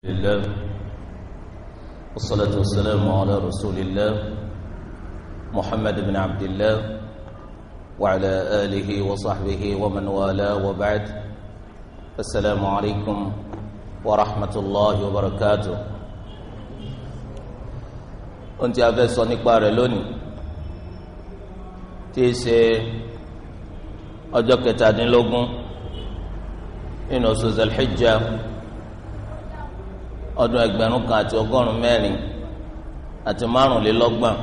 الله والصلاة والسلام على رسول الله محمد بن عبد الله وعلى آله وصحبه ومن والاه وبعد السلام عليكم ورحمة الله وبركاته أنت أبي صنيك بارلوني تيسي أجوك تادين لغن إنه سوز الحجة ọdún ẹgbẹ̀rún kan àti ọgọ́rùn mẹ́rin àti márùnlélọ́gbọ̀n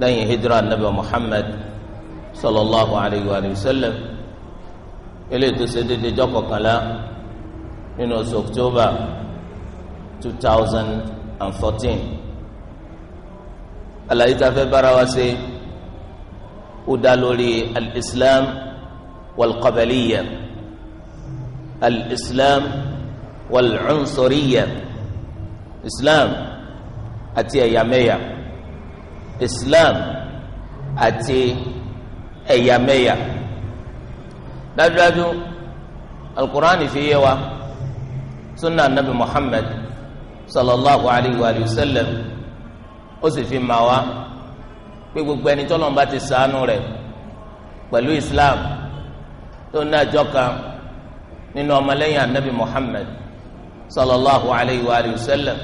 lẹ́yìn hijra nabi muhammad sallallahu alayhi wa sallam ilé tó ṣe déédéé jọ́kọ̀ kànlá nínú oṣù october two thousand and fourteen àlàyé tá a fẹ́ bára wa al-islam wal-qabaliyya al-islam wal-unsuriyya islam àti ẹ̀yàmẹ̀yà islam àti ẹ̀yàmẹ̀yà dájúdájú alukur'an fi yé wa sunna anabi muhammad sallallahu alayhi wa sallam ó sì fi mà wá pé gbogbo ẹni tọ́lọ́n bá ti ṣàánú rẹ̀ pẹ̀lú islam tó ní àjọ kan nínú ọmọlẹ́yìn anabi muhammad sallallahu alayhi wa alihi wa sallam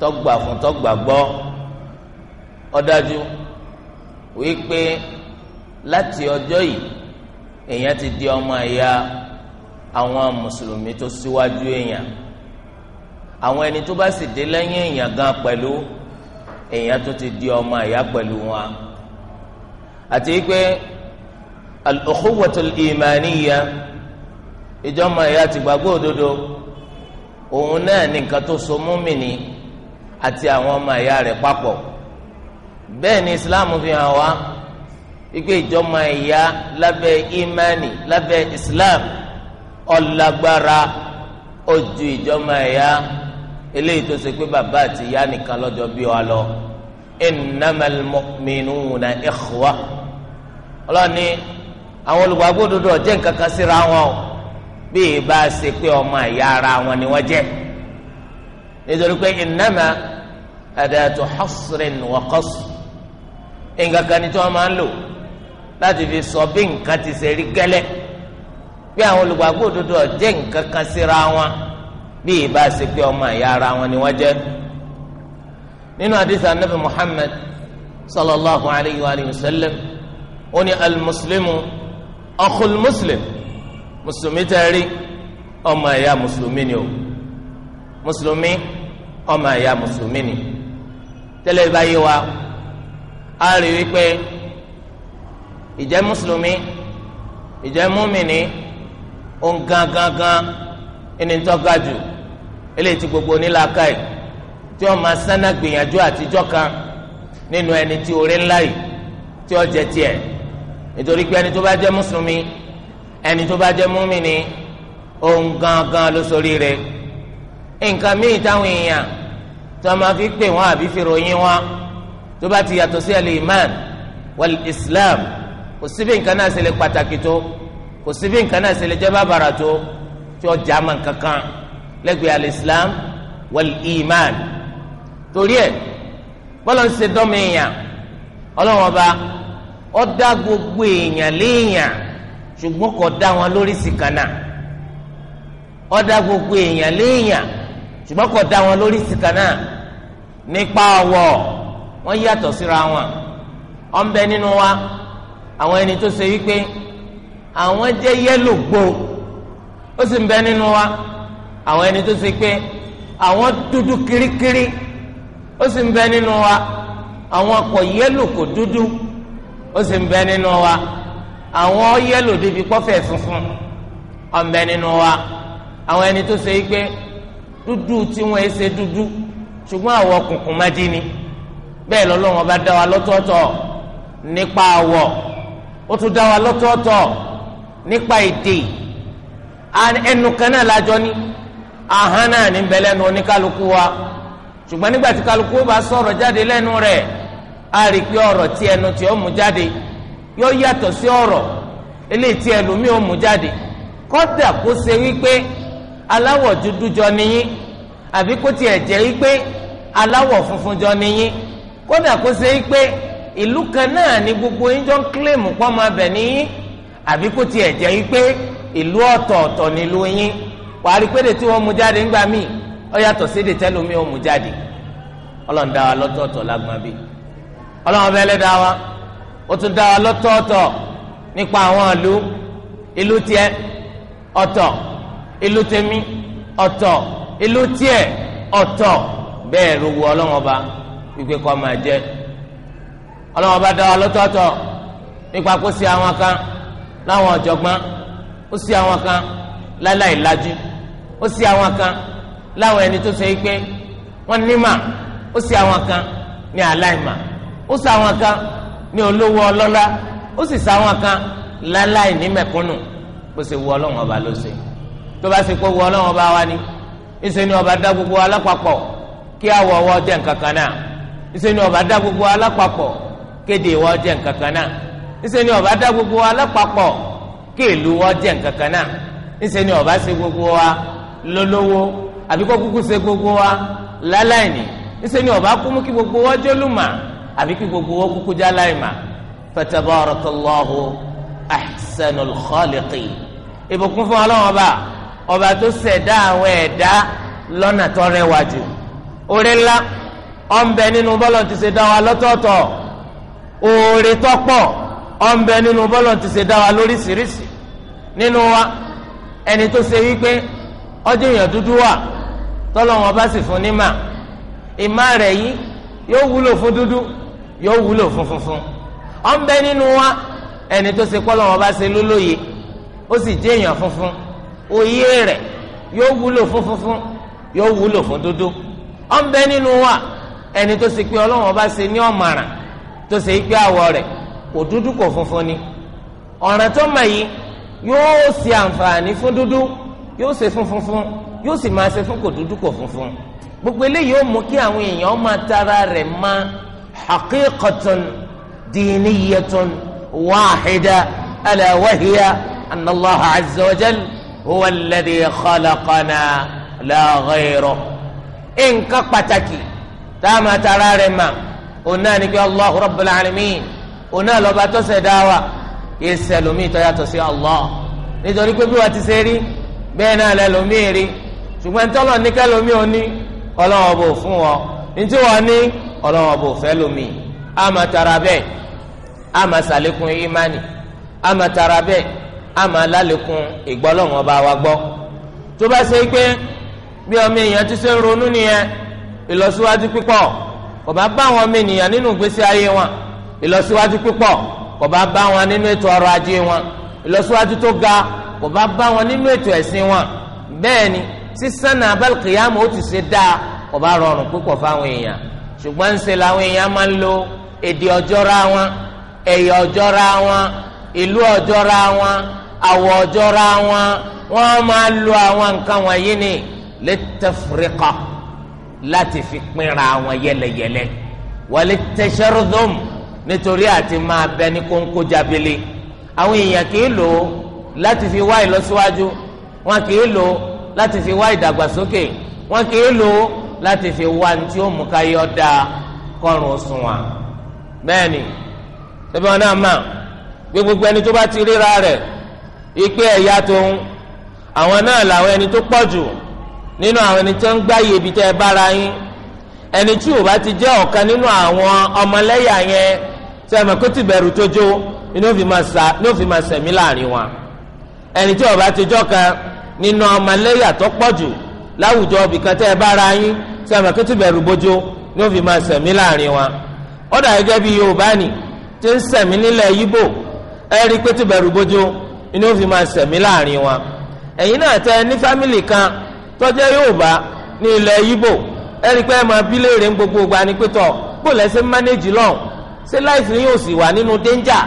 tọgbà fún tọgbà gbọ́ ọdájú wípé láti ọjọ́ yìí èèyàn ti di ọmọ ẹ̀yà àwọn mùsùlùmí tó síwájú èèyàn àwọn ẹni tó bá sì dé lẹ́yìn èèyàn gan pẹ̀lú èèyàn tó ti di ọmọ ẹ̀yà pẹ̀lú wọn àti wípé al-ukhuwwatul imaniyya ìjọ́mọ ẹ̀yà tìgbàgbọ́ òdodo òun náà ní nǹkan tó so múmìnì àti àwọn ọmọ ẹ̀yà rẹ̀ papọ̀ bẹ́ẹ̀ ni islam fi hàn wá wípé ìjọmọ ẹ̀yà lábẹ́ imani lábẹ́ islam ọ̀làgbára ó ju ìjọmọ ẹ̀yà eléyìí tó ṣe pé bàbá àti ìyá nìkan lọ́jọ́ bí wa lọ innamal mu'minuna ikhwa ọlọ́ni àwọn olùgbàgbọ́ òdodo ọ̀jẹ̀ nǹkan kan síra wọn o bí ìbá ṣe pé ọmọ ìyá ara wọn ni wọ́n jẹ́ nítorí pé ìnáma àdàtò hasrin wọ́kọ́sù nǹkan kan ni tí wọ́n máa ń lò láti fi sọ bí nǹkan ti ṣe rí gẹ́lẹ́ bí àwọn olùgbàgbọ́ òdodo ọ̀jẹ́ nǹkan kan síra wọn bí ìbá ṣe pé ọmọ ìyá ara wọn ni wọ́n jẹ́ nínú àdìsí anabi muhammed sallallahu alayhi wa sallam ó ní alimuslimu ọkùnrin muslim. mùsùlùmí tẹ́ ọmọ ẹ̀yà mùsùlùmí ni o mùsùlùmí ọmọ ẹ̀yà mùsùlùmí ni tẹ́lẹ̀ wa a rí wípé ìjẹ́ mùsùlùmí ìjẹ́ múmìnì òun gangan ẹni tó jù tí gbogbo tí máa sánà gbìyànjú àtijọ́ kan nínú ẹni tí orí ńlá yìí tí jẹ tiẹ̀ nítorí pé ẹni tó bá jẹ́ ẹni tó bá jẹ́ múmìnì òun gangan ló sórí rẹ̀ nǹkan míì táwọn èèyàn tó máa fi pè wọn àbí fi ròyìn wọn tó bá ti yàtọ̀ sí al-iman wal islam kò síbi nǹkan náà ṣe lè pàtàkì tó kò síbi nǹkan náà ṣe lè jẹ́ bàbàrà tó tí ó jà mọ́ kankan lẹ́gbẹ̀ẹ́ al-islam wal iman torí ẹ̀ bọ́lá ń ṣe dọ́mọ èèyàn ọlọ́wọ́n ọba ó dá gbogbo èèyàn léèyàn ṣùgbọ́n kò dá wọn lórí sìkànnà ó gbogbo èèyàn léèyàn ṣùgbọ́n kò dá wọn lórí sìkànnà nípa ọ̀wọ̀ wọn yàtọ̀ síra wọn ó bẹ nínú wa àwọn ẹni tó ṣe wípé àwọn jẹ́ yẹ́lò gbó ó sì ń bẹ nínú wa àwọn ẹni tó ṣe pé kirikiri ó sì ń bẹ nínú wa àwọn kò yẹ́lò kò dúdú ó sì ń bẹ nínú wa. àwọn yẹ́lò débi pọ́fẹ́ funfun ọ̀mẹ́ nínú wa àwọn ẹni tó ṣe pé dúdú tí wọ́n ṣe dúdú ṣùgbọ́n àwọ̀ kùnkùn má dín ni bẹ́ẹ̀ lọ́lọ́wọ́n bá dá wa lọ́tọ̀ọ̀tọ̀ nípa àwọ̀ ó tún dá wa lọ́tọ̀ọ̀tọ̀ nípa èdè ẹnu kan náà lájọ ní ahọ́n náà ní bẹ́lẹ́nu oníkálukú wa ṣùgbọ́n nígbà tí kálukú bá sọ̀rọ̀ jáde lẹ́nu rẹ̀ á rí i pé ọ̀rọ̀ tí ẹnu tí ó mú jáde yóò yàtọ̀ sí ọ̀rọ̀ eléyìí tí ẹlòmíì ò mú jáde kódà kó ṣe wípé aláwọ̀ dúdú jọ nìyí àbí kó tiẹ̀ jẹ́ wípé aláwọ̀ funfun jọ nìyí kódà kó ṣe wípé ìlú kan náà ni gbogbo yín jọ ń kílèmù pọ́ máa bẹ̀ nìyí àbí kó tiẹ̀ jẹ́ wípé ìlú ọ̀tọ̀ọ̀tọ̀ nílùú yín wàá rí pédè jáde míì yàtọ̀ jáde ó tún dá wa lọ́tọ̀ọ̀tọ̀ nípa àwọn ìlú ìlú tiẹ̀ ọ̀tọ̀ ìlú tèmi ọ̀tọ̀ ìlú tiẹ̀ ọ̀tọ̀ bẹ́ẹ̀ ló wu ọlọ́wọ́n ọba wípé kọ́ máa jẹ́ ọlọ́wọ́n ọba dá wa lọ́tọ̀ọ̀tọ̀ nípa kó sí àwọn kan láwọn ọ̀jọ̀gbọ́n ó sí àwọn kan láláì lajú ó sí àwọn kan láwọn ẹni tó ṣe é pé wọ́n nímà ó sí àwọn kan ní aláìmà ó sí àwọn kan ní olówó ọlọ́lá ó sì sáwọn kan láláì ní mẹ̀kúnnù bó ṣe wu ọlọ́run ọba ló ṣe tó bá ṣe pé wu ọlọ́run ọba wa ni ìṣe ni ọba dá gbogbo alápapọ̀ kí àwọ̀ ọwọ́ jẹ́ nǹkan kan náà ìṣe ni ọba dá gbogbo alápapọ̀ kéde ìwọ́ jẹ́ nǹkan kan náà ìṣe ni ọba dá gbogbo alápapọ̀ kí ìlú wọ́ jẹ́ nǹkan kan náà ìṣe ni ọba ṣe gbogbo wa lólówó àbíkó kúkú ṣe gbogbo wa láláì ní ìṣe ni ọba kú mú kí gbogbo wọ́n jólùmọ̀ àbí kí gbogbo wọn kúkú já láì mà fatabarakallahu ahsanul khaliqi ìbùkún fún ọlọ́run ọba ọba tó ṣẹ̀dá àwọn ẹ̀dá lọ́nà tó rẹwà jù oore ńlá ọ̀nbẹ nínú bọ́lọ̀ ti ṣe dá wa lọ́tọ̀ọ̀tọ̀ oore tọ́pọ̀ ọ̀nbẹ nínú bọ́lọ̀ ti ṣe dá wa lóríṣiríṣi nínú wa ẹni tó ṣe wípé ọjọ́ èèyàn dúdú wà tọ́lọ́wọ́n bá sì fún ní mà ìmá rẹ̀ yìí yóò wúlò fún dúdú yóò wúlò fún funfun ọ̀nbẹ nínú wa ẹni tó ṣe kọ́lọ́ wọn bá ṣe lólóye ó sì jẹ́ èèyàn funfun òye rẹ̀ yóò wúlò fún funfun yóò wúlò fún dúdú ọ̀nbẹ nínú wa ẹni tó ṣe pé ọlọ́wọ́n bá ṣe ní ọ̀màràn tó ṣe pé àwọ̀ rẹ̀ kò dúdú kò funfun ni ọ̀ràn tó mọ̀ yìí yóò ṣe àǹfààní fún dúdú yóò ṣe fún yóò sì máa ṣe fún kò dúdú kò funfun gbogbo eléyìí ó mú kí àwọn èèyàn máa tara rẹ̀ máa حقيقة دينية واحدة ألا وهي أن الله عز وجل هو الذي خلقنا لا غيره إن كقتك تاما ترارما أنانك الله رب العالمين أنا لو باتوس داوا يسلمي تياتوسي الله nítorí pé bí wàá ti ṣe rí bẹ́ẹ̀ náà lẹ lómi rí ṣùgbọ́n tọ́lọ̀ ní kẹ́lómi ọlọ́wọ́n bò fẹ́ lómi àmà tara bẹ́ẹ̀ àmà sàlékún ìmánì àmà tara bẹ́ẹ̀ àmà lálékún ìgbọ́lọ́wọ́n bá wa gbọ́ tó bá ṣe pé bí ọmọ èèyàn ti ṣe ń ronú nìyẹn ìlọsíwájú pípọ̀ kò bá bá àwọn ọmọ ènìyàn nínú ìgbésí ayé wọn ìlọsíwájú pípọ̀ kò bá bá wọn nínú ètò ọrọ̀ ajé wọn ìlọsíwájú tó ga kò bá bá wọn nínú ètò ẹ̀sìn wọn bẹ́ẹ̀ ni sísánà abẹ́lẹ̀ kìyàmù ó ti ṣe dáa kò bá rọrùn púpọ̀ fáwọn èèyàn ṣùgbọ́n ńṣe làwọn èèyàn máa ń lo èdè ọjọ́ra wọn ẹ̀yà ọjọ́ra wọn ìlú ọjọ́ra wọn àwọ̀ ọjọ́ra wọn wọ́n máa ń lo àwọn nǹkan wọ̀nyí ni lẹ́tẹ̀fúrẹ́kọ̀ láti fi pínra wọn yẹlẹyẹlẹ wọlé tẹsẹrọdọm nítorí àti máa bẹ ní kónkó àwọn èèyàn kì í lò ó láti fi wá ìlọsíwájú wọn kì í lò ó láti fi wá ìdàgbàsókè wọn kì í lò ó láti fi wá ní tí ó mú ká yọ dáa kọrùn sùn wà bẹ́ẹ̀ ni ṣẹbi wọn náà mà gbé gbogbo ẹni tó bá ti ríra rẹ̀ ipe ẹ̀yà tó ń àwọn náà làwọn ẹni tó pọ̀ jù nínú àwọn ẹni tó ń gbáyé ibi tẹ́ ẹ bára yín ẹni tí ò bá ti jẹ́ ọ̀kan nínú àwọn ọmọlẹ́yà yẹn tí a mọ̀ kó ti bẹ̀rù tó jó ni ó fi máa sẹ̀mí láàrin wọn ẹni tí ò bá ti jọ́ kan nínú ọmọlẹ́yà tó pọ̀ láwùjọ ibìkan tẹ́ ẹ bára yín sí àmàkẹ́tù bẹ̀rù bójó ni ó máa sẹ̀mí láàrin wa ó dà gẹ́gẹ́ bí yorùbá ni tí ń sẹ̀mí nílẹ̀ yíbò ẹ rí i pé bẹ̀rù wa ẹ̀yin náà tẹ ní fámìlì kan tó yorùbá ní ilẹ̀ yíbò ẹ rí pé ẹ máa bí léèrè ń gbogbo gba ni pétọ́ bó si mánéjì lọ́hùn ṣé láìsí yóò sì wà nínú dénjà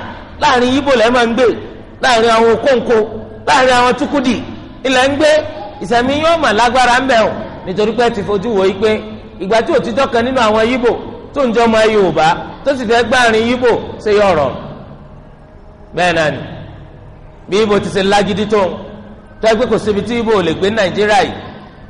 láàrin yíbò lẹ́ máa ń gbé láàrin àwọn láàrin àwọn ilẹ̀ ń nítorí pé ti fojú wò yí pé ìgbà tí òtítọ́ kan nínú àwọn yíbò tó ń jọmọ Yorùbá tó sì fẹ́ gbáàrin yíbò ṣe yọ ọ̀rọ̀ bẹ́ẹ̀ náà ni bí yíbò ti ṣe lágídí tó tó ẹgbẹ́ kò síbi tí yíbò ò lè gbé Nàìjíríà yìí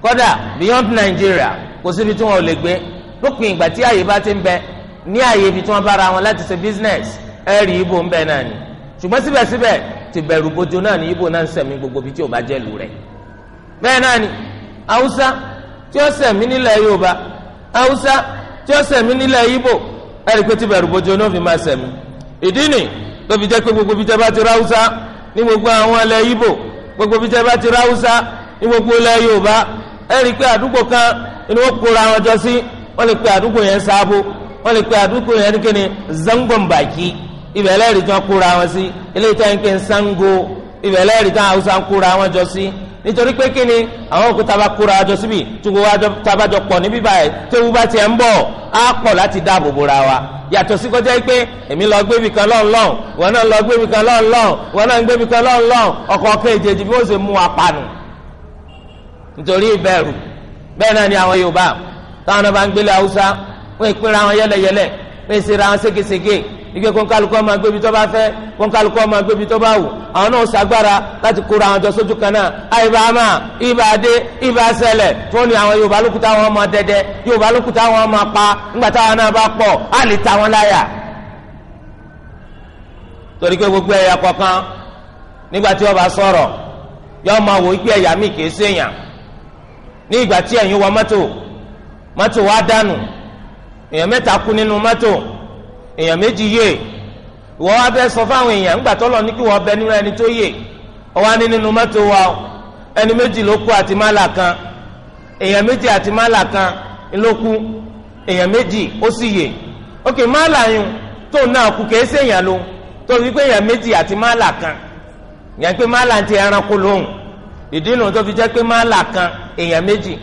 kódà beyond Nàìjíríà kò síbi tí wọn ò lè gbé lópin ìgbà tí àyè bá ti ń bẹ ní àyè ibi tí wọn bára wọn láti ṣe business ẹ̀rì yíbò ń bẹ náà ni ṣùgbọ́n síbẹ̀síbẹ̀ ti bẹ̀rù bojo náà ni yíbò náà ń sẹ̀mí gbogbo ibi tí ò bá jẹ́ lù rẹ̀ bẹ́ẹ̀ náà ni Haúsá tí ó sẹ̀mí nílẹ̀ Yorùbá Haúsá tí ó sẹ̀mí nílẹ̀ Ìgbò ẹ̀rí pé tí bẹ̀rù bojo ní ó fi máa sẹ̀mí ìdí nì tó fi jẹ́ pé gbogbo bíjẹ́ bá ti ra Haúsá ní gbogbo àwọn ilẹ̀ Ìgbò gbogbo bíjẹ́ bá ti ra Haúsá ní gbogbo ilẹ̀ Yorùbá ẹ̀rí pé àdúgbò kan ni wọ́n kóra wọn jọ sí wọ́n lè pe àdúgbò yẹn Sábó wọ́n lè pe àdúgbò yẹn ní kíni zangon bàkí ibẹ̀ kóra wọn sí ilé ìtàn nítorí pé kí ni àwọn òkúta bá kóra àjọ síbi tugu tabajọ pọ̀ níbí báyìí tẹ́wú bá tiẹ̀ ń bọ̀ á pọ̀ láti dáàbò bora wa yàtọ̀ sí kọjá pé èmi lọ gbé mi kan lọ́n lọ́n wọn náà lọ gbé mi kan lọ́n lọ́n wọn náà gbé mi kan lọ́n lọ́n ọkọ̀ ọ̀kan èjèèjì bí ó ṣe mú wa nítorí ìbẹ̀rù bẹ́ẹ̀ náà ni àwọn Yorùbá táwọn náà bá ń gbélé Haúsá wọ́n ìpínra wọn yẹ́lẹ́yẹ́lẹ́ ike kọ́ńkálukọ́ máa gbébi tó bá fẹ́ kọ́ńkálukọ́ máa gbébi tó bá wù àwọn náà ṣàgbára láti kóra àwọn jọ sójú kan náà àìbá àmà ìbá adé ìbá ṣẹlẹ̀ tí wọ́n ní àwọn Yorùbá lókùtà wọn máa dẹdẹ Yorùbá lókùtà wọn máa pa nígbà táwọn náà bá pọ̀ á wọn láyà. torí pé gbogbo ẹ̀yà kọ̀ọ̀kan nígbà tí wọ́n bá sọ̀rọ̀ yọ máa èèyàn méjì yé wọ́n wá bẹ́ẹ̀ sọ fáwọn èèyàn ńgbà tọ́lọ̀ ní kí wọ́n bẹ nínú ẹni tó yé ọwọ́ á ní nínú mọ́tò wa ẹni méjì ló kú àti málà kan èèyàn méjì àti kan ló kú èèyàn méjì ó sì yé ok málà yun tó náà kú kèé sèèyàn ló torí pé èèyàn méjì àti kan pé ti ẹranko lóhùn ìdí nu tó fi pé kan èèyàn méjì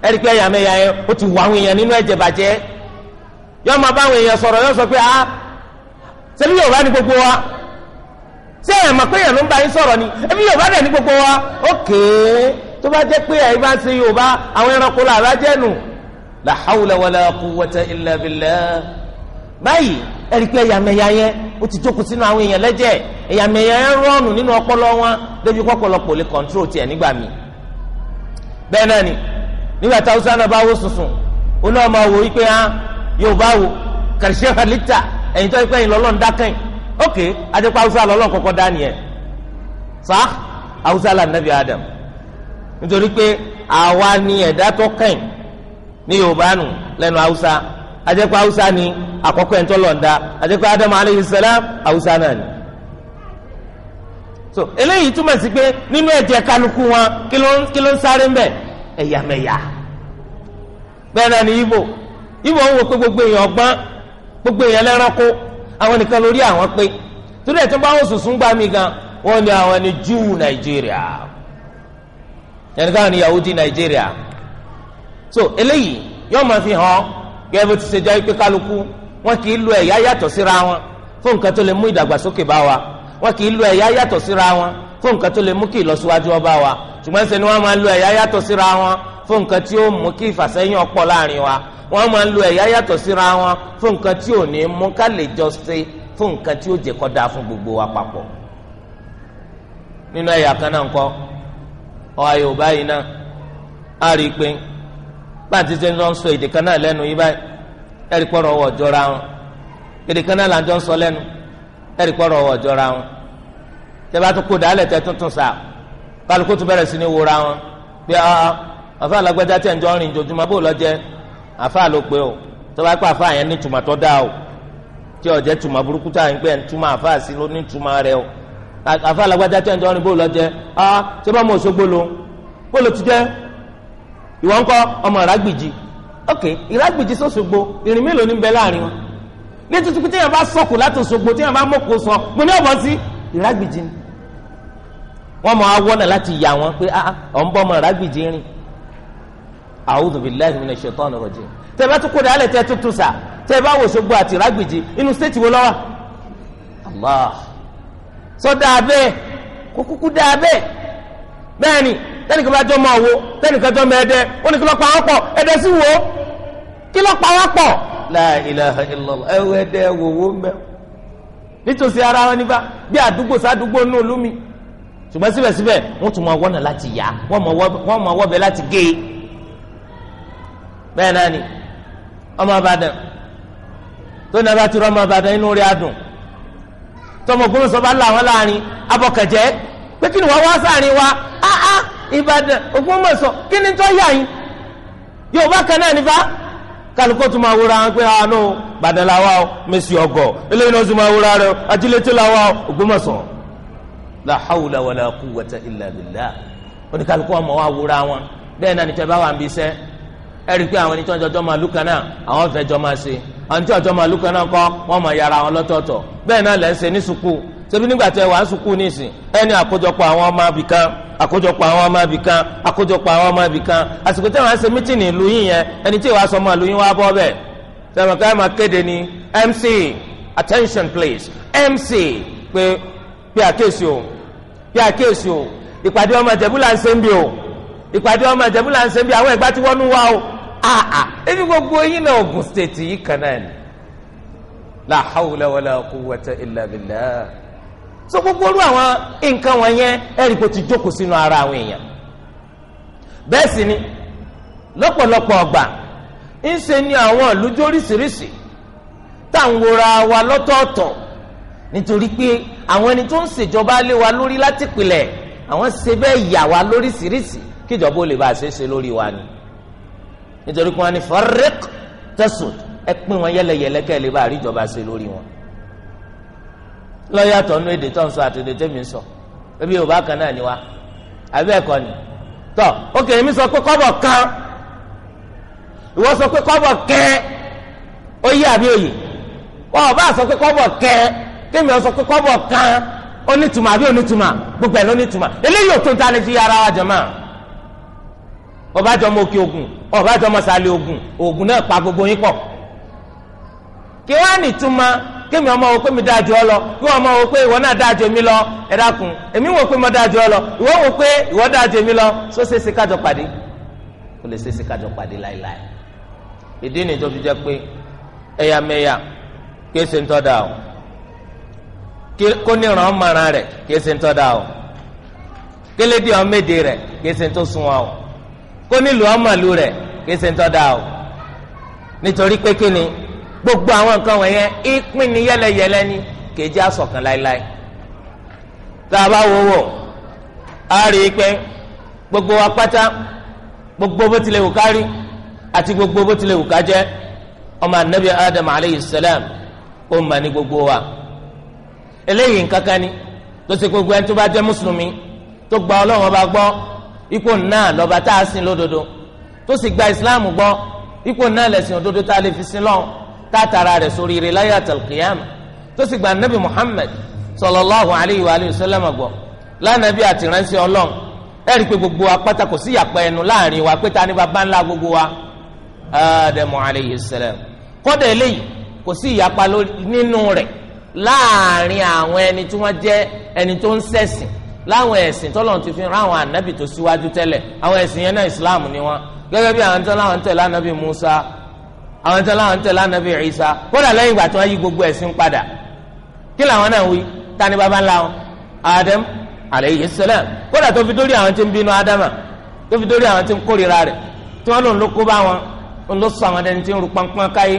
pé yẹn ó ti wà àwọn èèyàn nínú bàjẹ́ yọ máa bá àwọn èèyàn sọ̀rọ̀ yọ sọ pé a ah, ṣebí Yorùbá ní gbogbo wa ṣé ẹ mọ̀ pé èèyàn ló ń bá yín sọ̀rọ̀ ni ẹbí Yorùbá dẹ̀ ní gbogbo wa ókèé tó bá jẹ́ pé ẹ̀yin bá ń ṣe Yorùbá àwọn ẹranko là bá jẹ́ nù la hawla wala quwwata illa billah báyìí ẹ̀rí ẹ̀yàmẹ̀yà yẹn ó ti jókòó sínú àwọn èèyàn lẹ́jẹ̀ ẹ̀yàmẹ̀yà yẹn rọ́ọ̀nù nínú ọpọlọ wọn débi kọ́pọ̀lọpọ̀ lè kọ́ńtró tiẹ̀ nígbà mi bẹ́ẹ̀ náà ni nígbà táwọn sáà náà bá wó sùsùn ó náà máa wò wípé hàn ah, yóò bá wo kàrìṣẹ́ halitta ẹ̀yin tó ẹgbẹ́ yìí lọ́lọ́run dákẹ́yìn ok adépa haúsá lọ́lọ́run kọ́kọ́ dá nìyẹn sá haúsá là nàbí adam nítorí pé àwa ni ẹ̀dá tó kẹ́yìn ní yorùbá nù lẹ́nu haúsá adépa haúsá ni àkọ́kọ́ ẹ̀ńtọ́ lọ́ọ̀dá adépa adam aleyhi salam haúsá náà ni so eléyìí túmọ̀ sí pé nínú ẹ̀jẹ̀ kálukú wọn kí ló ń sáré ń bẹ̀ ẹ̀yàmẹ̀yà bẹ́ẹ̀ náà ni ibo ìwọ ń wo pé gbogbo èèyàn ọgbọ́n gbogbo èèyàn lẹ́ranko àwọn nìkan lórí àwọn pé torí ẹ̀ tó bá wọn sùsùn gbà mí gan wọn ni àwọn ni júù nàìjíríà yẹnni káwọn ni yahudi nàìjíríà so eléyìí yóò máa fi hàn gẹ́gẹ́ bó ti ṣe jẹ́ pé kálukú wọn kì í lo ẹ̀yà yàtọ̀ síra wọn fún nǹkan tó lè mú ìdàgbàsókè bá wa wọn kì í lo ẹ̀yà yàtọ̀ síra wọn fún nǹkan tó lè mú kí ìlọsíwájú ọba wa ṣùgbọ́n ṣe ni wọ́n máa ń lo ẹ̀yà yàtọ̀ síra wọn fún nǹkan tí ó mú kí ìfàsẹ́yìn ọ̀pọ̀ láàrin wa wọ́n máa ń lo ẹ̀yà yàtọ̀ síra wọn fún nǹkan tí ò ní mú ká lè jọ ṣe fún nǹkan tí ó jẹ́ kó dáa fún gbogbo wa papọ̀ nínú ẹ̀yà kan náà ńkọ́ ọ̀hà yorùbá yìí náà á rí i pé báńtí ṣe ń lọ sọ èdè kan náà lẹ́nu yìí báyìí ẹ̀rí pọ̀rọ̀ ọwọ́ jọra wọn èdè kálukú tún bẹ̀rẹ̀ sí ní wúra wọn pé ah, ah, àfa alágbájá tẹ̀ ń jọ rìn jòjúmọ́ bó lọ jẹ́ àfa ló pé o tó bá pẹ́ àfa yẹn ní tùmọ̀ tó dáa o tí ọ̀jẹ̀ tùmọ̀ burúkú tá à ń pẹ́ ń túmọ̀ àfa sí ló ní tùmọ̀ rẹ o àfa alágbájá tẹ̀ ń jọ rìn bó lọ jẹ́ a ah, ṣé bá mọ̀ Òṣogbo lo bó lo ti jẹ́ ìwọ ńkọ́ ọmọ ìrágbìjì ok ìrágbìjì s'Óṣogbo ìrìn mélòó ní bẹ láàrin wọn ní tuntun tí yẹn bá sọkù láti Òṣogbo tí bá mọ̀kò sọ mo ní ọ̀bọ̀n sí ìrágbìjì ni wọ́n mọ awọ́nà láti yà wọ́n pé ah, ah ọ̀n bọ́ ọmọ rábìjì rìn a'udhu billahi minash shaitani rajim tẹ bá tún kó dálẹ̀ tẹ tuntun sà tẹ bá wò sógbó àti rábìjì inú stéètì wo lọ́wọ́ allah sọdọ abẹ kó kúkú dá bẹ́ẹ̀ ni tẹnikan bá jọ mọ owó tẹnikan jọ mọ ẹdẹ ó ní kí lọ́ọ́ pa pọ̀ ẹdẹ sì wò kí lọ́ọ́ pa pọ̀ la ilaha illallah ẹwẹ́ ẹdẹ ṣùgbọ́n síbẹ̀síbẹ̀ wọ́n tún máa wọ́nà láti yá wọ́n máa wọ́bẹ̀ láti gé e bẹ́ẹ̀ náà ni ọmọ Ìbàdàn tó ní abá ti rọ ọmọ Ìbàdàn inú rí adùn tọmọ gbọmọ sọ bá làwọn láàrin abọkẹjẹ pé kí ni wọ́n wá sáàrin wa áá ah, ah, Ìbàdàn Ògbómọ̀ṣọ́ kí ni tó yà yín Yorùbá kan náà nífa kálukó tún máa wúra wọn pé àánú ah, Ìbàdàn làwa ọ ọgọ eléyìí náà tún máa wúra rẹ ajílétí làwa ọ Ògbómọ̀ṣọ́ la hawla wala quwwata illa billah oníkàlùkù ọmọ wa wúra wọn bẹ́ẹ̀ náà níta bá wà ń bí sẹ́ ẹ rí i pé àwọn ẹni tí wọ́n jọjọ́ máa lùkà náà àwọn fẹ́ jọ máa ṣe àwọn tí wọ́n jọ máa lùkà náà kọ́ wọ́n máa yára wọn lọ́tọ̀ọ̀tọ̀ bẹ́ẹ̀ náà lẹ́ ń ṣe ní sùkúù ṣebí nígbà tí ẹ wà ń sùkúù nísìn ẹni àkójọpọ̀ àwọn ọmọ abìkan àkójọpọ̀ àwọn ọmọ abìkan àkójọpọ̀ àwọn ọmọ abìkan àsìkò tí wọ́n ṣe mítìnì ìlú yìí yẹn ẹni tí ìwà sọmọ máa kéde ní MC attention please MC pé àkéèsì o pé àkéèsì o ìpàdé ọmọ ìjẹ̀bú là ń ṣe ń bí o ìpàdé ọmọ ìjẹ̀bú là ń ṣe ń bí àwọn ìgbà tí wọ́n ń wá o àà ebi gbogbo yín náà Ògùn state yìí kan náà ni la hawla wala quwwata illa billah so gbogbo olú àwọn nǹkan wọ̀nyẹn ẹ̀rí kò ti jókòó sínú ara àwọn èèyàn bẹ́ẹ̀ sì ni lọ́pọ̀lọpọ̀ ọgbà ńṣe ni àwọn ìlú jóríṣiríṣi táwọn wòra wa lọ́tọ̀ọ̀tọ̀ nítorí pé àwọn ẹni tó ń ṣèjọba lé wa lórí láti pilẹ̀ àwọn ṣe bẹ́ẹ̀ yà wá lóríṣiríṣi kíjọba ó lè bá a ṣe é ṣe lórí wa ni nítorí pé wọn ni fọrẹ́k tẹ̀sùn ẹ pín wọn yẹlẹyẹlẹ kẹ́ ẹ lè bá a rí ìjọba ṣe lórí wọn. lọ́yàtọ̀ nú èdè tó ń sọ àti èdè tẹ́mi ń sọ ebi yorùbá kan náà ni wa àbí ẹ̀kọ́ ni tọ́ òkè èmi sọ pé kọ́bọ̀ kan ìwọ sọ pé kọ́bọ̀ kẹ́ ó yé àbí òye wọn ò bá sọ pé kọ́bọ̀ kẹ́ kéèmì ọ̀sọ́ pé kọ́bọ̀ kan onítùmọ̀ àbí onítùmọ̀ gbogbo ẹ̀ lónítùmọ̀ eléyìí ò tó ń ta ni fi ara wa jẹ máa ọbàjọ́ mọ òkè ogun ọbàjọ́ mọ sàlẹ̀ ogun ogun náà pa gbogbo yín pọ̀ kí wọ́n á kémi ọmọ wo mi dáa ọ lọ kí wọn ọmọ wo pé ìwọ náà lọ ẹ dákun èmi wo pé mo ọ lọ ìwọ wo pé ìwọ dáa lọ kájọ pàdé kò lè kájọ pàdé láéláé ìdí kí ẹ ṣe ń kó níran ọmọràn rẹ̀ kí ẹsẹ̀ ń tọ́ da o kélédì ọmọdé rẹ̀ kí ẹsẹ̀ ń tó sun wa o kó nílùú ọmọlú rẹ̀ kí ẹsẹ̀ ń tọ́ da o nítorí pé kí ni gbogbo àwọn nǹkan wọ̀nyẹn ìpín ni yẹ́lẹyẹ̀lẹ ni kejì asọ̀kan láéláé tá a bá wo wò a rí i pé gbogbo wa pátá gbogbo bó tilẹ̀ wù ká rí àti gbogbo bó tilẹ̀ wù ká jẹ́ ọmọ anabi adam aleyhi salam ó mà ní gbogbo wa eléyìí nkankan ni tó ṣe gbogbo ẹni tó bá jẹ́ mùsùlùmí tó gba ọlọ́run ọba gbọ́ ipò náà lọ́ba tá a sìn lódodo tó sì gba ìsìláàmù gbọ́ ipò náà lẹ̀sìn òdodo tá a lè fi sin lọ́hùn tá a tara rẹ̀ sórí ire láyé àtàlùkìyàm tó sì gba nabi muhammed sallallahu alayhi wa sallam gbọ́ lánàbí àtìránṣẹ́ ọlọ́run ẹ̀rí pé gbogbo wa pátá kò sí ìyàpẹ́ ẹnu láàrin wa pé ta ni bàbá ńlá gbogbo wa adamu alayhi salam kọ́dà eléyìí kò sí ìyapa nínú rẹ̀ láàrin àwọn ẹni tí wọ́n jẹ́ ẹni tó ń ṣẹ̀sìn láwọn ẹ̀sìn tọ́lọ́run ti fi rán àwọn ànábì tó síwájú tẹ́lẹ̀ àwọn ẹ̀sìn yẹn náà ìsìláàmù ni wọ́n gẹ́gẹ́ bí àwọn tán láwọn tẹ̀lé ànábì Musa àwọn tán láwọn tẹ̀lé ànábì Isa kódà lẹ́yìn ìgbà tí wọ́n yí gbogbo ẹ̀sìn padà kí làwọn náà wí tani bàbá ńlá wọn Adam aleyhi salam kódà tó fi dórí àwọn tí ń bínú Adama tó fi dórí àwọn tí ń kórìíra rẹ̀ tí wọ́n lòun ló kó bá wọn òun ló sọ àwọn dẹni tí ń ru pọnpọn káyé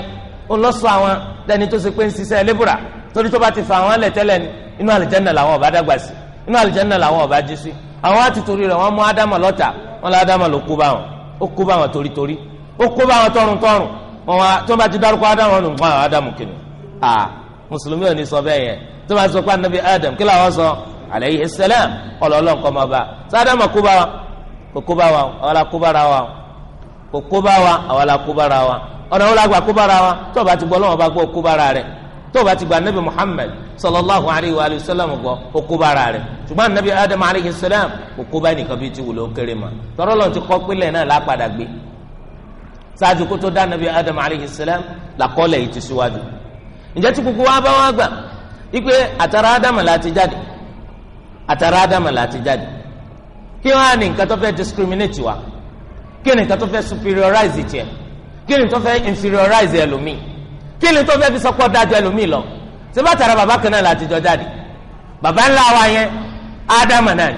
òun ló sọ àwọn dẹni tó ṣe pé ń ṣiṣẹ́ lébùrà torí tó bá ti fa àwọn ẹlẹ́tẹ́lẹ̀ ni inú àlìjẹ́nà làwọn ọba dàgbà sí inú àlìjẹ́nà làwọn ọba jí sí àwọn àti torí rẹ̀ wọ́n mú ádámà lọ́tà wọn lọ ádámà ló kó bá wọn ó kó bá wọn torítorí ó kó bá wọn tọrùn tọrùn wọn wá tó bá ti dárúkọ ádámà nù fún àwọn kìnnì à mùsùlùmí ò ní sọ bẹ́ẹ̀ yẹn tó bá sọ pé anabi adam kí làwọn sọ alayhi salam ọlọ́ọ̀lọ́ nǹkan máa bá sọ ádámà kó bá wọn kò kó bá wọn àwọn la kó bára wọn kò kó bá wọn àwọn la wọn ọ̀nà wọn la gbà wọn tó bá ti gbọ́ lọ́wọ́ bá gbọ́ kó rẹ̀ tó o bá ti gba anabi muhammed sallallahu alayhi wa sallam gbọ́ o kó bára rẹ̀ ṣùgbọ́n anabi adam alayhi salam o kó bá nìkan bí ti wùlò kéré ma tọ́rọ́ lọ́n ti kọ́ pínlẹ̀ náà lápadà gbé ṣáàjú kó tó dá anabi adam alayhi salam làkọ́lẹ̀ yìí ti síwájú ǹjẹ́ tí kúkú wa bá wá gbà ipe àtàrà adam láti jáde àtàrà adam láti jáde kí wọ́n á ní nǹkan tó fẹ́ discriminate wa kí ni nǹkan tó fẹ́ superiorize tiẹ̀ kí ni tó fẹ́ inferiorize ẹlòmíì kí ni tó fẹ́ fi sọpọ́ dájọ́ ẹlòmíì lọ ṣé bá tara bàbá kan náà láti jọ jáde bàbá ńlá wa yẹn ádámà náà ni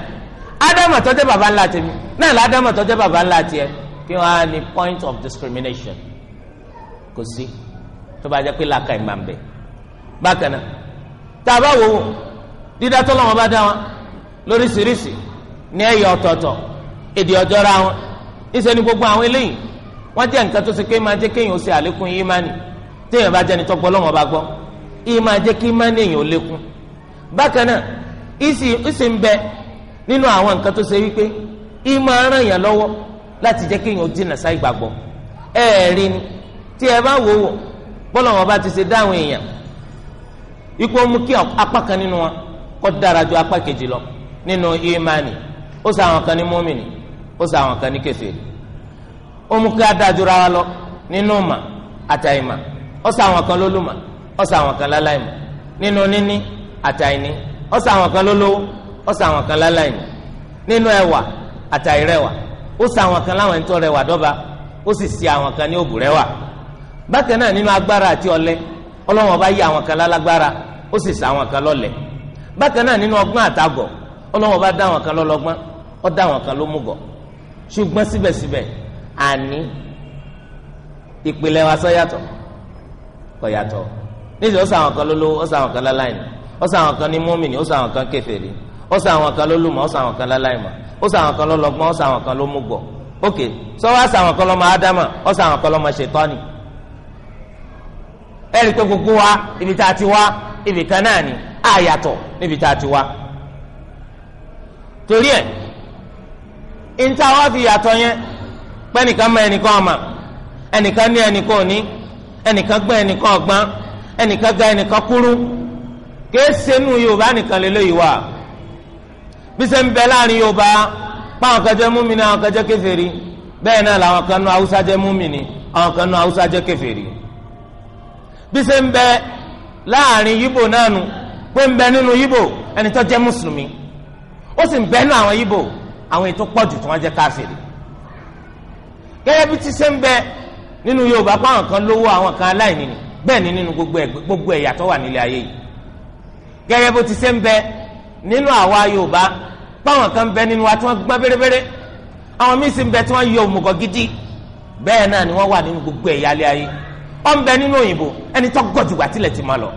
ádámà tó bàbá ńlá tèmi náà ládámà tó bàbá ńlá tiẹ̀ kí wọ́n á ní point of discrimination kò sí tó bá jẹ́ pé làákà ẹ̀ máa ń bẹ̀ bákan náà tá a bá wò ó dídá tó lọ́wọ́ bá dá wọn lóríṣiríṣi ní ẹ̀yà ọ̀tọ̀ọ̀tọ̀ èdè ọ̀jọ́ra wọn ìṣe téèyàn bá jẹni tọgbọ lọ́wọ́ bá gbọ́ ìyẹn máa jẹ́ kí má níyàn ó lékún bákan náà ìsì ìsì ń bẹ nínú àwọn nǹkan tó ṣe wípé ìyẹn máa ràn yàn lọ́wọ́ láti jẹ́ kéèyàn ó dínà sáì gbàgbọ́ ẹ̀ẹ́rì ni tí ẹ bá wò wò bọ́lọ́wọ́ bá ti ṣe dáhùn èèyàn ipò mú kí apá kan nínú wọn kó dára ju apá kejì lọ nínú ìmánì ó sọ àwọn kan ní mọ́mìnì ó sọ àwọn kan ní kèfèrí ó mú kí adájú wa lọ nínú mà àtàìmà ọsọ àwọn kan lólùmọ̀ ọsọ àwọn kan láláìmọ̀ nínú níní àtàìní ọsọ àwọn kan lólówó ọsọ àwọn kan láláìmọ̀ nínú ẹwà àtàìrẹwà ó sọ àwọn kan láwọn ẹni tó rẹwà dọ́ba ó sì sí àwọn kan ní òbúrẹwà bákan náà nínú agbára àti ọlẹ Ọlọ́run bá yí àwọn kan lálágbára ó sì sọ àwọn kan lọ́lẹ̀ bákan náà nínú ọgbọ́n àtagọ̀ Ọlọ́run bá dá àwọn kan lọ́lọ́gbọ́n ó dá àwọn kan lómùgọ̀ ṣùgbọ́n síbẹ̀síbẹ̀ àní ìpìlẹ̀ wa sọ yàtọ̀ kò yàtọ̀ níṣẹ́ ó kan lólówó ó sàwọn kan láláìní ó sàwọn kan ní mùmínì ó awọn kan kèfèrí ó sàwọn kan lólùmọ̀ ó sàwọn kan láláìmọ̀ ó sàwọn kan lọ́lọ́gbọ́n ó kan lómùgọ̀ ok sọ́wọ́ àsàwọn kan ádámà kan lọ́mọ ṣètọ́nì ẹ̀rí pé gbogbo wa ibi tá a ti wá kan náà ni yàtọ̀ níbi tá a ti wá torí wá fi yàtọ̀ yẹn mọ ẹnìkan ọmọ ẹnìkan ní ẹnìkan òní ẹnìkan gbẹ ẹnìkan ọgbọ́n ẹnìkan ga ẹnìkan kúrú kìí ṣẹnu yorùbá nìkan lè lóyìí wá bí ń bẹ láàrin yorùbá páwọn kan jẹ́ múmi ni àwọn kan jẹ́ kèfèrí bẹ́ẹ̀ náà làwọn kan nu haúsá jẹ́ múmi ni àwọn kan nu haúsá jẹ́ kèfèrí bí ń bẹ láàrin yíbò náà nu pé ń bẹ nínú ẹni tó mùsùlùmí ó nínú yorùbá kó àwọn kan lówó àwọn kan aláìní ni bẹ́ẹ̀ ni nínú gbogbo ẹ̀yà tó wà nílé ayé yìí gẹ́gẹ́ bó ti ṣe ń bẹ nínú àwa yorùbá páwọn kan bẹ nínú wa tí wọ́n gbọ́n bérebére àwọn míín sì ń bẹ tí wọ́n yọ òmùgọ̀ gidi bẹ́ẹ̀ náà ni wọ́n wà nínú gbogbo ẹ̀yà ilé ayé ó ń bẹ nínú òyìnbó ẹni tó gọ̀ jù tilẹ̀ ti máa lọ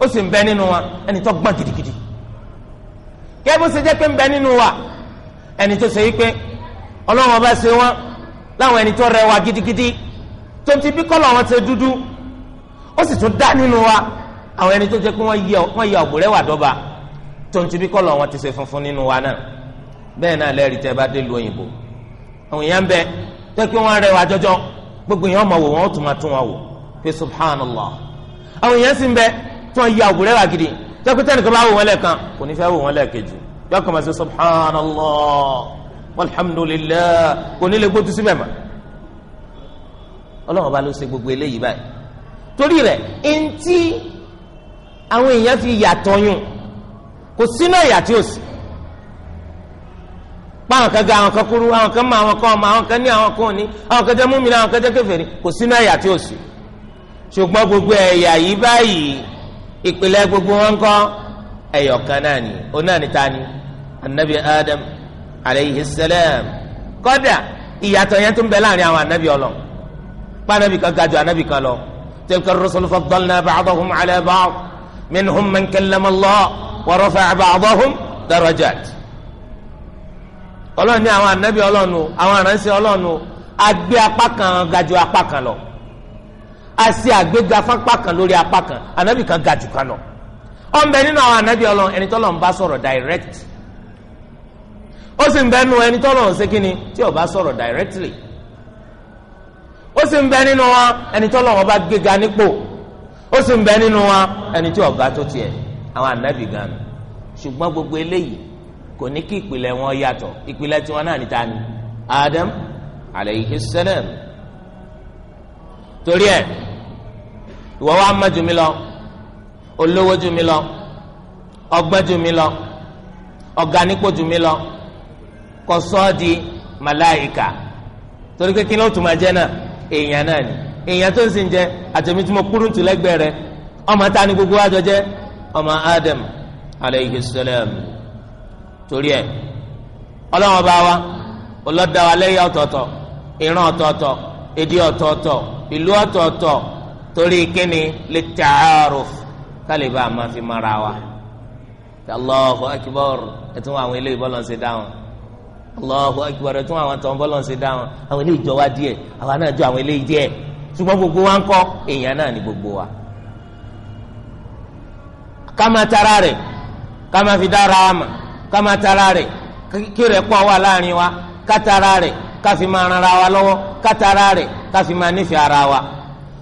ó sì ń bẹ nínú wa ẹni tó gbọ́n gidigidi gẹ́gẹ́ bó ṣe jẹ́ pé ń bẹ nínú wa ẹni tó ṣe yí pé ọlọ́run ọba ṣe wọn láwọn ẹni tó rẹwà gidigidi tó ti bí kọ́lọ̀ wọn ṣe dúdú ó sì tún dá nínú wa àwọn ẹni tó jẹ́ pé wọ́n ya ọ̀bùrẹ́ wà dọ́ba tó ti bí kọ́lọ̀ wọn ti ṣe funfun nínú wa náà bẹ́ẹ̀ náà lẹ́rìí tẹ́ bá dé lu òyìnbó àwọn èèyàn ń bẹ tó pé wọ́n rẹwà jọjọ gbogbo èèyàn máa wò wọ́n ó tún máa tún wọn wò pé subhanallah àwọn èèyàn sì ń bẹ tí wọ́n ya ọ̀bùrẹ́ wà gidi tó pé tẹ́nìkan bá wò wọ́n lẹ́ẹ̀kan kò ní fẹ́ wò wọ́n lẹ́ẹ̀kejì yọkàn máa ṣe subhanallah walhamdulillah kò ní lè gbótú síbẹ̀ mọ́ ọlọ́run ọba ló ṣe gbogbo eléyìí báyìí torí rẹ̀ eŋti àwọn èèyàn fi yàtọ̀ yùn kò sínú ẹ̀yà tí ò sí pa àwọn kan ga àwọn kan kúrú àwọn kan mọ àwọn kan ọmọ àwọn kan ní àwọn kan òní àwọn kan jẹ́ múmìnira àwọn kan jẹ́ kèfèrí kò sínú ẹ̀yà tí ò sí ṣùgbọ́n gbogbo ẹ̀yà yìí báyìí ìpìlẹ̀ gbogbo wọn ń kọ́ ẹ̀yọ̀ kan náà ni òun náà ni anabi adam aleyhi salam kọ́dà ìyàtọ̀ yẹn tún bẹ láàrin àwọn anabi ọlọ́run pa anabi kan ga ju anabi kan lọ tilka ar-rusulu faddalna ba'dahum ala ba'd minhum man kallama Allah wa rafa'a ba'dahum darajat ọlọ́run ní àwọn anabi ọlọ́run àwọn aránṣẹ́ ọlọ́run agbé apá kan ga ju apá kan lọ a ṣe àgbéga fápá kan lórí apá kan anabi kan ga ju kan lọ ọ̀nbẹ nínú àwọn anabi ọlọ́run ẹni ń bá sọ̀rọ̀ direct ó sì ń bẹ́ẹ̀ nu ẹni ń ṣe tí ò bá sọ̀rọ̀ directly ó sì ń bẹ nínú wọn ẹni tí Ọlọ́run bá gbéga nípò ó sì ń bẹ nínú wọn ẹni tí ọ̀gá tó tiẹ̀ àwọn ànábì gan ni ṣùgbọ́n gbogbo eléyìí kò ní kí ìpìlẹ̀ wọn yàtọ̀ ìpìlẹ̀ tiwọn náà níta ni Adam alayhi salam torí ẹ ìwọ wa má jù mí lọ olówó jù mí lọ ọgbọ́n jù mí lọ ọ̀gá nípò jù mí lọ kò di màláìka torí pé kí ló tún máa jẹ́ náà èèyàn náà ni èèyàn tó ń sìn jẹ àtẹ̀mí tí mo kúrú tù rẹ ọmọ ta ni gbogbo àjọ jẹ ọmọ Adam aleyhi salam torí ẹ ọlọ́wọ́n bá wa ọlọ́dà wa lẹ́yìn ọ̀tọ̀ọ̀tọ̀ ìran ọ̀tọ̀ọ̀tọ̀ èdè ọ̀tọ̀ọ̀tọ̀ ìlú ọ̀tọ̀ọ̀tọ̀ torí kíni Allahu akbar tún àwọn tó ń bọ́ lọ́n ṣe dá wọn àwọn eléyìí jọ wá díẹ̀ àwọn náà jọ àwọn eléyìí díẹ̀ ṣùgbọ́n gbogbo wa ń kọ́ èèyàn náà ni gbogbo wa. ká máa tara rẹ̀ ká máa fi dára wa mà ká máa tara rẹ̀ kí rẹ̀ pọ̀ wà láàrin wa ká tara rẹ̀ ká fi máa ran ara wa lọ́wọ́ ká tara rẹ̀ ká fi máa nífẹ̀ẹ́ ara wa.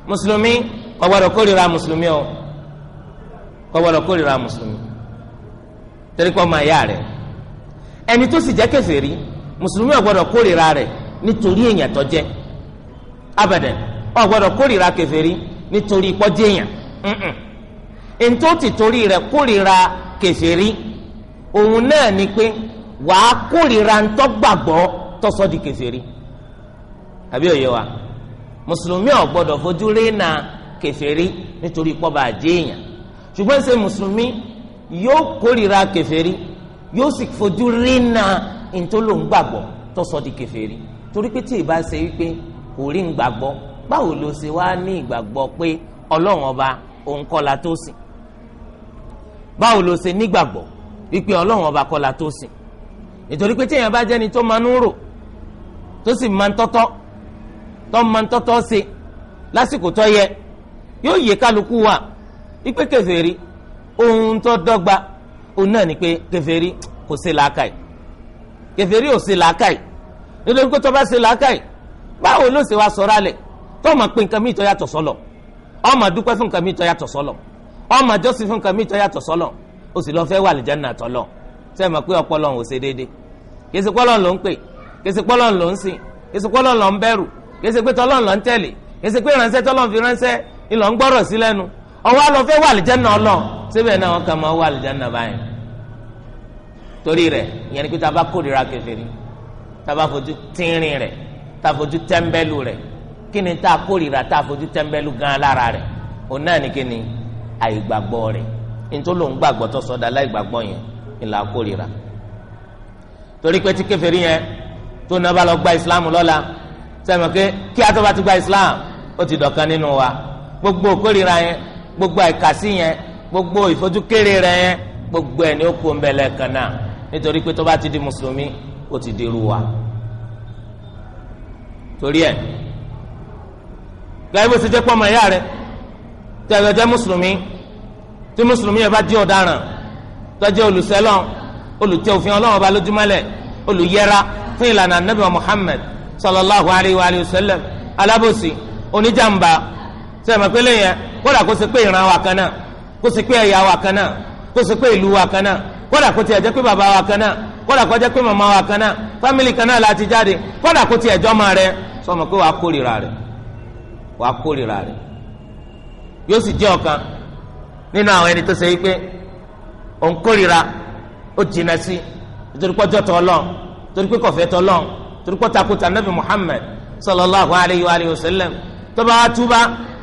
mùsùlùmí kò gbọdọ̀ kórìíra mùsùlùmí o kò gbọdọ̀ kórìíra mùsùlùmí torí kọ́ máa yá rẹ̀ ẹni tó sì jẹ́ kèfèrí mùsùlùmí ọ̀gbọ́dọ̀ kórìíra rẹ̀ nítorí èèyàn tó jẹ́ abadan ọ̀gbọ́dọ̀ kórìíra kèfèrí nítorí ìpọ́jẹ́ èèyàn ntó ti torí rẹ̀ kórìíra kèfèrí òun náà ni pé wàá kórìíra ntọ́ gbàgbọ́ tọ́sọ́ di kèfèrí àbí òye wa mùsùlùmí ò gbọ́dọ̀ fojú rénà kèfèrí nítorí ìpọ́ba àjẹ́ èèyàn ṣùgbọ́n ṣe mùsùlùmí yóò kórìíra kèfèrí yóò sì fojú rínà ntòlóńgbàgbọ́ tó sọ di kèfèrí torí pé tí ìbá ṣe wípé kò rí ngbàgbọ́ báwo ló ṣe wá ní ìgbàgbọ́ pé ọlọ́run ọba òun kọ́ la tó sìn báwo ló ṣe nígbàgbọ́ wípé ọlọ́run ọba kọ́ la tó sìn nítorí pé téèyàn bá jẹ́ni tó máa ń rò tó sì máa ń tọ́tọ́ tó máa ń tọ́tọ́ ṣe lásìkò tó yẹ yóò yẹ kálukú wa wípé kèfèrí ohun tó dọ́gba òun náà ni pé kèfèrí kò ṣe làákàyè kèfèrí ò ṣe làákàyè nítorí pé tó bá ṣe làákàyè báwo ló ṣe wá sọ̀rọ̀ alẹ̀ tó ọmọ pé nǹkan mìíràn yàtọ̀ sọ́lọ̀ ọmọ dúpẹ́ fún nǹkan mìíràn yàtọ̀ sọ́lọ̀ ọmọ jọ́sìn fún nǹkan mìíràn yàtọ̀ sọ́lọ̀ o sì lọ fẹ́ wà lè jẹ́nà tọ́lọ̀ ṣe mọ̀ pé ọpọlọ ò ṣe déédé kèsì pọ́lọ̀ ló ń pè kèsì pọ́lọ̀ ló ń sìn kèsì pọ́lọ̀ ló ń bẹ̀rù kèsì pé tọ́lọ̀ ló ń tẹ̀lé kèsì pé ìránṣẹ́ tọ́lọ̀ fi ránṣẹ́ ìlọ̀ ń gbọ́rọ̀ sí lẹ́nu ọwọ́ àlọ́ fẹ́ wà àlìjẹ́nà ọlọ́run síbẹ̀ náà wọ́n kàn máa wà àlìjẹ́nà báyìí torí rẹ̀ ìyẹn ni pé tá a bá kórìíra kèfèrí tá a bá fojú tínrín rẹ̀ tá tẹ́ḿbẹ́lú rẹ̀ kí ni tá a kórìíra tá a fojú tẹ́ḿbẹ́lú gan lára rẹ̀ òun náà ni kí ni àìgbàgbọ́ rẹ̀ nítorí lòun gbàgbọ́ tó sọdá láìgbàgbọ́ yẹn ìlà kórìíra torí pé tí kèfèrí yẹn tó náà bá lọ gba ìsìláàmù lọ́la sẹ́mi pé kí atọ́ ti gba ìsìláàmù ó ti dọ̀kan nínú wa gbogbo kórìíra yẹn gbogbo àìkàsí yẹn gbogbo ìfojúkéré rẹ yẹn gbogbo ẹ̀ ní ó kú ọ̀nbẹ̀lẹ̀ kan náà nítorí pé tó bá ti di mùsùlùmí ó ti di ruwa torí ẹ̀ gbàgbé ṣe jẹ́ pọ́nmọ re. rẹ tẹ̀wẹ̀ jẹ́ mùsùlùmí tí mùsùlùmí yẹn bá di ọ̀daràn tó jẹ́ olùsẹ́lọ̀ òfin ọlọ́run ọba lójúmọ́lẹ̀ olùyẹra fún ìlànà anabi muhammed sallallahu alayhi wa sallam alábòsí oníjàmbá sẹ́mi pé lẹ́yìn kódà kó ṣe pé ìran wa kan náà kó ṣe pé ẹ̀yà wa kan náà kó ṣe pé ìlú wa kan náà kódà kó tiẹ̀ jẹ́ pé bàbá wa kan náà kódà kó jẹ́ pé màmá wa kan náà fámìlì kan náà la ti jáde kódà kó tiẹ̀ jọ́mọ rẹ sọmọ pé wàá kórìíra rẹ wàá kórìíra rẹ yóò sì jẹ́ ọ̀kan nínú àwọn ẹni tó ṣe é pé òun kórìíra ó jìnnà sí nítorí pé ọjọ́ tọ́ torí pé kọ̀fẹ́ tọ́ lọ́n torí pé ó takùtà nàbì Muhammad sallallahu alayhi wa sallam tó bá wá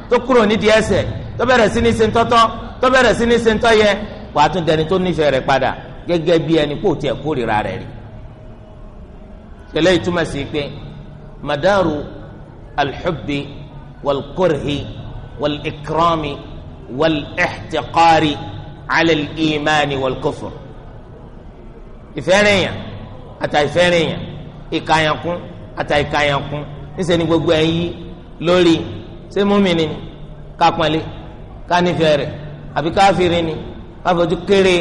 tó kúrò nídìí ẹ̀ṣẹ̀ tó bẹ̀rẹ̀ sí ní sentọ́tọ́ tó bẹ̀rẹ̀ sí ní sentọ́yẹ wàá tún dẹni tó nífẹ̀ẹ́ rẹ̀ padà gẹ́gẹ́ bí ẹni kò tiẹ̀ kórìíra rẹ̀ rí tẹ̀lé ìtumọ̀ sí pé madaru alḥubbi walkurhi walikrami walixtiqari alal imani walkufur ìfẹ́rẹ̀yàn àtà ìfẹ́rẹ̀yàn ìkàyànkún àtà ìkàyànkún ńṣe ni gbogbo ẹ̀yìn lórí ṣé múmìnì ni ká pọ́nlé ká nífẹ̀ẹ́ rẹ̀ àbí káfíìrì ni káfojú kéré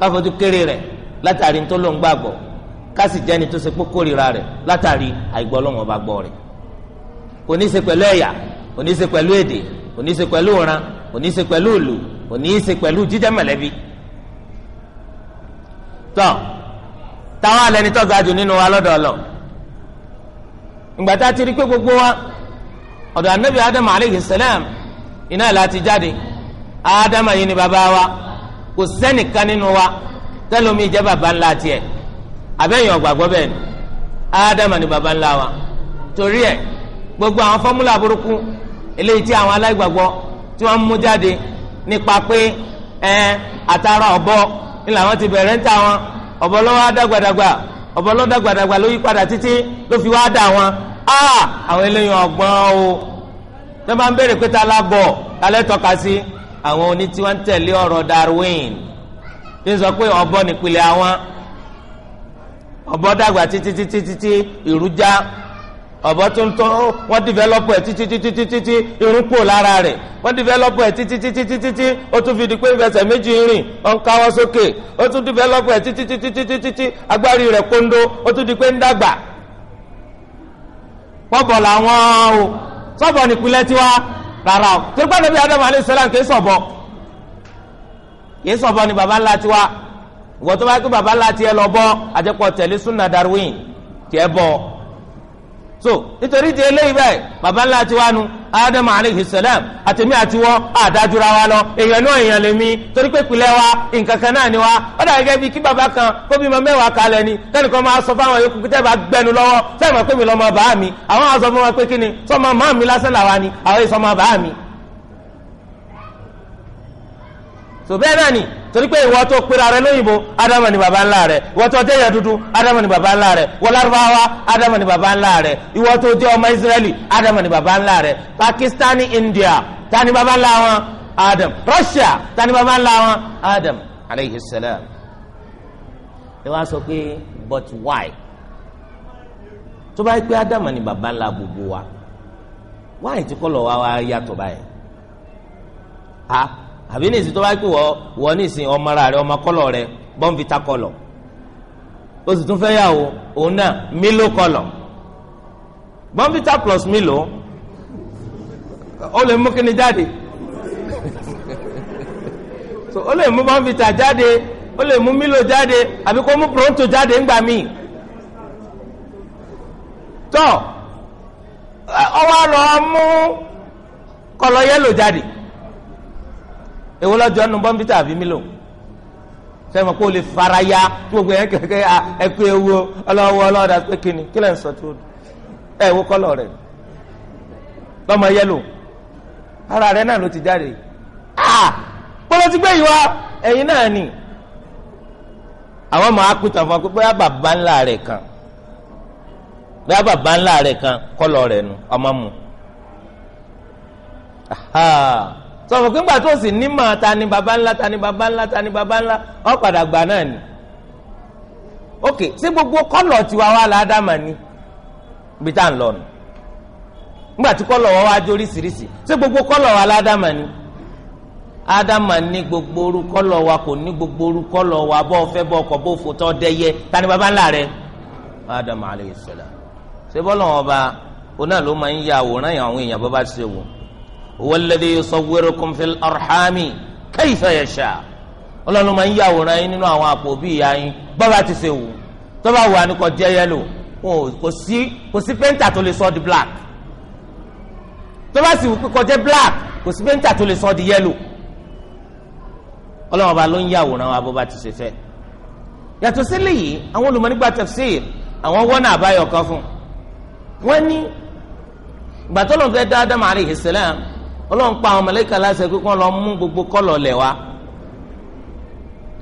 káfojú kéré rẹ̀ látàrí tó ló ń gbàgbọ́ ká sì jẹ́ni tó ṣe pé kórìíra rẹ̀ látàrí àìgbọ́ lọ́wọ́n bá gbọ́ rẹ̀ kò ní í ṣe pẹ̀lú ẹ̀yà kò ní í ṣe pẹ̀lú èdè kò ní í ṣe pẹ̀lú ìran kò ní í ṣe pẹ̀lú ìlú kò ní í ṣe pẹ̀lú jíjẹ́ mọ̀lẹ́bí tọ́ táwọn alẹ́ni tó ga nínú wa lọ́dọ̀ ọlọ́ ìgbà tá a ti rí pé gbogbo wa ọ̀dọ̀ anabi adam aleyhi salam iná láti jáde adam yìí ni bàbá wa kò sẹ́nìkan nínú wa tẹ́lómi jẹ́ bàbá ńlá tiẹ̀ abẹ́yìn ọ̀gbàgbọ́ bẹ́ẹ̀ ni adam ni bàbá ńlá wa torí ẹ̀ gbogbo àwọn fọ́múlà burúkú eléyìí tí àwọn aláìgbàgbọ́ tí wọ́n mú jáde nípa pé ẹ àtàrà ọ̀bọ ni làwọn ti bẹ̀rẹ̀ ń ta wọn ọ̀bọ lọ́wọ́ dàgbàdàgbà ọ̀bọ lọ́dàgbàdàgbà ló yí padà títí ló fi wá dà wọn àwọn eléyìí ọgbọ́n o ní wọ́n bá ń béèrè pé ta la bọ̀ kálẹ̀ tọ́ka sí àwọn oní tí wọ́n ń tẹ̀lé ọ̀rọ̀ Darwin tí ń sọ pé ọ̀bọ nípìlẹ̀ àwọn ọ̀bọ dàgbà títí títí títí ìrújá ọ̀bọ tó ń tọ́ wọ́n dìvẹ́lọ́pù ẹ̀ títí títí títí irun kúrò lára rẹ̀ wọ́n dìvẹ́lọ́pù ẹ̀ títí títí títí ó tún fi di pé ìfẹsẹ̀ méjì ń rìn ó ń káwọ́ sókè ó tún dìvẹ́lọ́pù ẹ̀ títí títí títí agbárí rẹ̀ kóńdó ó tún di pé ń dàgbà kọ́bọ̀ làwọn o sọ́bọ̀ nípìnlẹ̀ tiwa rárá o torí pé nàbí adamu alayhi salam kì í sọ̀bọ̀ kì í sọ̀bọ̀ ni baba ńlá tiwa ìwọ́n tó bá yẹ baba ńlá tiẹ̀ lọ bọ́ àjẹpọ̀ tẹ̀lé sunna Darwin tiẹ̀ bọ́ so nítorí ti eléyìí báyìí baba ńlá ti wá nu adamu aleyhi salam àtẹ̀mí àti wọ́n àdájúra wa lọ èèyàn náà èèyàn lè mí torí pé pilẹ̀ wa nǹkan kan náà ni wa ó dà gẹ́gẹ́ bíi kí baba kan kó bímọ mẹ́wàá kalẹ̀ ni kẹ́ni kan máa sọ fáwọn yòókù kí tẹ́lẹ̀ bá gbẹnu lọ́wọ́ sẹ́yìn máa pè mí lọ́mọ bàá mi àwọn á sọ fún wa pé kí ni sọmọ máa mi lásán làwa ni àwọn èso ọmọ bàá mi. so bẹ́ẹ̀ náà ni torí pé ìwọ tó pera rẹ lóyìnbó ádámà ni baba ńlá rẹ ìwọ tó jẹ́ yẹ̀dúdú ádámà ni baba ńlá rẹ ìwọ lárúbáwá ádámà ni baba ńlá rẹ ìwọ tó jẹ́ ọmọ israẹli ádámà ni baba ńlá rẹ pakistani india tani baba ńlá wọn adam russia tani baba ńlá wọn adam aleyhi salam ẹ wá sọ pé but why tó bá yẹ pé ádámà ni baba ńlá gbogbo wa why tí kọ́ lọ́ wá wá yàtọ̀ báyìí àbí ní ìsìn tó bá pè wọ́ wọ́ ní ìsìn ọmọ ara rẹ ọmọ kọ́lọ̀ rẹ bọ́ǹfìtà kọ́lọ̀ ó sì tún fẹ́ yàwó òun náà mílò kọ́lọ̀ bọ́ǹfìtà plus mílò ó lè mú kíni jáde so ó lè mú bọ́ǹfìtà jáde ó lè mú mílò jáde àbí kó mú pronto jáde ńgbà míì tọ́ ọ wá mú kọ́lọ̀ yẹ́lò jáde. So, èwo lọ́jọ́ nu bọ́m̀bítà àbí mílò sẹ́mi kó lè fara ya tó gbé yẹn kẹ̀kẹ́ ẹ pé ewu ọlọ́wọ́ ọlọ́dà pé kíni kí lẹ́ ń sọ tó ẹ wo kọ́lọ̀ rẹ̀ lọ́mọ yẹ́lò ara rẹ̀ náà ló ti jáde kpọ́lọ́ ti gbé yìí wá ẹ̀yin náà ni àwọn ọmọ akutàn fún wa pé bóyá bàbá ńlá rẹ̀ kan bóyá bàbá ńlá rẹ̀ kan kọ́lọ̀ rẹ̀ nu ọmọ mu sọ̀rọ̀ pínpà tó sì ní mà ta ni baba ńlá ta ni baba ńlá ta ni baba ńlá ọ̀ padà gbà náà ni ok ṣé gbogbo kọ́lọ̀ tiwa wa la dá mà ní ibi tá à ń lọ nù nígbà tí kọ́lọ̀ wa wá jóríṣiríṣi ṣé gbogbo kọ́lọ̀ wa la dá mà ní ádámà ní gbogbo orú kọ́lọ̀ wa kò ní gbogbo orú kọ́lọ̀ wa bọ́ ọ fẹ́ bọ́ bó fò dẹyẹ ta ni baba ńlá rẹ ádámà aleyhi sọlá ṣé bọ́lọ̀ wọn ba onáà ló máa ń ya àwòrán àwọn èèyàn bọ́ ṣe wò huwa alladhi yusawwirukum fil arhami kayfa yasha ọlọ́run máa ń yàwòrán yín nínú àwọn àpò bí ìyá yín bọ́ba ti ṣe wù tó bá wù àníkọ jẹ́ yẹ́lò kò sí kò sí pẹ́ńtà tó lè sọ di black tó bá sì wù pé kó jẹ́ black kò sí pẹ́ńtà tó lè sọ di yẹ́lò ọlọ́run ọba ló ń yàwòrán wa bọ́ba ti ṣe fẹ́ yàtọ̀ sílẹ̀ yìí àwọn olùmọ̀ nípa àwọn wọ́n náà àbáyọ kan fún wọ́n ní ìgbà tó ọlọ́run pa àwọn mọ̀lẹ́kà láṣẹ pé kán lọ mú gbogbo kọ́lọ̀ lẹ̀ wá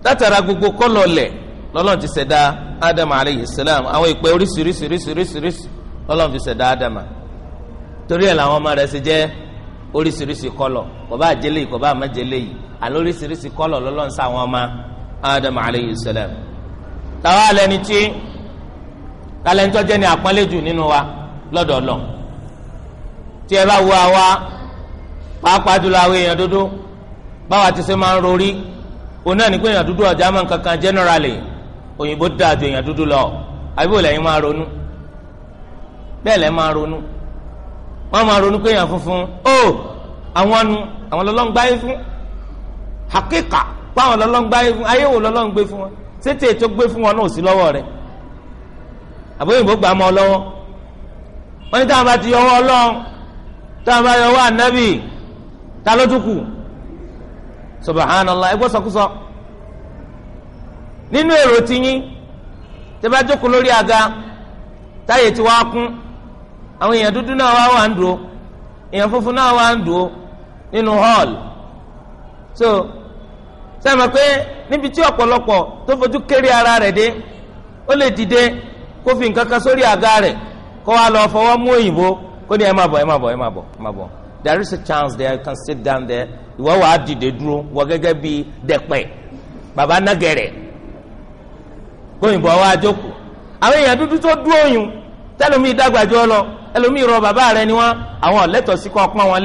látara gbogbo kọ́lọ̀ lẹ̀ lọ́lọ́run ti ṣẹ̀dá ádámù aleyhi salam àwọn ìpè oríṣiríṣiríṣiríṣi lọ́lọ́run fi ṣẹ̀dá ádámù torí ẹ̀ làwọn ọmọ rẹ̀ ṣe jẹ́ oríṣiríṣi kọ́lọ̀ kò bá jẹ́lé yìí kò bá má jẹ́lé yìí àlọ́ oríṣiríṣi kọ́lọ̀ lọ́lọ́run sáwọn ni àpọ́nlẹ́jù nínú wa lọ́dọọlọ́ pàápàá jùlọ àwọn èèyàn dúdú báwa ti ṣe máa ń rorí òun náà ní pé èèyàn dúdú ọ̀já máa ń kankan generally òyìnbó dáa ju èèyàn dúdú lọ àbí òun lẹ́yìn máa ronú bẹ́ẹ̀ lẹ́ máa ronú wọ́n máa ronú pé èèyàn funfun ó àwọn nu àwọn lọ́lọ́ngbá yín fún hakika báwọn lọ́lọ́ngbá yín fún ayé wo lọ́lọ́ngbé fún wọn sétí ètò gbé fún wọn náà sí lọ́wọ́ rẹ̀ àbóyìnbó gbà mọ́ ọ lọ́wọ́ wọ́n ní táwọn bá ti yọwọ́ ọlọ́run táwọn bá yọwọ́ ànábì ta ló dúkù subhanallah ẹgbẹ́ sọkúsọ nínú èrò tiyín tẹ́ jókòó lórí àga táyé tí wàá kún àwọn èèyàn dúdú náà wá wà so sẹ́mi pé níbi tí ọ̀pọ̀lọpọ̀ tó ara rẹ̀ dé ó lè dìde kó fi nǹkan kan sórí àga rẹ̀ kó wá lọ fọwọ́ mú òyìnbó kó ní ẹ má bọ̀ ẹ there is a chance there you can there ìwọ wàá dìde dúró wọ gẹ́gẹ́ bi dẹ̀pẹ̀ baba nagẹrẹ gbóyìnbó wa jókòó àwọn èèyàn dúdú tó dúró yùn tẹlómi ọlọ lọ rọ bàbá rẹ ni wọn àwọn ọlẹtọ sí kọ pọn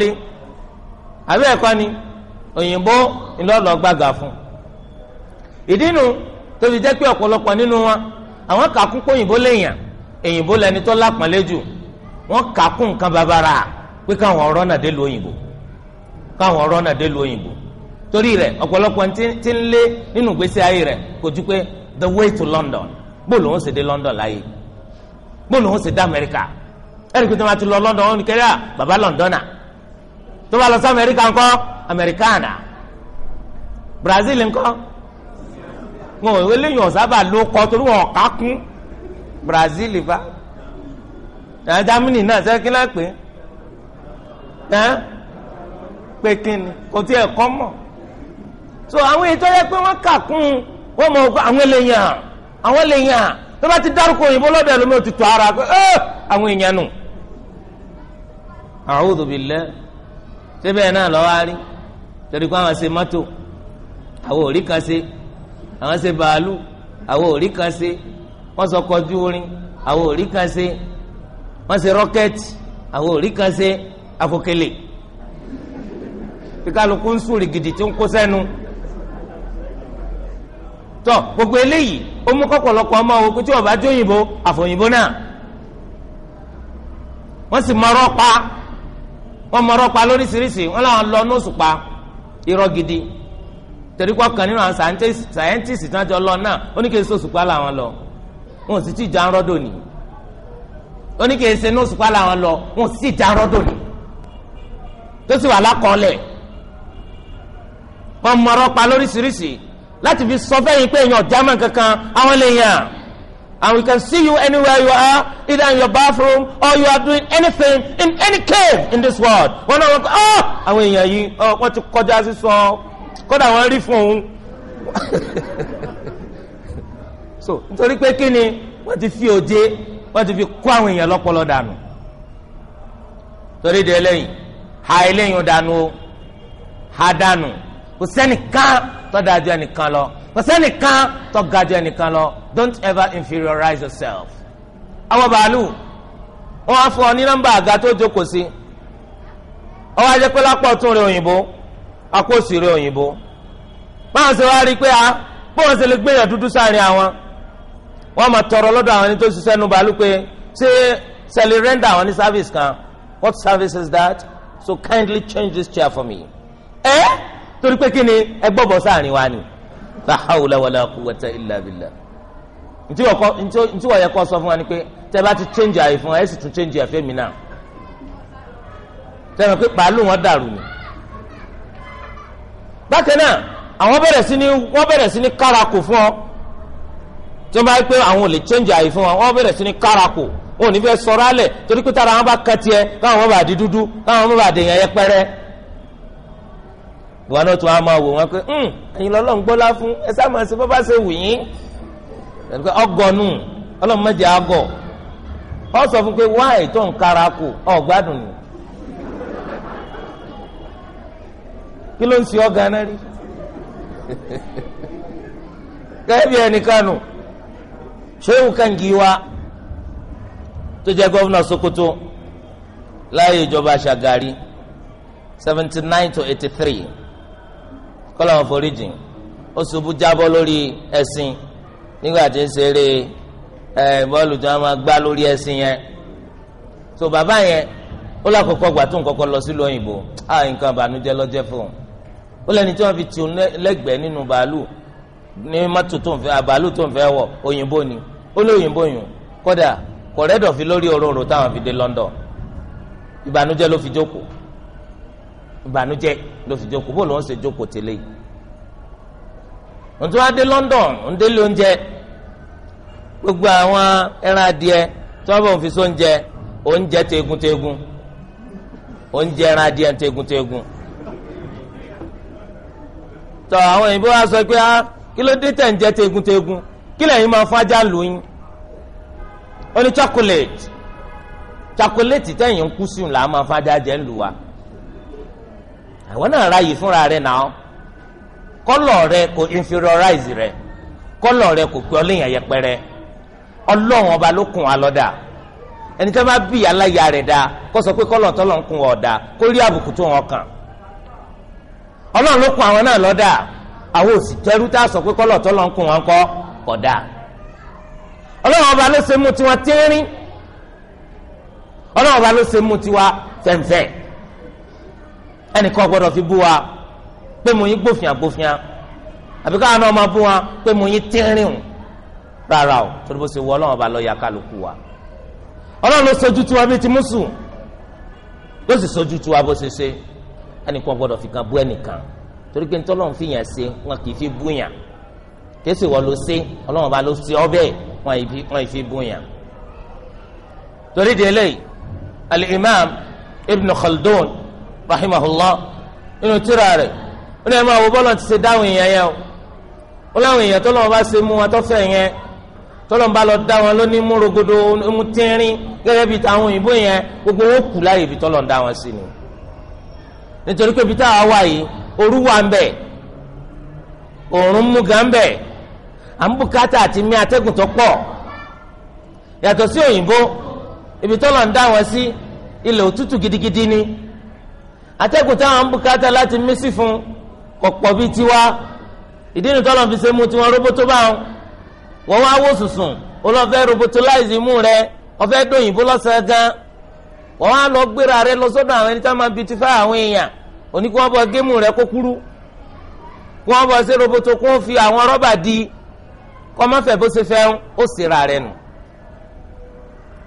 ni òyìnbó ńlọlọ gbàgà fún tóbi pé nínú wọn àwọn kàkún èyìnbó wọn kàkún nǹkan pé káwọn ọrọ náà dé lu òyìnbó káwọn ọrọ náà dé lu òyìnbó torí rẹ ọ̀pọ̀lọpọ̀ ti ń lé nínú ìgbésí ayé pé the way to London bó lòun ṣe London láyé bó lòun ṣe dé Amẹ́ríkà ẹnì máa ti lọ London wọn ni à ah, bàbá Londona tó bá lọ sí Amẹ́ríkà Brazil ńkọ́ wọn ò ọ̀sábà ló kọ́ torí wọn kún Brazil bá ẹ pé kíni kò tí ẹ so àwọn ètò yẹ pé wọ́n kà kún wọ́n mọ̀ àwọn eléyàn àwọn tó bá ti dárúkọ òyìnbó lọ́dọ̀ ẹ̀ lómi ara pé ẹ àwọn èèyàn nù. a'udhu billahi síbẹ̀ náà lọ́wọ́ á torí pé àwọn ṣe mọ́tò àwọn ò kan ṣe àwọn ṣe bàálù àwọn ò kan ṣe wọ́n sọ kọjú orin àwọn akókélé kíkálukú ń súnrì gidi tí ń kó sẹ́nu tọ gbogbo eléyìí ó mú kọkọlọpọ ọmọ wo kó tí ọba jó òyìnbó àfòyìnbó náà wọ́n sì mọrọ pa wọ́n mọrọ pa lóríṣiríṣi wọ́n làwọn lọ nóòsù pa irọ́ gidi torí pé ọkàn nínú àwọn sáyẹ́ntìsì tí wọ́n jọ lọ náà oníkèé sòṣùpá làwọn lọ wọn ò sì tí ì já ń rọ́dọ̀ ni oníkèé ṣe nóòsù pa làwọn lọ wọn ò sì tí já ń rọ́dọ̀ ni tó sì wà lákọọ́lẹ̀ wọn mọ̀rọ̀ pa lóríṣiríṣi láti fi sọ fẹ́yìn pé èèyàn jámọ́ kankan àwọn lè yàn and we can see you anywhere you are either in your bathroom or you are doing anything in any cave in this world wọn náà wọn kọ ọ ah! àwọn èèyàn yìí ọ oh, wọn ti kọjá sísọ kódà wọn rí fún un so nítorí pé kí ni wọn ti fi òde wọn ti fi kó àwọn èèyàn lọ́pọlọ dànù torí de eléyìí. ha eléyìí dànù o ha dànù kò sẹ́nìkan tó dáa ju ẹnìkan lọ kò sẹ́nìkan tó ga ju ẹnìkan lọ don't ever inferiorize yourself. àwọn bàálù ó wá fún ọ ní nọ́mbà àga tó jókòó sí ó wá jẹ́ pé lápò tún rẹ òyìnbó àkóòsì rẹ òyìnbó báwọn ṣe wá rí i pé a bóun ṣe lè gbéyàn dúdú sáàrin àwọn wọn máa tọrọ lọ́dọ̀ àwọn ẹni tó ṣiṣẹ́ nu bàálù pé ṣé ṣẹlẹ̀ rẹ́ńdà àwọn ní kan what service is that? so kindly change this chair for me. ẹ eh? torí pé kí ni ẹ gbọ́bọ̀ sáàrin wa ni la hawla wala quwwata illa billah ntí wọ́n yẹ kọ́ sọ fún wa ni pé tẹ́ bá ti change àyè fún wa ẹ sì tún change àfẹ́ mi náà tẹ́ mọ̀ pé pàálù wọn dàrú ni. bákan náà àwọn bẹ̀rẹ̀ sí ni wọ́n bẹ̀rẹ̀ sí ni kárakò fún ọ tí wọ́n bá yẹ pé àwọn ò lè change àyè fún wa wọ́n bẹ̀rẹ̀ sí ni kárakò. òun ní fẹ́ sọ̀rọ̀ alẹ̀ torí pé tára wọn bá kàn tiẹ̀ káwọn bá di dúdú káwọn bá di yẹn yẹpẹrẹ. ìwà náà tún á máa wò wọn pé hmm, ẹ̀yin lọ́lọ́run gbọ́lá fún ẹ sáà máa ṣe bọ́ ṣe wù yín ọgọ́nù ọ sọ fún pé wáì tó ń kára kù ọ̀gbádùn ni kí ló ń tó jẹ́ gọ́vnà Sokoto láàyè ìjọba Ṣàgárì seventy nine to eighty three kọ́lá wọn forí jìn ó ṣubú jábọ́ lórí ẹ̀sìn nígbà tí ń ṣeré ẹ̀ bọ́ọ̀lù tí wọ́n máa gbá lórí ẹ̀sìn yẹn so bàbá yẹn ó lákòókò gbà tó nǹkan kan lọ sílùú òyìnbó á nǹkan ìbànújẹ́ lọ́jẹ́ fún un ó lẹ́ni tí wọ́n fi tì lẹ́gbẹ̀ẹ́ nínú bàálù ní mọ́tò tó ń fẹ́ àbàálù tó ń fẹ́ wọ̀ òyìnbó ni ó lé òyìnbó yùn kódà kọ̀rẹ́dọ̀ fi lórí òróǹro táwọn fi dé London ìbànújẹ́ ló fi jókòó ìbànújẹ́ ló fi jókòó bó ló ṣe jókòó tẹ́lẹ̀ yìí ntọ́ adé London ndélé oúnjẹ gbogbo àwọn ẹran adìẹ tí wọ́n bá òun fi so oúnjẹ oúnjẹ tegun-tegun oúnjẹ ẹran adìẹ tegun-tegun tọ́ àwọn òyìnbó wa sọ pé ah, kí ló dé tẹ̀ ń jẹ tegun-tegun kí lẹ́yìn máa fájà lù yín. ó ní chocolate chocolate tẹ̀yìn ń kú sí un là máa fájá jẹ́ ń lù wá àwọn náà ráàyè fúnra náà kò inferiorize rẹ̀ kọ́lọ̀ kò pé ọba ló kun bá bí aláya sọ pé ń kó rí àbùkù tó wọn kàn ló àwọn náà àwọn òsì tá ọlọ́run ọba ló ṣe mú tiwa tínrín ọlọ́run ọba ló ṣe mú tiwa fẹ̀ǹfẹ̀ ẹnìkan gbọ́dọ̀ fi bú wa pé mo yín gbófin àgbófin àbí káwọn náà máa bú wa pé mo yín tínrín o rárá o torí bó ṣe wọ ọlọ́run ọba ló ya kálukú wa ọlọ́run ló ṣojú tiwa bíi ti mùsùn ló sì ṣojú tiwa bó ṣe ṣe ẹnìkan gbọ́dọ̀ fi kan bú ẹnìkan torí pé ntọ́lọ́run fi yàn ṣe wọn kì í fi bú yàn kí ẹ sì wọ́n ló ṣe ọlọ́run ọba ló ṣe ọ bẹ́ẹ̀ wọn ìfi wọn ìfi bóyá torí délé al-imam ibn khaldun rahimahullah inú tírà rẹ̀ ó lè máa wo bọ́lá ti ṣe dáhùn èèyàn yẹn o ó láwọn èèyàn tó lọ́wọ́ bá ṣe mú wọn tó fẹ́ yẹn tó lọ́wọ́ bá lọ dá wọn lóní múrogodo mú tínrín gẹ́gẹ́ bíi táwọn òyìnbó yẹn gbogbo wọn kù láyè ibi tó lọ́wọ́ dá wọn sí ni nítorí pé ibi táwa wà yìí òru wà ń bẹ òòrùn mú gan bẹ́ẹ̀ à ń bùkátà àti mí atẹ́gùn tó pọ̀ yàtọ̀ sí òyìnbó ibi tọ́lọ̀ ń dá wọn sí ilẹ̀ òtútù gidigidi ni atẹ́gùn táwọn ń bùkátà láti mí sí fún kọ̀pọ̀ bíi tiwa ìdí ni tọ́lọ̀ fi ṣe mú tiwọn roboto bá wọn wọ́n wá wò sùsùn olọ́fẹ́ robotoláìsì mú rẹ ọfẹ́ dòyìnbó lọ́sàn-án gan wọ́n wá lọ gbéra rẹ lọ sọ́dọ̀ àwọn ẹni tá máa bìtìfá àwọn èèyàn oníkó wọn bọ gémù rẹ kó kúrú wọn bọ sí roboto kó fi àwọn rọ́bà di kọ́mọ́fẹ́ bó ṣe fẹ́ ó sera rẹ̀ nù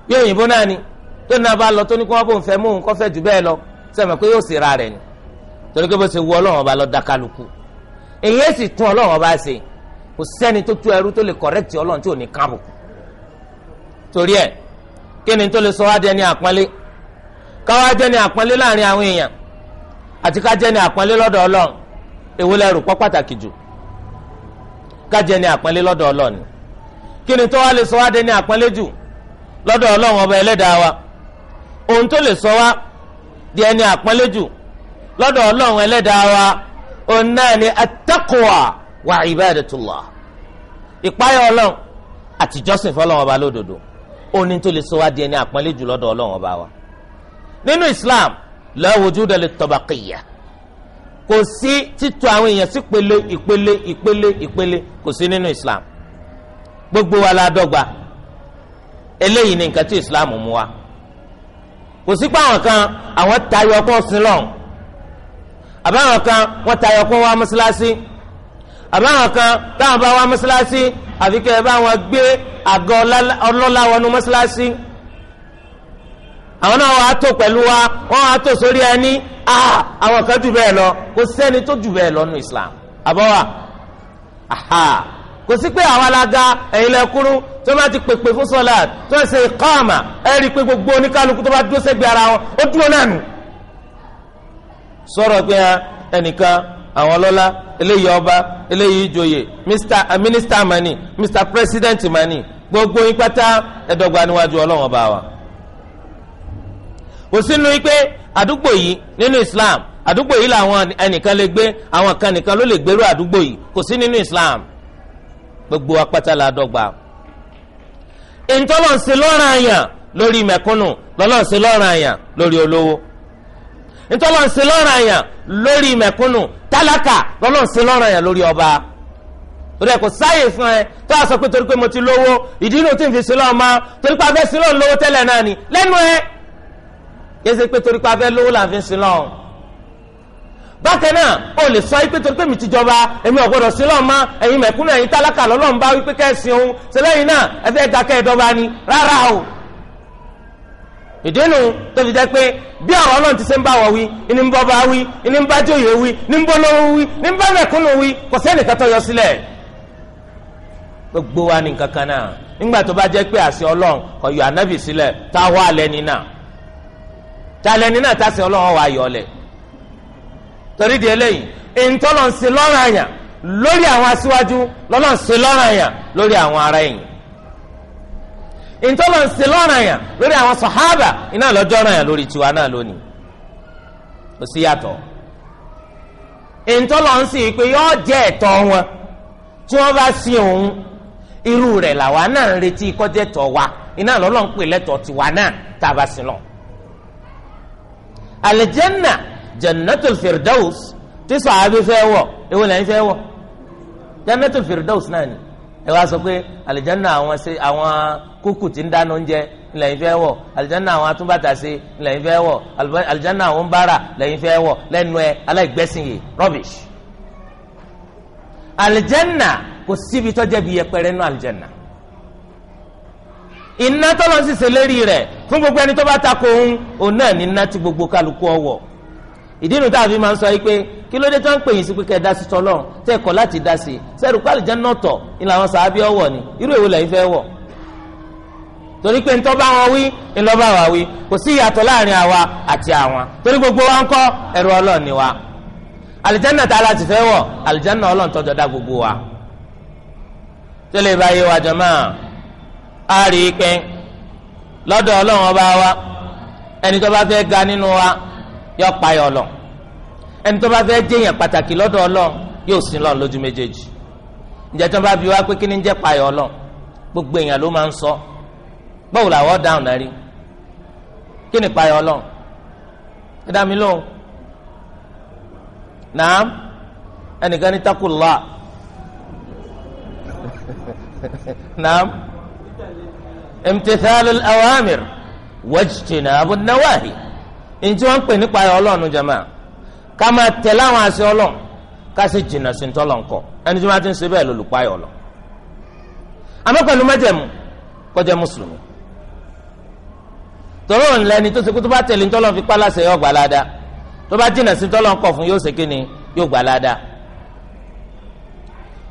bí òyìnbó náà ni tó ní abá lọ tó ní kí wọ́n bó ń fẹ́ mú òun kọ́fẹ́ jù bẹ́ẹ̀ lọ sẹ́mi pé yóò sera rẹ̀ nù torí pé bó ṣe wù ọlọ́run ọba lọ da kálukú èyí èsì tún ọlọ́run ọba ṣe kò sẹ́ni tó tú ẹrú tó lè kọ̀rẹ́tì ọlọ́run tí ò ní kábù torí ẹ̀ kí ni tó lè sọ wá dẹni àpọ́nlé káwá dẹni àpọ́nlé láàrin àwọn èèyàn àti ká dẹni àpọ́nlé lọ́dọ̀ ọlọ́run èwo lẹ́rù pọ́ pàtàkì jù kájẹ ní àpọ́nlé lọ́dọ̀ ọlọ́run kí ni tó wá lè sọ wá dé ní àpọ́nlé jù lọ́dọ̀ ọlọ́run ọba ẹlẹ́dàá wa ohun tó lè sọ wá di ẹni àpọ́nlé jù lọ́dọ̀ ọlọ́run ẹlẹ́dàá wa òun náà ni at-taqwa wa ibadatullah ìpáyọ̀ ọlọ́run àtijọ́sìn fọlọ́run ọba lódodo òní tó lè sọ wá di ẹni àpọ́nlé jù lọ́dọ̀ ọlọ́run ọba wa nínú Islam la wujuda lit-tabaqiyya kò sí títò àwọn èèyàn sí ìpele ìpele ìpele ìpele kò sí nínú islam gbogbo wa la dọ́gba eléyìí ni nǹkan tí islam mú wa kò sí pé àwọn kan àwọn tayọ kó sin lọ́hùn àbáwọn kan wọ́n tayọ kó wá mọ́sálásí àbáwọn kan táwọn bá wá mọ́sálásí àfi kẹ́ ẹ bá wọn gbé àgọ́ ọlọ́lá mọ́sálásí àwọn náà wàá tó pẹ̀lú wa wọ́n wàá tó sórí ẹni àwọn kan jù bẹ́ẹ̀ lọ kò sẹ́ni tó jù bẹ́ẹ̀ lọ nù Islam àbọ̀wà kò sí pé àwọn alága ẹ̀yin lẹ́kúrú tó bá ti pèpè fún sọ́lá tó ṣe ìkọ́ọ̀mà ẹ̀ rí i pé gbogbo oníkálukú tó bá dúró sẹ́gbẹ̀ẹ́ ara wọn ó dúró náà nù. sọ̀rọ̀ pé ẹnìkan àwọn ọlọ́lá eléyìí ọba eléyìí ìjòyè mínísítà eh, mani mínísítà pírẹsidẹ́ǹtì mani gbogbo yín pátá níwájú ọlọ́wọ́n bá wa kò sínú pé àdúgbò yìí nínú Islam àdúgbò yìí làwọn ẹnìkan lè gbé àwọn kan nìkan ló lè gbèrú àdúgbò yìí kò sí nínú Islam gbogbo apáta la dọ́gba. ìtọ́lọ̀nsẹ̀ lọ́ràn àyàn lórí mẹ̀kúnnù lọ́lọ́nsẹ̀ lọ́ràn àyàn lórí olówó ìtọ́lọ̀nsẹ̀ lọ́ràn àyàn lórí mẹ̀kúnnù tálákà lọ́lọ́nsẹ̀ lọ́ràn àyàn lórí ọba rẹ kò sáyè fún ẹ tó a sọ pé torí pé mo ti lówó ìdí inú tí n fi sílọ́ọ̀ máa torí pé abẹ́sílọ́ọ̀ lówó tẹ́lẹ̀ náà ni lẹ́nu ẹ yẹsẹ pé torí pé abẹ lówó la ń fi sin lọ bákan náà o lè sọ pé torí pé mi ti jọba èmi ò ma ẹ̀yin mẹ̀kúnnù ẹ̀yin tálákà lọ́lọ́run bá wípé kẹsìn òun sẹlẹyìn náà ẹ dákẹ́ ẹdọba ni rárá o ìdínú tó fi jẹ́ pé bí ọ̀rọ̀ Ọlọ́run ti ṣe ń bá wọ wí ní ń bọ bá wí ní ń bá jòyè wí ní ń bọ wí ní ń bá wí kò tó talẹni náà tásìn ọlọ́wọ́ wa yọ ọlẹ̀ torí di eléyìí ntọ́lọ́nsì lọ́rùn àyàn lórí àwọn aṣíwájú lọ́lọ́nsì lọ́rùn àyàn lórí àwọn ará ẹ̀yìn ntọ́lọ́nsì lọ́rùn àyàn lórí àwọn sàhábà iná lọ́jọ́ ràn yàn lórí tiwa náà lónìí kò sí yàtọ̀ ntọ́lọ́nsì pé yọ́ọ́ jẹ́ ẹ̀tọ́ wọn tí wọ́n bá sin òun irú rẹ̀ làwa náà ń retí kọ́jẹ́tọ̀ wa iná lọ́lọ́ ń pè lẹ́tọ̀ tiwa náà tá a bá sin lọ́wọ́ aljanna jannatul firdaus tí sàábí fẹ́ wọ̀ èwo lẹ́yìn fẹ́ wọ̀ jannatul firdaus náà ni ẹ wá sọ pé aljanna àwọn ṣe àwọn kúkú tí ń dáná oúnjẹ lẹ́yìn fẹ́ wọ̀ aljanna àwọn atúbàtà ṣe lẹ́yìn fẹ́ wọ̀ aljanna àwọn bára lẹ́yìn fẹ́ wọ̀ lẹ́nu ẹ aláìgbẹ́sìn yìí rubbish aljanna kò síbi tọ́jẹ́ bí yẹpẹrẹ nù aljanna iná tọ́lọ́ sì ṣe lérí rẹ̀ fún gbogbo ẹni tó bá takò òun òun náà ní iná tí gbogbo kálukú ọwọ́ ìdí inú táàbí máa ń sọ yìí pé kí ló dé tó ń pè yín sí pé kẹ́ ẹ dá sí tọ́lọ́ tẹ́ ẹ kọ̀ láti dá sí sẹ́rù pálí jẹ́ nọ́ọ̀tọ̀ ìlà àwọn sàábí ọwọ́ ni irú èwo lẹ́yìn fẹ́ wọ̀ torí pé ntọ́ bá wọn wí ńlọ bá wa wí kò sí ìyàtọ̀ láàrin àwa àti àwọn torí gbogbo wa ń kọ́ ẹ̀rọ ọlọ́run ni wa àlìjáná tá a láti fẹ́ wọ̀ àlìjáná ọlọ́run tọ́jọ́ dá gbogbo wa tẹ́lẹ̀ báyé wa jọ̀mọ́ á rí i pé lọ́dọ̀ ọlọ́run ọba wa ẹni tó bá fẹ́ ga nínú wa yóò payọ̀ lọ ẹni tó bá fẹ́ jẹ́yàn pàtàkì lọ́dọ̀ ọlọ́run yóò sin lọ́run lójú méjèèjì ǹjẹ́ tó bá bi wá pé kí ni jẹ́ payọ̀ gbogbo èèyàn ló máa ń sọ báwo làwọn dáhùn náà rí kí ni payọ̀ ọlọ́run mi lóhùn naam ẹnìkan ní takullah naam imtithalul awamir wajtinabu nawahi ntí wọn pè nípa ayọ Ọlọ́run jama ká máa tẹ̀lé àwọn àṣẹ Ọlọ́run ká sì jìnnà sí ntọ́lọ̀ ńkọ ẹni tí wọn ti ń ṣe bẹ́ẹ̀ lọ́lùpáyọ̀ lọ. àmọ́ pẹ̀lú mẹ́jẹ̀mú kó jẹ́ mùsùlùmí tọ́lọ́ òun lẹ́ni tó ṣe kó tó bá tẹ̀lé ntọ́lọ̀ fi pálá ṣe yọ gbà ládàá tó bá jìnnà sí ntọ́lọ̀ ńkọ fún yóò ṣe kíni yóò gbà ládàá.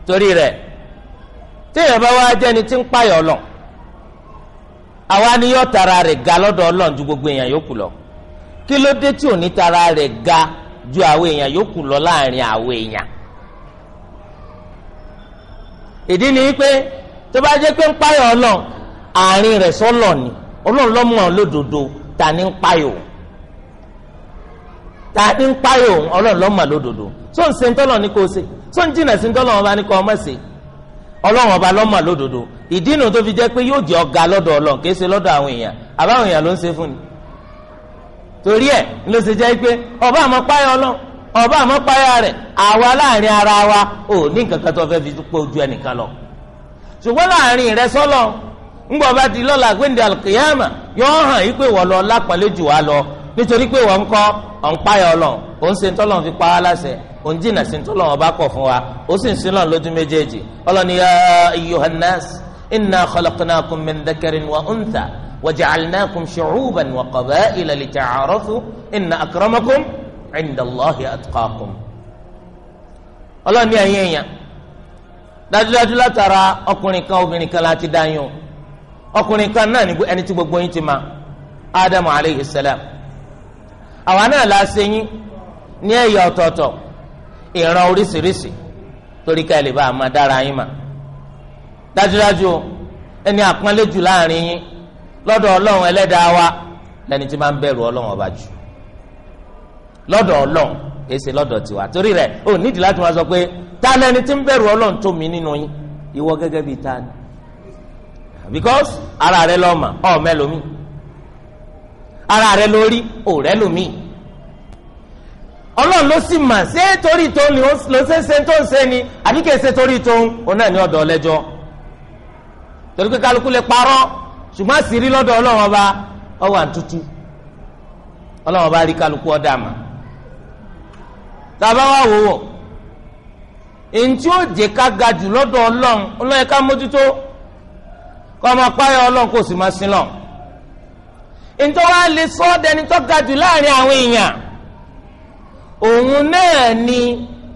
torí rẹ̀ téèyàn bá wá jẹ́ni tí ń páyọ̀ Ọlọ́run àwa ni yóò tara rẹ̀ ga lọ́dọ̀ Ọlọ́run ju gbogbo èèyàn yòókù lọ kí ló dé tí ò ní tara rẹ̀ ga ju àwọn èèyàn yòókù lọ láàrin àwọn èèyàn ìdí ni pé tó bá jẹ́ pé ń páyọ̀ Ọlọ́run àárín rẹ̀ sọ́lọ̀ ni Ọlọ́run ló mọ̀ lódodo ta ni ń páyọ̀ ta ni ń páyọ̀ Ọlọ́run ló mọ̀ lódodo tó ń ṣe ń tọ́lọ̀ ní kò ṣe tó ń jìnà sí ń tọ́lọ̀ wọn bá ní kò ọmọ ṣe Ọlọ́run ọba ló lódodo ìdí nu tó fi jẹ́ pé yóò jẹ́ ọ̀gá lọ́dọ̀ Ọlọ́run kìí ṣe lọ́dọ̀ àwọn èèyàn àbáwọn èèyàn ló ń ṣe fún ni torí ẹ̀ ló ṣe jẹ́ pé ọba àmọ́ ọba àmọ́ rẹ̀ àwa láàrin ara wa ò ní nǹkan kan tó fẹ́ fi pé ojú ẹnìkan lọ ṣùgbọ́n láàrin rẹ sọ́lọ́ ńgbọ́ bá di lọ́la gbẹ̀ndẹ̀ alkiyama yóò hàn yí pé wọ́n lọ lápàlẹ́ jù wá lọ nítorí pé wọ́n ń kọ́ ọ̀n Ọlọ́run òun ṣe ń fún wa ó sì ń inna khalaqnakum min dhakarin wa untha wa ja'alnakum shu'uban wa qaba'ila lita'arafu inna akramakum inda Allahi atqakum. ọlọ́ni ẹ̀yìn èèyàn dájúdájú látara ọkùnrin kan obìnrin kan láti dáyún ọkùnrin kan náà ní ẹni tí gbogbo yín ti ma Ádámù aleyhi salam àwa náà la ṣe yín ní ẹ̀yà ọ̀tọ̀ọ̀tọ̀ ìran oríṣiríṣi torí ká ẹ lè bá a máa dára yín mà dájúdájú ẹni àpọ́nlé jù láàrin yín lọ́dọ̀ ọlọ́run ẹlẹ́dàá wa lẹni tí máa ń bẹ̀rù ọlọ́run ọba jù lọ́dọ̀ ọlọ́run èsè lọ́dọ̀ tiwa torí rẹ̀ ò nídìí láti wá sọ pé ta ni ẹni tí ń bẹ̀rù ọlọ́run tó mi nínú yín ìwọ gẹ́gẹ́ bíi ta ni because ara rẹ lọ́ọ̀mà ọ̀ mẹ́lòmí ara rẹ lórí ò rẹ́lòmí ọlọ́run ló sì mà ṣé torí tó ló ṣe ń ṣe tó ń ṣe ni àbí kèé ṣe torí tó ń òun náà ní ọ̀dọ̀ ọlẹ́jọ́ torí pé kálukú lè parọ́ ṣùgbọ́n àṣírí lọ́dọ̀ ọlọ́run ọba ọwà tútù ọlọ́run ọba rí kálukú ọ̀dà mà tàbá wà wòwò èyí tí ó jẹ́ ká ga jù lọ́dọ̀ ọlọ́run ọlọ́run ká mójútó kọ́ ọmọ páyọ̀ ọlọ́run kò sì máa sin lọ. ntọ́ wa lè sọ ọ́ dẹni tó ga jù láàrin àwọn èèyàn òun náà ni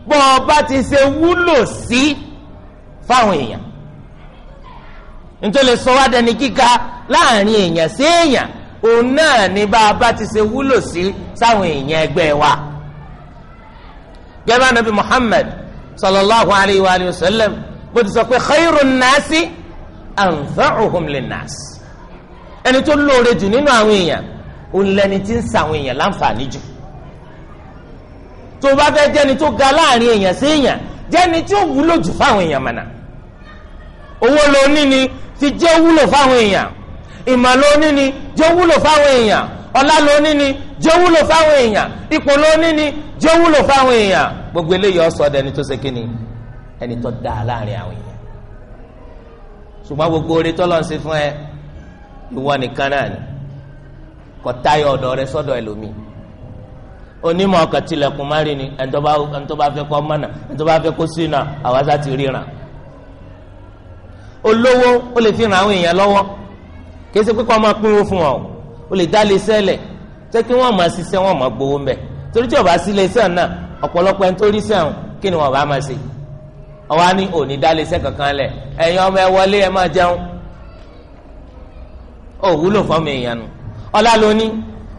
bọ́ ọ bá ti ṣe wúlò sí fáwọn èèyàn ntọ́lẹ̀ sọ wá dẹni kíka láàrin èèyàn sí èèyàn òun náà ní bá a bá ti ṣe wúlò sí sáwọn èèyàn ẹgbẹ́ wa. gẹ́gẹ́ nabi Muhammad sallallahu alayhi wa sallam bó ti sọ pé khayrun nasi anfa'uhum linnas ẹni tó lóore jù nínú àwọn èèyàn òun lẹni tí ń ṣàwọn èèyàn láǹfààní jù tó o bá fẹ́ jẹ́ni tó ga láàrin èèyàn sí èèyàn jẹ́ni tí ó wúlò jù fáwọn èèyàn mọ̀nà owó lo ni ti jẹ́ wúlò fáwọn èèyàn ìmọ̀ lóní ni jẹ́ wúlò fáwọn èèyàn ọlá lóní ni jẹ́ wúlò fáwọn èèyàn ipò lóní ni jẹ́ wúlò fáwọn èèyàn gbogbo eléyìí ọ̀sọ̀ dẹni tó ṣe kíni ẹni tó dáa láàrin àwọn èèyàn ṣùgbọ́n gbogbo oore tọ́lọ́ ń ṣe fún ẹ ìwọ nìkan náà ni kò táyọ̀ ọ̀dọ̀ rẹ sọ́dọ̀ ẹlòmíì onímọ̀ ọkàn tilẹ̀kùn márìn ni ẹni tó bá fẹ́ kọ́ mọ́nà ẹni tó bá fẹ́ kó sínú àwọn àṣà ti ríran olówó ó lè fi ràn àwọn èèyàn lọ́wọ́ kìí ṣe pé kó máa pínwó fún wọn o ó lè dá lè sẹ́lẹ̀ jẹ́ kí wọ́n máa ṣiṣẹ́ wọ́n máa gbowó mbẹ́ torí tí ọba sílé iṣẹ́ náà ọ̀pọ̀lọpọ̀ ẹni tó rí sẹ́wọ̀n kí ni wọ́n bá máa ṣe ọwọ́ á ní òní dá lè sẹ́ kankan lẹ̀ ẹ̀yin ọmọ ẹ wọlé ẹ máa jẹun ó wúlò fọ́ọ̀mù èèyàn nu ọlá lóní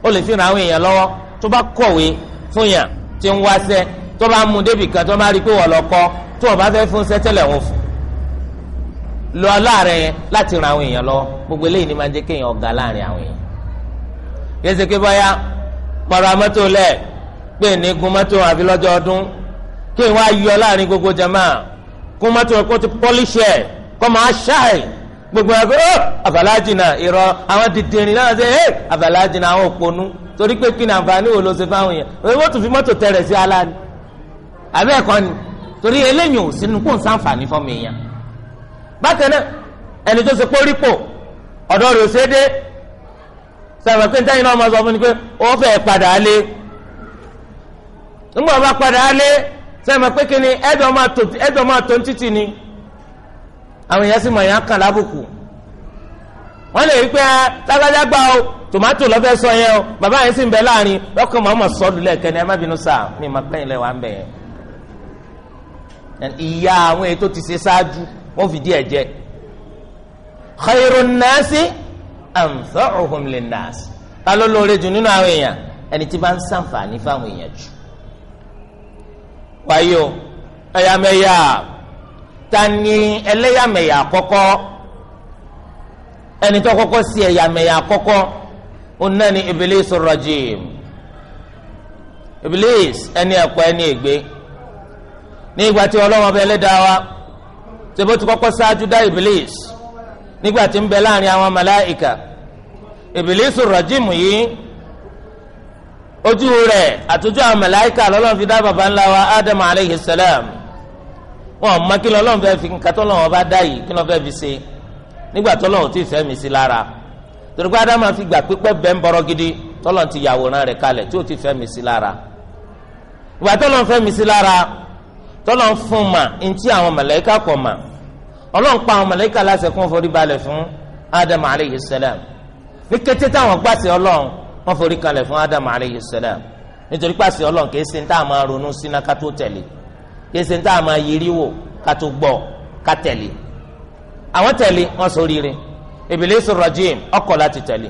ó lè fi ràn àwọn èèyàn lọ́wọ́ tó bá kọ̀wé fún yàn tí ń wáṣẹ́ tó bá lọ aláàrẹ láti ran àwọn èèyàn lọ gbogbo eléyìí ni máa ń kéèyàn ọ̀gá láàrin àwọn èèyàn yéésì pé báyà pàrọ̀ amọ́tò lẹ̀ pé ní gun mọ́tò àfi lọ́jọ́ ọdún kí n wá gbogbo jama gun mọ́tò kó ti pọ́líṣì ẹ̀ kó máa ṣáì gbogbo ẹ̀ oh, àwọn náà ṣe àwọn òponú torí pé kí ni àǹfààní wo ló ṣe fáwọn èèyàn fi mọ́tò tẹ̀rẹ̀ sí bákan náà ẹni tó ṣe kórìpò ọ̀dọ́ rẹ̀ ò ṣe é dé sọ̀rọ̀ pé ntẹ́yìn náà máa sọ fún ni pé ó fẹ́ padà lé nígbà bá padà lé sọ̀rọ̀ pé kí ni ẹ̀dọ̀ máa tó títì ni àwọn èèyàn sì mọ̀ yẹn kàn lábùkù wọ́n lè rí pé tágbájá gbà o tòmátò lọ́fẹ́ sọ yẹn o bàbá yẹn sì ń bẹ láàrin lọ́kàn máa mọ̀ sọ́ọ́dù lẹ́ẹ̀kẹ́ni ẹ má bínú sáà mi máa pẹ́yìn ń bẹ̀ yẹn ìyá àwọn èyí tó ti ṣe ṣáájú. wọ́n fi díẹ̀ jẹ khayrun nasi anfa'uhum linnas ta ló lóore jù nínú àwọn èèyàn ẹni tí bá ń sàǹfààní fáwọn èèyàn jù wáyé o ẹ̀yàmẹ̀yà ta ni ẹlẹ́yàmẹ̀yà àkọ́kọ́ ẹni tó kọ́kọ́ sí ẹ̀yàmẹ̀yà àkọ́kọ́ ọ̀nà ni Iblis rajim Iblis ẹni ẹ̀kọ́ ẹni ègbé ní ìgbà tí Ọlọ́run ọba ẹlẹ́dàá wa ṣebó ti kọ́kọ́ ṣáájú dá iblis nígbà tí ń bẹ láàrin àwọn màláìka iblis rajim yìí ojú rẹ̀ àtúntò àwọn màláìka lọ́lọ́run fi dá baba ńlá wa adam alayhi salam wọn ò mọ kí lọ́lọ́run fẹ́ fi nǹkan tọ́lọ́run ọba dá yìí kí lọ́ọ́ fẹ́ fi ṣe nígbà tọ́lọ́run ti fẹ́ mi sí lára torí adam fi gbà pípẹ́ bẹ́ẹ̀ ń bọ̀rọ̀ gidi tọ́lọ́run ti yàwòrán rẹ̀ kalẹ̀ tí ó ti fẹ́ mi sí lára ìgbà tọ́lọ́run fẹ́ mi sí lára tọ́lọ̀ ń fún ma ntí àwọn màláíkà kọ̀ ma ọlọ́run pa àwọn màláíkà láṣẹ kí forí balẹ̀ fún aleyhi ní kété táwọn forí nítorí pàṣẹ kìí ṣe máa ronú síná tẹ̀lé kìí ṣe tá máa yiri wò tẹ̀lé rajim láti tẹ̀lé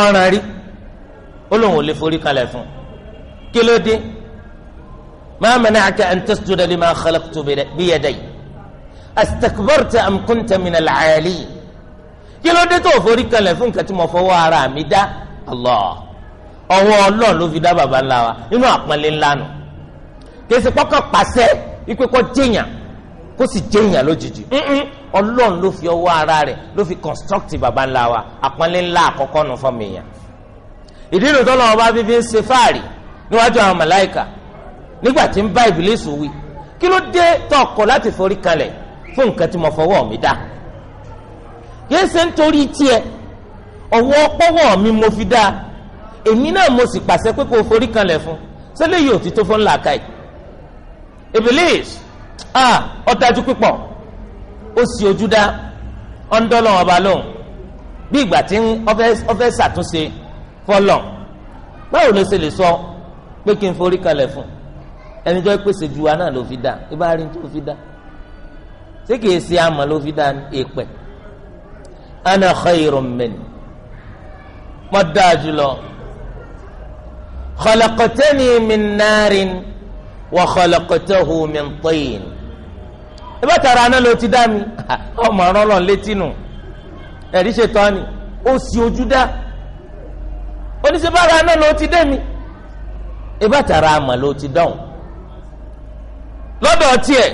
ọ̀ràn rí ò lè forí kalẹ̀ fún ما منعك أن تسجد لما خلقت بيدي استكبرت أم كنت من العالين kí ló dé tó forí kalẹ̀ fún nǹkan tí mo fọwọ́ ara mi dá Allah ọwọ́ ọlọ́run ló fi dá baba ńlá wa inú àpọ́nlé ńlá nù kèsì kọ́kọ́ pàṣẹ ikú kọ́ jẹ̀yàn kó sì jẹ̀yàn lójijì ọlọ́run ló fi ọwọ́ ara rẹ̀ ló fi construct baba ńlá wa àpọ́nlé ńlá àkọ́kọ́ nù fún mi yàn ìdí ìròtọ́ lọ́wọ́ bá fífi ń ṣe fáàrí níwájú àwọn màláìka nígbà tí ń bá ìbílísù wí kí ló dé tọkọ láti forí kalẹ̀ fún nǹkan tí mo fọwọ́ mi dá kìí ṣe nítorí tiẹ̀ ọwọ́ pọ́wọ́ mi mo fi dá èmi náà mo sì pàṣẹ pé kò forí kalẹ̀ fún sẹ́lẹ̀ yìí ò ti tó fún làákàyè ìbílísù ah ọ̀dájú pípọ̀ ó sì ojú dá ọ̀ńdọ́lọ́wọ́n ọba lóhùn bí ìgbà tí ọfẹ́ ṣàtúnṣe fọlọ́ báwo ló ṣe lè sọ pé kí n forí kalẹ̀ fún un ẹni tó pèsè ju wa náà ló fi dá ibà rí tó fi dá ṣé kìí ṣe àmọ́ ló fi dá èpè ana khayrun min mo dáa jùlọ khalaqtani min narin wa khalaqtahu min tin ibà tara aná ló ti dá mi ọmọ ọ̀rọ̀ lọ létí nù ẹ̀rí ṣètọ́ ni ó sì ojú dá oníṣẹ́ bára aná ti dé mi ibà tara àmọ́ ló ti dáhùn lọ́dọ̀ tiẹ̀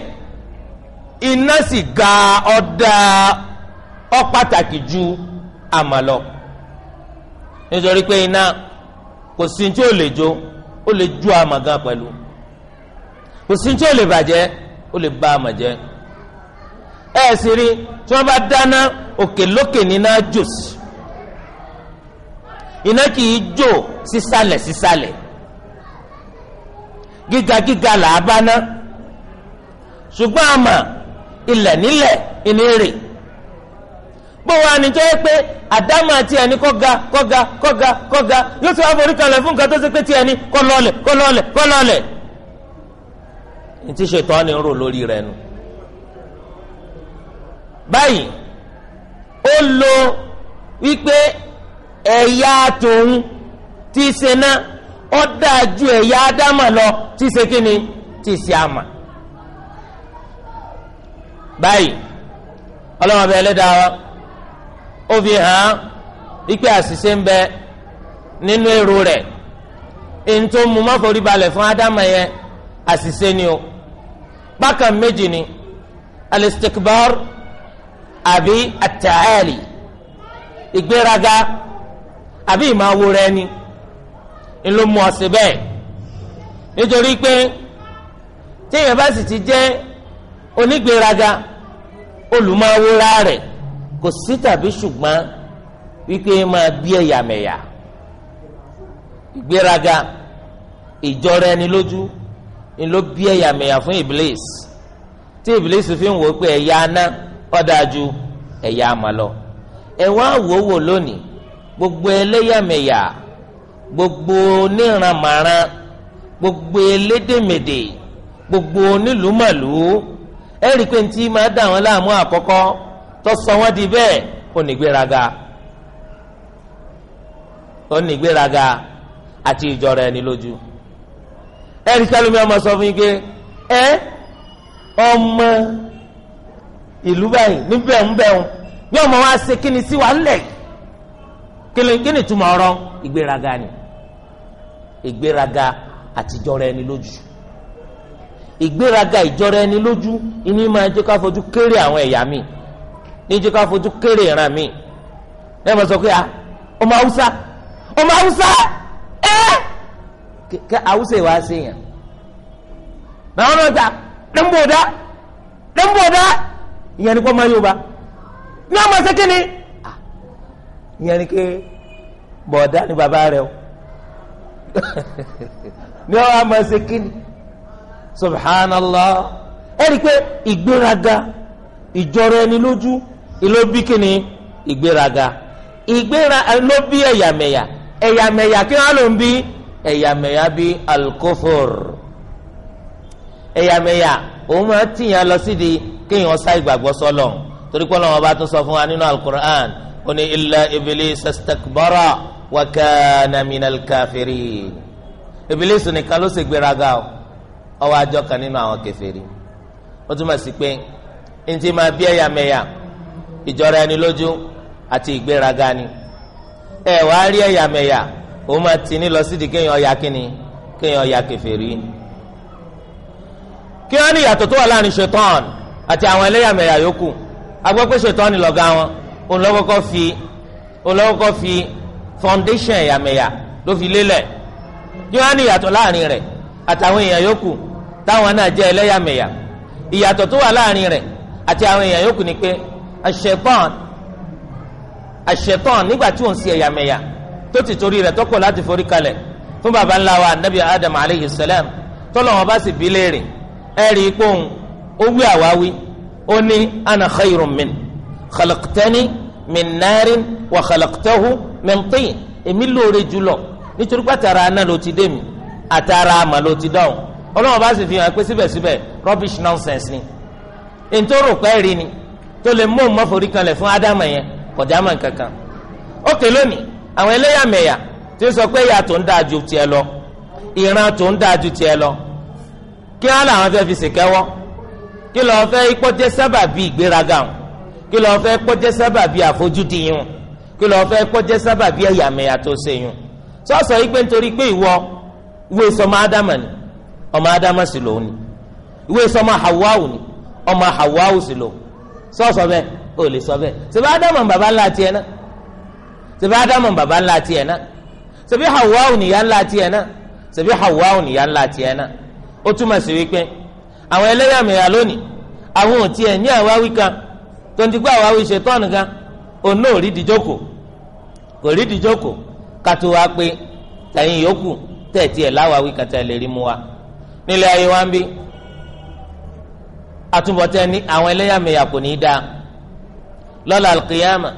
iná sì ga ọ̀dà ọ̀pàtàkì ju àmà lọ nítorí pé iná kò sí tí ó lè jó ó lè ju àmà gan pẹ̀lú kò sí tí ó lè bàjẹ́ ó lè bà àmà jẹ́ ẹ sì rí tí wọ́n bá dáná òkè lókè níná jò sí iná kì í jò sísàlẹ̀ sísàlẹ̀ gíga gíga làá bá ná ṣùgbọ́n àmà ilẹ̀ nílẹ̀ ìnírè bó wa ni tó yẹ pé àdámà àti ẹni kọ́ga kọ́ga kọ́ga kọ́ga yóò ti wá forí kalẹ̀ fún nǹkan tó ṣe pé ti ẹni kọ́ lọ́ọ̀lẹ̀ kọ́ lọ́ọ̀lẹ̀ kọ́ lọ́ọ̀lẹ̀ ní ti ṣètò ni ń rò lórí rẹ̀ nu. báyìí ó lo wípé ẹ̀yà tòun ti ṣe náà ó dáa ju ẹ̀yà àdámà lọ ti ṣe kí ni ti ṣe àmà báyìí ọlọ́run ọba ẹlẹ́dàá wa ó fi hàn án wípé àṣìṣe ń bẹ nínú èrò rẹ̀ èyí tó mú má forí balẹ̀ fún ádámà yẹn àṣìṣe ni o bákan méjì ni alistikbar àbí àtàlì ìgbéraga àbí ìmáwo rẹ ni ńlọ mú ọsẹ bẹ́ẹ̀ nítorí pé téèyàn bá sì ti jẹ́ onígbéraga olùmọ̀wòrá rẹ̀ kò sí tàbí ṣùgbọ́n wípé máa bí ẹ̀yàmẹ̀yà ìgbéraga ìjọra ẹni lójú ni ló bí ẹ̀yàmẹ̀yà fún iblis tí iblis fi ń wò pé ẹ̀yà aná ọ̀dájú ẹ̀yà àmàlọ́ ẹ̀wọ́n àwòwò lónìí gbogbo ẹlẹ́yàmẹ̀yà gbogbo oníranmàrán gbogbo elédèmèdè gbogbo onílùmọ̀lù ẹ pé ntí máa dà wọ́n láàmú àkọ́kọ́ tó sọ wọ́n di bẹ́ẹ̀ onígbéraga onígbéraga àti ìjọra ẹni lójú ẹ ọmọ sọ fún ẹ ọmọ ìlú báyìí níbẹ̀ ń bẹ̀ ń bí ọmọ wa ṣe ìgbéraga ìjọra ẹni lójú ìní máa jẹ́ ká fojú kéré àwọn ẹ̀yà mi ní jẹ́ ká fojú kéré ìran mi ẹ mọ̀ sọ pé ah, ọmọ haúsá ọmọ haúsá ẹ kẹ haúsá ìwà ṣèyàn báwọn náà ta dẹ́nbọ̀dá dẹ́nbọ̀dá ìyẹn ni kò máa yóò bá ní ọmọ sẹ́kìnì ah, ìyẹn ni ké bọ̀dá ni bàbá rẹ o ní ọmọ sẹ́kìnì subhanallah ẹ rí i pé ìgbéraga ìjọra ẹni lójú ló bí kíni ìgbéraga ìgbéra ló bí ẹ̀yàmẹ̀yà ẹ̀yàmẹ̀yà kí wọ́n lò ń bí ẹ̀yàmẹ̀yà bí alkofor ẹ̀yàmẹ̀yà òun máa tìyàn lọ sídi kéèyàn sá ìgbàgbọ́ sọ́lọ̀ torí pé ọlọ́run ọba tún sọ fún wa nínú alukur'an ó ní illa iblis astakbara wa kana minal kafirin iblis nìkan o ọwọ́ àjọ kan nínú àwọn kèfèrí ó túmọ̀ sí pé ntí máa bí ẹ̀yàmẹ̀yà ìjọra ẹni lójú àti ìgbéraga ni ẹ wàá rí ẹ̀yàmẹ̀yà ó máa tì ní lọ sídìí kéèyàn ya kíni kéèyàn ya kèfèrí kí wọ́n ní ìyàtọ̀ tó wà láàrin ṣetán àti àwọn ẹlẹ́yàmẹ̀yà yòókù agbọ́ pé ṣetán ni lọ́gá wọn òun lọ́kọ́kọ́ fi òun fi foundation ẹ̀yàmẹ̀yà ló fi lélẹ̀ kí wọ́n ní ìyàtọ̀ láàrin rẹ̀ àtàwọn èèyàn yòókù táwọn náà jẹ́ ẹlẹ́yàmẹ̀yà ìyàtọ̀ tó wà láàrin rẹ̀ àti àwọn èèyàn yòókù ni pé àṣetán àṣetán nígbà tí òun sí ẹ̀yàmẹ̀yà tó ti torí rẹ̀ tọ́kọ̀ láti forí kalẹ̀ fún baba ńlá wa anabi adam aleyhi salam tọ́lọ̀ wọn bá sì bí léèrè ẹ rí i pé òun ó wí àwáwí ó ní ana khayrun min khalaqtani min narin wa khalaqtahu min tin èmi lóore jùlọ nítorí pàtàrà náà ló ti dé mi àtàrà àmà ló ti dáhùn ọlọ́run bá sì fi hàn pé síbẹ̀síbẹ̀ rubbish nonsense ni ntòrò pẹ́ẹ́rì ni tó lè mú òun forí kanlẹ̀ fún ádámà yẹn kọjá mọ̀ kankan ó ké lónìí àwọn ẹlẹ́yàmẹ̀yà tí ń sọ pé ìyá tó ń dáa ju tiẹ̀ lọ ìran tó ń dáa ju tiẹ̀ lọ kí wọn làwọn fẹ́ fi ṣèkẹ́wọ́ kí lọ́ọ́ fẹ́ kpọ́jẹ́ sábà bíi ìgbéraga wọn kí lọ́ọ́ fẹ́ kpọ́jẹ́ sábà bíi àfojúdi yín wọn kí lọ́ọ́ fẹ́ kpọ́jẹ́ sábà bíi ẹ̀yàmẹ̀yà tó ṣe yín sọ́sọ́ yìí pé nítorí pé ìwọ ìwé sọmọ ádámà ni ọmọ ádámà sì lòun ni ìwé sọmọ hawawu ni ọmọ hawawu sì lòun sọ́ọ̀sọ bẹ́ẹ̀ ò lè sọ bẹ́ẹ̀ ṣebí ádámà bàbá ńlá tiẹ̀ náà ṣebí ádámà bàbá ńlá tiẹ̀ náà ṣebí hawawu nìyá ńlá tiẹ̀ náà ṣebí hawawu nìyá ńlá tiẹ̀ náà ó túmọ̀ sí wípé àwọn ẹlẹ́yàmẹ̀yà lónìí àwọn ò tiẹ̀ ní àwáwí kan tó ń ti gbọ́ àwáwí ṣètọ́nù kan òun kò rí ìdíjókòó kátó wa pé tẹ̀yìn yòókù tẹ̀ tiẹ̀ láwáwí kan tẹ̀ lè rí mu wa nílẹ̀ ayé wa ń bí àtúbọ̀tán ní àwọn ẹlẹ́yàmẹ̀yà kò ní í dáa lọ́la alqiyama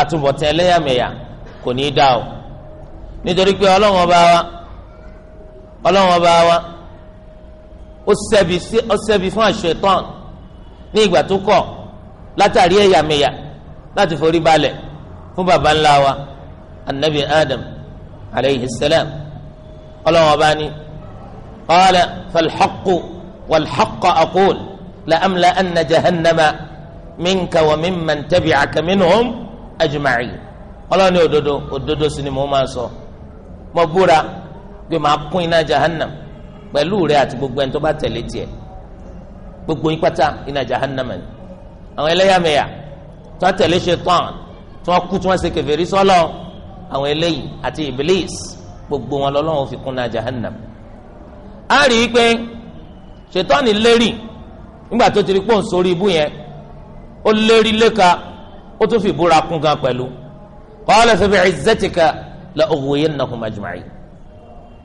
àtúbọ̀tán ẹlẹ́yàmẹ̀yà kò ní í dáa o nítorí pé ọlọ́wọ́n bá wa ọlọ́wọ́n bá wa ó ṣẹ́bi fún àṣetán ní ìgbà tó kọ̀ látàrí ẹ̀yàmẹ̀yà láti forí balẹ̀ fún baba ńlá wa anabi adam aleyhi salam ọlọ́wọ́n bá ní. قال فالحق والحق أقول لأملأن جهنم منك وممن تبعك منهم أجمعين ọlọ́run ní òdodo òdodo sì ni mo máa sọ mo búra pé màá kún iná jahannam pẹ̀lú gbogbo ẹni tó bá tẹ̀lé ni àwọn ẹlẹ́yàmẹ̀yà tó wọ́n tẹ̀lé ṣetán tó wọ́n kú tó wọ́n ṣe kèfèrí sọ́lọ́ àwọn eléyìí àti iblis gbogbo wọn lọ́lọ́run fi kún iná jahannam. a rí i pé ṣètọ́ni lérì nígbà tó ti rí pọ́ùn sórí ibú yẹn ó lérí léka ó tún fi búra kún gan pẹ̀lú qala fa bi'izzatika la ughwiyannahum ajma'in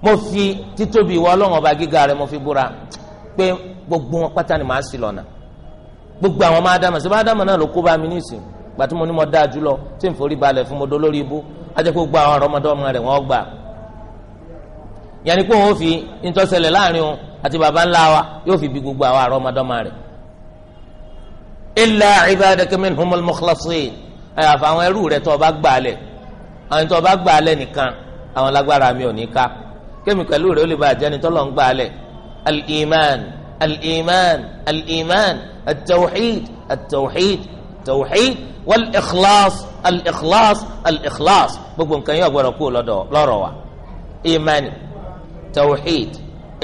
mo fi títóbi ìwọ ọlọ́run ọba gíga rẹ mo fi búra pé gbogbo wọn pátá ni màá gbogbo àwọn ọmọ si ṣe bá adama náà ló kó bá mi gbàtí mo ní mo dáa jùlọ tí n forí balẹ̀ fún mo dolórí ibú yẹnni kó wọn fi ntọ́sẹ̀lẹ̀ láàrin òun àti baba ńlá wa yóò fi bi gbogbo àwọn àrọ́mọdọ́mọ rẹ̀. illa ibadaka minhumul mukhlasin àyàfà àwọn ẹrú rẹ̀ tó bá gbà lẹ̀ àwọn tó bá gbà lẹ̀ nìkan àwọn lágbára mi ò ní ká kémi pẹ̀lú rẹ̀ ó lè bá àjẹni tọ́lọ̀ ń gbà lẹ̀ al-iman al-iman al-iman at-tawhid at-tawhid at-tawhid wal-ikhlas al-ikhlas al-ikhlas gbogbo nǹkan yóò gbọ́dọ̀ kú lọ́rọ̀ wa imani tawhid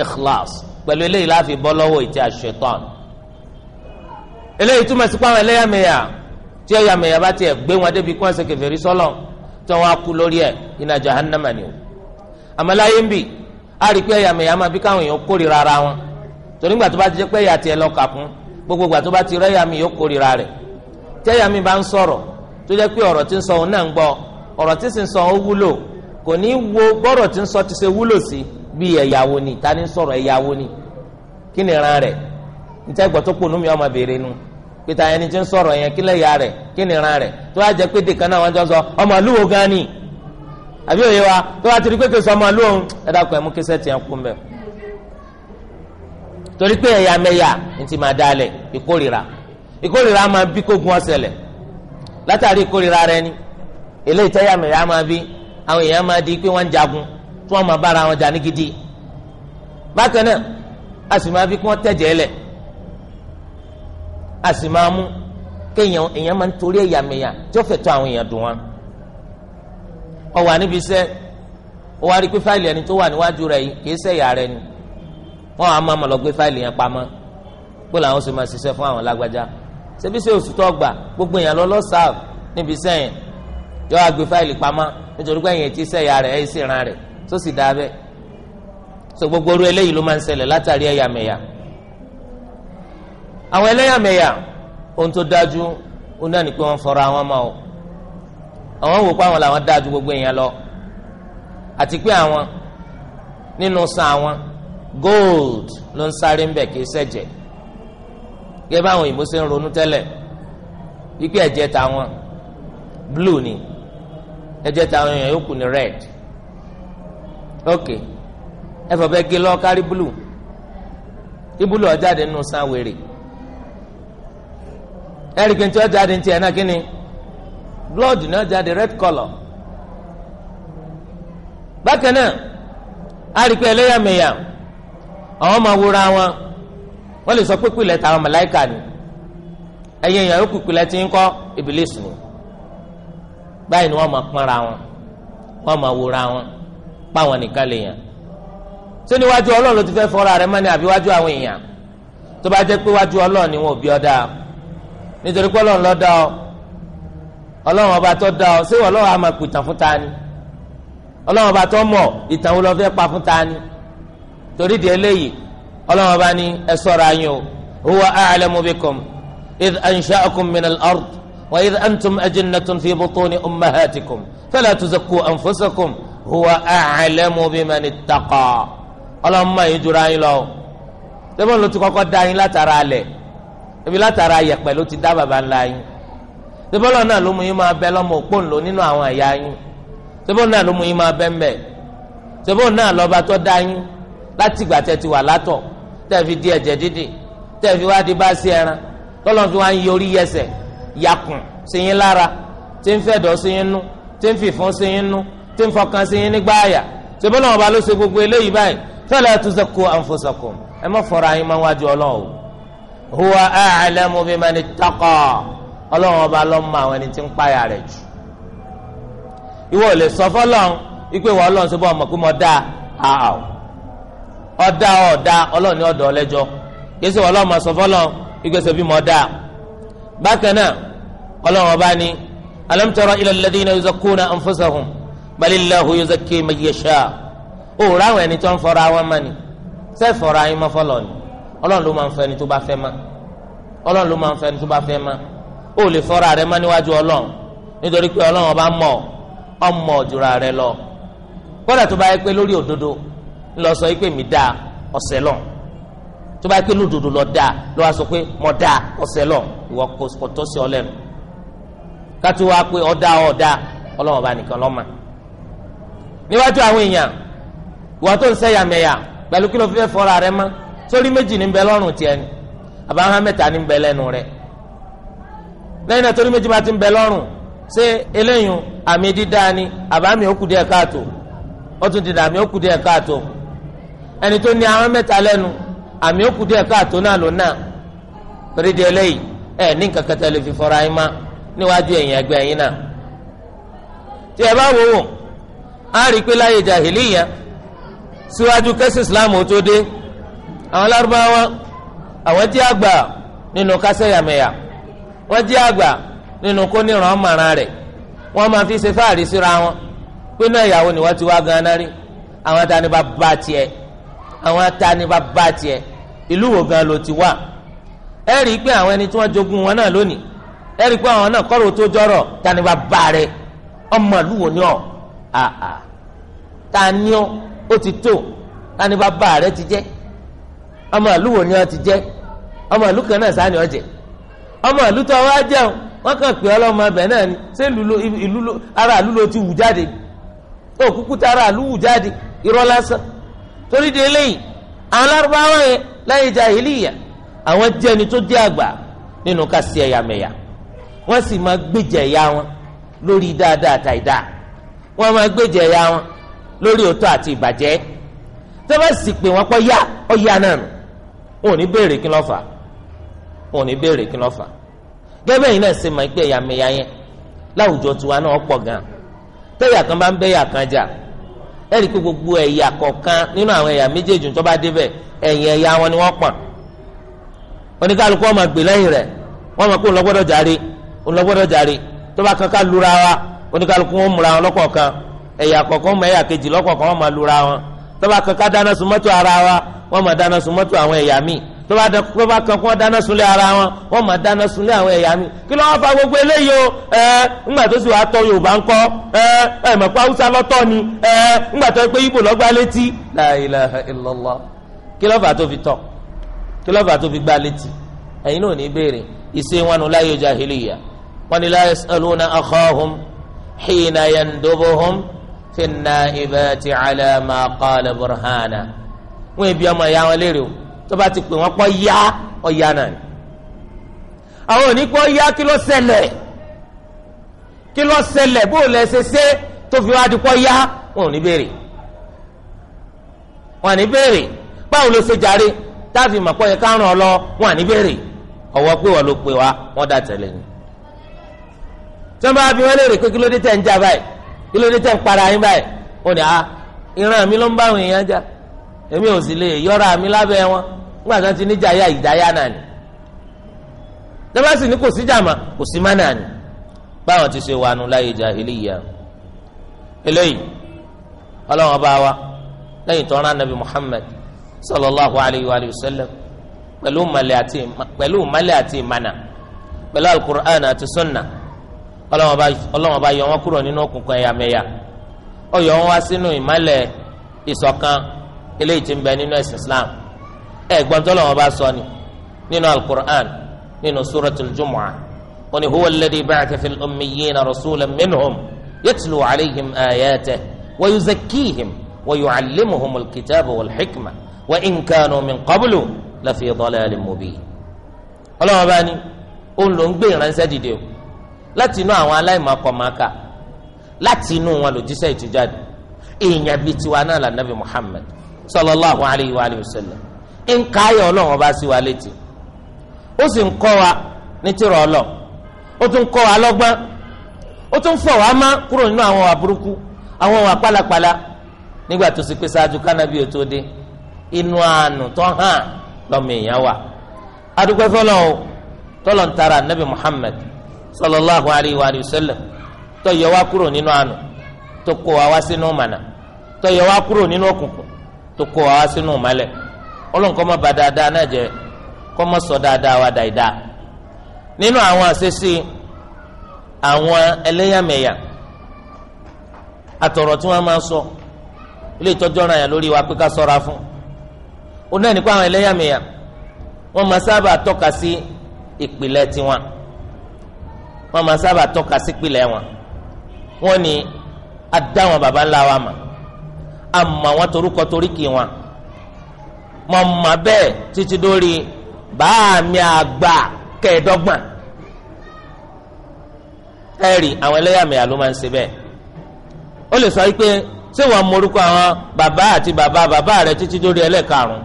ikhlas pẹ̀lú eléyìí láfi bọ́ lọ́wọ́ ìtì àṣetán eléyìí túmọ̀ sí pàwọn ẹlẹ́yàmẹ̀yà tí ẹ̀yàmẹ̀yà bá tiẹ̀ gbé wọn débi kí wọ́n ṣe kèfèrí sọ́lọ̀ tí wọ́n á kú lórí ẹ̀ iná jahannama ni o àmàláyé ń bì á rí pé ẹ̀yàmẹ̀yà máa bí káwọn èèyàn kórìíra ara wọn torí gbà tó bá ti jẹ́ pé ẹ̀yà tiẹ̀ lọ kàkún gbogbo gbà tó bá ti rẹ́ ẹ̀yàmẹ̀ yóò kórìíra bíi ẹyàwó ni ta ni sọ̀rọ̀ ẹyàwó ni kí ni ran rẹ níta ẹgbọ́ tó kponu mi ọmọ béèrè nu pété ẹni tí ń sọ̀rọ̀ yẹn kí lẹ́yà rẹ̀ kí ni ran rẹ̀ tó wá jẹ pé dèkan náà jọ sọ ọmọ àlúwo gan ni àbí òye wa tó wá pé ọmọ kú torí pé ìkórira ìkórira máa bí kógun látàrí ìkórira rẹ ni eléyìí máa bí àwọn di pé ń jagun tí wọ́n máa bára wọn jà ní gidi bákan náà a sì máa fi kí wọ́n tẹ̀jẹ̀ lẹ̀ a sì máa mú kéèyàn èèyàn máa ń torí ẹ̀yàmẹ̀yà tí ó fẹ̀tọ́ àwọn èèyàn dùn wọn ó wà níbi iṣẹ́ ó wá rí pé fáìlì ẹni tó wà níwájú rẹ̀ yìí kì í ṣẹ̀yà rẹ̀ ni wọ́n á máa lọ gbé fáìlì yẹn pamọ́ pé làwọn sì máa ṣiṣẹ́ fún àwọn lágbájá ṣebí ṣe oṣù tó gbà gbogbo èèyàn lọ lọ níbi iṣẹ́ yẹn yọ àgbé fáìlì pamọ́ nítorí pé èèyàn ti ṣẹ̀yà rẹ̀ ẹ̀ sì ran rẹ̀ tó sì dáa bẹ́ẹ̀ so gbogbo oru eléyìí ló máa ń ṣẹlẹ̀ látàrí ẹ̀yàmẹ̀yà àwọn ẹlẹ́yàmẹ̀yà ohun tó dájú ó náà ní pé wọ́n fọra àwọn ọmọ o àwọn wò pé àwọn làwọn dájú gbogbo èèyàn lọ àti pé àwọn nínú san àwọn gold ló ń sáré ń bẹ̀ kí sẹ̀jẹ̀ gẹ́gẹ́ báwọn òyìnbó ṣe ń ronú tẹ́lẹ̀ wípé ẹ̀jẹ̀ tàwọn blue ni ẹ̀jẹ̀ tàwọn èèyàn yòókù ni red ok ẹfọ gé lọ kárí búlù ibùlù ọjáde nù san ẹrìkì ntí ọjáde ntí ẹ náà kí blood náà jáde red colour bákan náà ya ẹlẹ́yàmẹ̀yà àwọn máa wúra wọn wọ́n lè sọ leta pìlẹ̀ tàwọn màláìkà ni ẹ̀yìn èèyàn báyìí ni wọ́n pọ́nra wọn wọ́n páwọn nìkan lè yàn ṣé níwájú ọlọ́run ló ti fẹ́ fọ́ra rẹ mọ́ni àbí wájú àwọn èèyàn tó bá jẹ́ pé wájú ọlọ́run ni wọn ò bí ọ dáa nítorí pé ọlọ́run ló dá ọ ọlọ́run ọba tó dá ọ ṣéwọ́ ọlọ́run á máa pè tán fún ta ni ọlọ́run ọba tó mọ̀ ìtàn wo lọ fẹ́ pa fún ta ni torí di eléyìí ọlọ́run ọba ní ẹ sọ̀rọ̀ ayé o huwa a'lamu bikum idh ansha'akum min al-ard wa idh antum ajinnatun fi butuni ummahatikum fala tuzakku anfusakum huwa a'lamu biman ittaqa ọlọ́mọ yìí jura yín lọ sẹ́fọ́n ló ti kọ́kọ́ dá yín látara alẹ̀ ebi látara ló ti dá baba ńlá yín sẹ́fọ́n lọ́nà ló mú yín máa bẹ lọ́mọ òpónlò nínú àwọn yín náà ló mú yín máa bẹ́ mbẹ́ náà tó yín láti wà fi di dídì fi wá di bá sí ẹran fi wá ń nú tí ń nú tí ń fọkàn sí yín nígbà àyà ṣe bọ́lá ọba ló ṣe gbogbo eléyìí báyìí fala tuzakku anfusakum ẹ má fọra yín máa wájú ọlọ́run o huwa a'lamu biman ittaqa ọlọ́run ọba ló mọ àwọn ẹni tí ń páyà rẹ̀ jù ìwọ ò lè sọ fọlọ́run ipe wà ọlọ́run ṣe bọ́ ọmọ pé mo dáa ọ̀dà ọ̀dà ọlọ́run ọ̀dọ̀ ọlẹ́jọ́ yéṣu ọlọ́run máa sọ balillahu yuzakki man yasha òòrùn àwọn ẹni tó ń fọra wọn mọ́ ni sẹ́ fọra yín mọ́ fọlọ́ ni ọlọ́run ló máa ń fẹ́ ẹni tó bá fẹ́ mọ́ ọlọ́run ló máa ń fẹ́ ẹni tó bá fẹ́ mọ́ ó lè fọ́ra rẹ mọ́ níwájú ọlọ́run nítorí pé ọlọ́run ọba mọ̀ ọmọ òjòra rẹ lọ kódà tó bá yẹ pé lórí òdodo lọ sọ pé mi dáa ọ̀sẹ̀ lọ tó bá yẹ pé lódodo lọ dáa lọ sọ pé mo dáa ọ̀sẹ̀ lọ ìwọ kò tó sí ọ lẹ́nu wá pé ọ̀dà ọ̀dà ọlọ́run ọba nìkan lọ́mọ níwájú àwọn èèyàn ìwà tó ń sẹ́yàmẹ̀yà pẹ̀lú kí ló fẹ́ fọ́ra rẹ mọ́ sórí méjì ní bẹ lọ́rùn tiẹ̀ ni àbáhán mẹ́ta ní bẹ lẹ́nu torí méjì bá ti ń bẹ lọ́rùn ṣé eléyìí àmì dídá ni àbámi ó díẹ̀ káàtó ó tún ti dàmí ó kù díẹ̀ káàtó ẹni tó ní àwọn mẹ́ta lẹ́nu àmì ó díẹ̀ káàtó náà ló náà torí di eléyìí ẹ ní nǹkan kẹta lè fi fọ́ra yín má níwájú na ẹgbẹ́ yín náà tí ẹ bá wò wò a rí i pé láyé jahiliya síwájú kẹ́sì islam tó dé àwọn lárúbáwá àwọn jẹ́ àgbà nínú kásẹ̀yàmẹ̀yà wọ́n jẹ́ àgbà nínú kóníran ọmọràn rẹ̀ wọ́n máa fi ṣe fáàrí síra wọn pé náà ìyàwó ni wọ́n ti wá ganan rí àwọn ta ni bá bá tiẹ̀ àwọn ta ni bá bá tiẹ̀ ìlú wo gan ló ti wà ẹ rí i pé àwọn ẹni tí wọ́n jogún wọn náà lónìí ẹ rí i pé àwọn náà kọ́rọ̀ tó jọrọ̀ ta ni bá bá rẹ̀ ni ọ̀ Aa, ah, ah. taa a ní ọ ó ti tó tani bàbá rẹ ti jẹ ọmọ ni ọ ti jẹ ọmọ ìlú kan náà sáà ni ọ jẹ ọmọ ìlú tó wá jẹun wọn kàn pé ọlọmọ abẹ náà ni ṣé ìlú ara alu ló ti wù jáde ó kúkú ta ara ìlú wù jáde irọ́ lásán torí de eléyìí àwọn alárúbáwá yẹn láyé jàhílíyà àwọn jẹni tó jẹ àgbà nínú ká sí wọ́n máa gbèjì ẹ̀yà wọn lórí òótọ́ àti ìbàjẹ́ tẹ́ bá sì pé wọ́n pọ̀ yá ọ yá náà nù wọn ò ní béèrè kí ló fà wọn ò ní béèrè kí ló fà gẹ́gẹ́ yìí náà ṣe máa gbé ẹ̀yàmẹ̀yà yẹn láwùjọ tiwa náà pọ̀ gan tẹ́yà kan bá ń bẹ́yà kan jà ẹ̀rí pé gbogbo ẹ̀yà kọ̀ọ̀kan nínú àwọn ẹ̀yà méjèèjì tó bá débẹ̀ ẹ̀yìn ẹ̀yà wọn ni wọ́n pọ̀n oníkálukú wọn máa gbè lẹ́yìn rẹ̀ wọ́n máa kó ńlọgbọ́dọ̀ jàre ńlọgbọ́dọ̀ jàre tó bá kankan lura wa oníkàlùkù wọn múra wọn lọ́kọ̀ọ̀kan ẹ̀yà kọ̀ọ̀kan mọ ẹ̀yà kejì lọ́kọ̀ọ̀kan wọn máa lura wọn tó bá kankan dáná sun mọ́tò ara wa wọn máa dáná sun mọ́tò àwọn ẹ̀yà míì tó bá kankan wọn dáná sunlé ara wọn wọn máa dáná sunlé àwọn ẹ̀yà míì kí ló wọn fa gbogbo eléyìí o ẹ ńgbà tó sì wàá tọ Yorùbá ńkọ́ ẹ ẹ mọ̀ pé Haúsá lọ́tọ̀ ni ẹ ńgbà tó pé Ìgbò lọ́gbà létí la hina yandobohom finna ibati alama qala burhana wọn ebi ọmọ ìyá wọn léèrè o tó bá ti pè wọn pọ ya ọya náà ni àwọn òní pọ ya kí ló ṣẹlẹ̀ kí ló ṣẹlẹ̀ bó lẹ ṣe ṣe tó fi wá di pọ ya wọn ò ní béèrè wọn à ní béèrè báwo ló ṣe jàre táàfin màpọ̀ yẹn ká ràn ọ lọ wọn à ní béèrè ọwọ́ pé wọ́n ló pè wá wọ́n dà tẹ̀lé ni tí wọ́n bá bí wọ́n léèrè pé kí ló dé tẹ̀ ń jà báyìí kí ló dé tẹ̀ ń para yín báyìí ó ní a ìran mi ló ń bá àwọn èèyàn jà èmi ò sì lè yọra mi lábẹ́ wọn nígbà tí wọ́n ti níjà yá ìdáyà náà ni tẹ́lá sì ní kò sí jàmà kò sí mánà ni báwọn ti ṣe wanu láyé jahiliya eléyìí ọlọ́run ọba wa lẹ́yìn tó rán nabi muhammad sallallahu alayhi wa sallam pẹ̀lú mọ́lẹ̀ àti ìmánà pẹ̀lú alukur'an àti sunnah ọlọ́wọ́n bá yọ wọn kúrò nínú òkùnkùn ẹ̀yàmẹ̀yà ó yọ wọn wá sínú ìmọ̀lẹ̀ ìṣọ̀kan eléyìí tí ń bẹ nínú ẹ̀sìn Islam ẹ̀ gbọ́n tó lọ́wọ́n bá sọ ni nínú al-Qur'an nínú suratul Jumu'ah ó ní huwa alladhi ba'atha fil ummiyyina rasulan minhum yatlu alayhim ayatihi wa yuzakkihim wa yu'allimuhumul kitaba wal hikma wa in kanu min qablu lafi dalalin ọlọ́wọ́n bá ní òun ló gbé ìránṣẹ́ dìde o láti inú àwọn aláìmọ̀kọ̀mọ̀ká láti inú wọn jísé ìtújáde èèyàn bíi tiwa náà là nàbì muhammed sallallahu alayhi wa wa sallam ń ka ọlọ́run ọba sí wa létí ó sì ń kọ́ wa ní tìrọ̀ ọlọ́ ó tún kọ́ wa lọ́gbọ́n ó tún àwọn wà àwọn pálapàla nígbà tó sì pé kánábì dé inú àánú tó hàn lọ́mọ sallallahu alayhi wa sallam tó yọ wá kúrò nínú àánú tó kó wa wá sínú mànà tó wá kúrò nínú òkùnkùn tó kó wa wá sínú màlẹ Ọlọ́run kó má dáadáa náà jẹ́ kó má sọ dáadáa dáadáa nínú àwọn àwọn ẹlẹ́yàmẹ̀yà àtọ̀rọ̀ tí wọ́n máa sọ ilé lórí wa pé ká sọ́ra fún àwọn ẹlẹ́yàmẹ̀yà wọ́n máa sábà tọ́ka sí ìpìlẹ̀ tiwọn. wọ́n máa sábà tọ́ka sípìlẹ̀ wọn wọ́n ní adá wọn baba ńlá wa mà àmọ́ wọn torúkọ toríkì wọn mọ̀ mọ́ bẹ́ẹ̀ títí dórí bàá mi àgbà kẹẹ̀dọ́gbọ̀n ẹ̀rí àwọn ẹlẹ́yàmẹ̀yà ló máa ń ṣe bẹ́ẹ̀ ó lè sọ wípé ṣé wọ́n morúkọ àwọn bàbá àti bàbá bàbá rẹ̀ títí dórí ẹlẹ́karùn-ún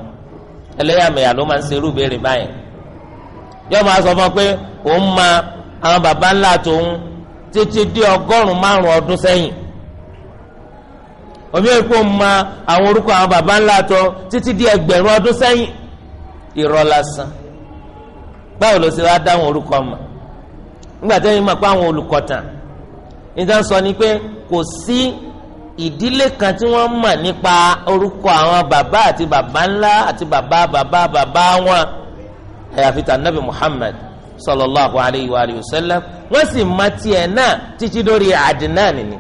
ẹlẹ́yàmẹ̀yà ló máa ń ṣe irú ìbéèrè báyìí yọ máa sọ fún ọ pé òun máa àwọn baba ńlá tòun títí dé ọgọ́rùn márùn ọdún sẹ́yìn omi èkó ma àwọn orúkọ àwọn baba ńlá tó títí di ẹgbẹ̀rún ọdún sẹ́yìn irọ́ lásán báwo ló ṣe wá dá àwọn orúkọ mọ̀ nígbà tẹ́yìn mọ̀ pé àwọn olùkọ̀tàn níta sọ ni pé kò sí ìdílé kan tí wọ́n mọ̀ nípa orúkọ àwọn baba àti baba ńlá àti baba baba baba wọn àyàfi tànàbì Muhammad sallallahu alayhi wa alihi wa sallam wọ́n sì má tiẹ̀ náà títí dórí Adnan ni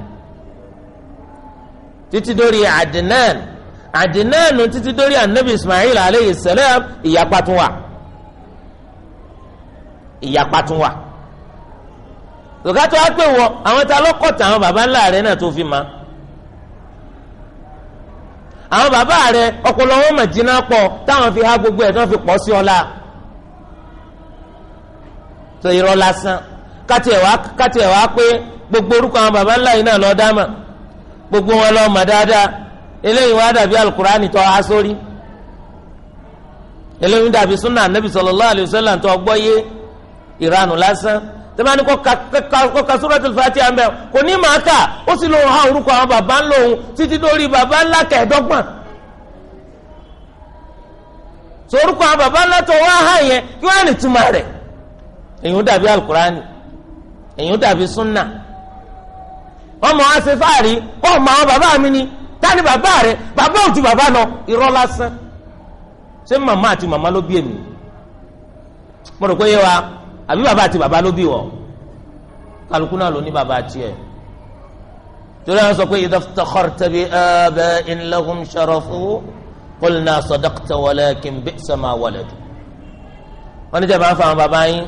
títí dórí Adnan Adnan títí dórí anabi Ismail alayhi salam ìyapa tún wà ìyapa tún wà lùkàtọ́ á pè wọ àwọn ta lọ́kọ̀ tàwọn baba ńlá rẹ̀ náà tó fi ma àwọn baba rẹ̀ ọ̀pọ̀lọpọ̀ wọn mà jìnnà pọ̀ táwọn fi há gbogbo ẹ̀ tí wọ́n fi pọ̀ sí ọ la tó irọ́ lásán kátì ẹ̀ wá kátì ẹ̀ wá pé gbogbo orúkọ àwọn baba ńlá yìí náà lọ́ọ́ dá mà gbogbo wọn lọ́ọ́ mà dáadáa eléyìí wá dàbí alukurani tó há sórí eléyìí dàbí sunna anabi sallallahu alayhi wa sallam tó gbọ́ yé ìranù lásán tẹ́mání kọ́ ka suratul Fatiha àmbẹ́ kò ní màá kà ó sì lóun há orúkọ àwọn baba ńlá òun títí dórí baba ńlá kẹ̀ẹ́dọ́gbọ̀n so orúkọ àwọn baba ńlá tó wá há yẹn kí wọ́n á rẹ̀ èyí ó dàbí alukurani èyí ó dàbí sunna ọmọ wa ṣe fáàrí kó ọmọ àwọn bàbá mi ni tani bàbá rẹ bàbá òjú bàbá lọ irọ́ lásán ṣé màmá àti màmá ló bí èmi mo rò pé yé wa àbí bàbá àti bàbá ló bí wọ kálukú náà ló ní bàbá tiẹ̀ torí àwọn sọ pé idha iftakharta bi aba'in lahum sharafu qulna sadaqta walakin bi'sa ma waladu wọn ní jẹ́ bá ń fa àwọn bàbá yín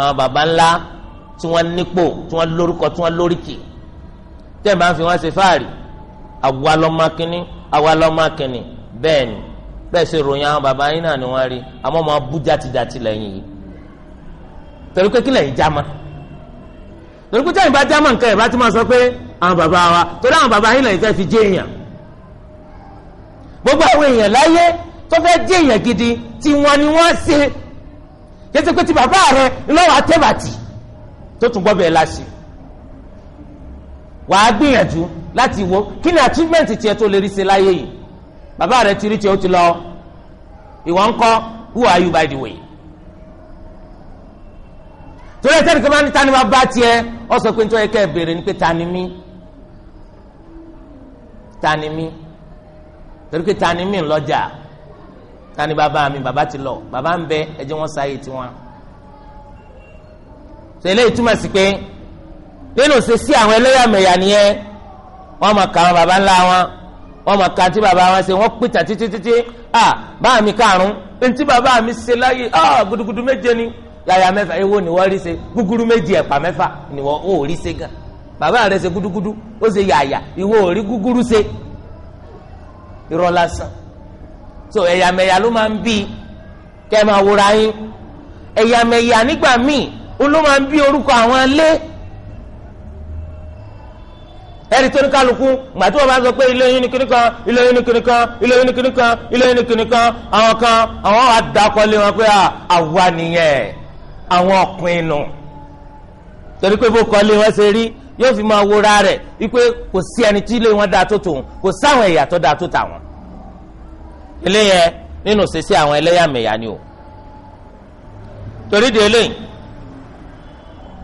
àwọn baba ńlá tí wọ́n nípò tí wọ́n lórúkọ tí wọ́n lóríkì tẹ́ẹ̀ máa ń fi wọ́n ṣe fáàrí àwa lọ́mọ kínní àwa lọ́mọ kínní bẹ́ẹ̀ ni bẹ́ẹ̀ ṣe ròyìn àwọn baba yín náà ni wọ́n rí àmọ́ ọmọ bú játijàti lẹ́yìn yìí torí pé kí lẹ́yìn já torí pé tẹ́yìn bá já nǹkan ẹ̀ bá ti máa sọ pé àwọn baba wa torí àwọn baba yín lẹ́yìn tẹ́ fi jẹ́ èèyàn gbogbo àwọn èèyàn láyé tó fẹ́ jẹ́ èèyàn gidi tí wọ́n ni wọ́n ṣe yẹsẹ pé ti bàbá rẹ lọ́wọ́ àtẹ́bàtì tó tún gbọ́ bẹ́ẹ̀ láṣẹ wàá gbìyànjú láti wo kí ni achievement tiẹ̀ tó lè rí ṣe láyé yìí bàbá rẹ ti rí tiẹ̀ ó ti lọ ìwọ ńkọ́ who are you by the way torí ẹsẹ̀ nìkan máa ní tani máa bá tiẹ̀ ọ sọ pé nítorí ẹ̀kẹ́ béèrè ni pé tani mí tani mí torí pé tani mí ńlọ́jà tani Baba mi Baba ti lọ bàbá ń bẹ ẹ jẹ́ wọn sáyé tiwọn. sọ eléyìí túmọ̀ sí pé nínú sẹ́sí àwọn ẹlẹ́yàmẹ̀yà nìyẹn wọ́n máa ka àwọn bàbá ńlá wọn wọ́n máa ka tí bàbá wọn ṣe wọ́n pìtà títí títí à báà mi karùn ntí bàbá mi ṣe láyé à gudugudu méje ni yàyà mẹ́fà ewo ni wọ́n rí ṣe gúgúrú méje ẹ̀pà mẹ́fà ni wọ́n ò rí ṣe gan bàbá rẹ̀ ṣe gudugudu ó ṣe yàyà ìwọ ò rí gúgúrú ṣe irọ́ lásán so ẹ̀yàmẹ̀yà ló máa ń bí kẹ́ ẹ máa wòra yín ẹ̀yàmẹ̀yà nígbà míì ló máa ń bí orúkọ àwọn ilé ẹ̀rí tó ní kálukú gbà tí wọ́n bá sọ pé kan ilé yín ni kan ilé kan ilé yín kíní kan àwọn kan àwọn àdàkọ́lé wọn pé àwa nìyẹn àwọn ọ̀pin nù torí pé wọn ṣe rí yóò fi máa wòra rẹ̀ wípé kò sí ẹni tí wọn dáa tó tòun kò sáwọn ẹ̀yà eléyẹn nínú sẹsẹ àwọn ẹlẹ́yàmẹ̀yà ni o torí de eléyìí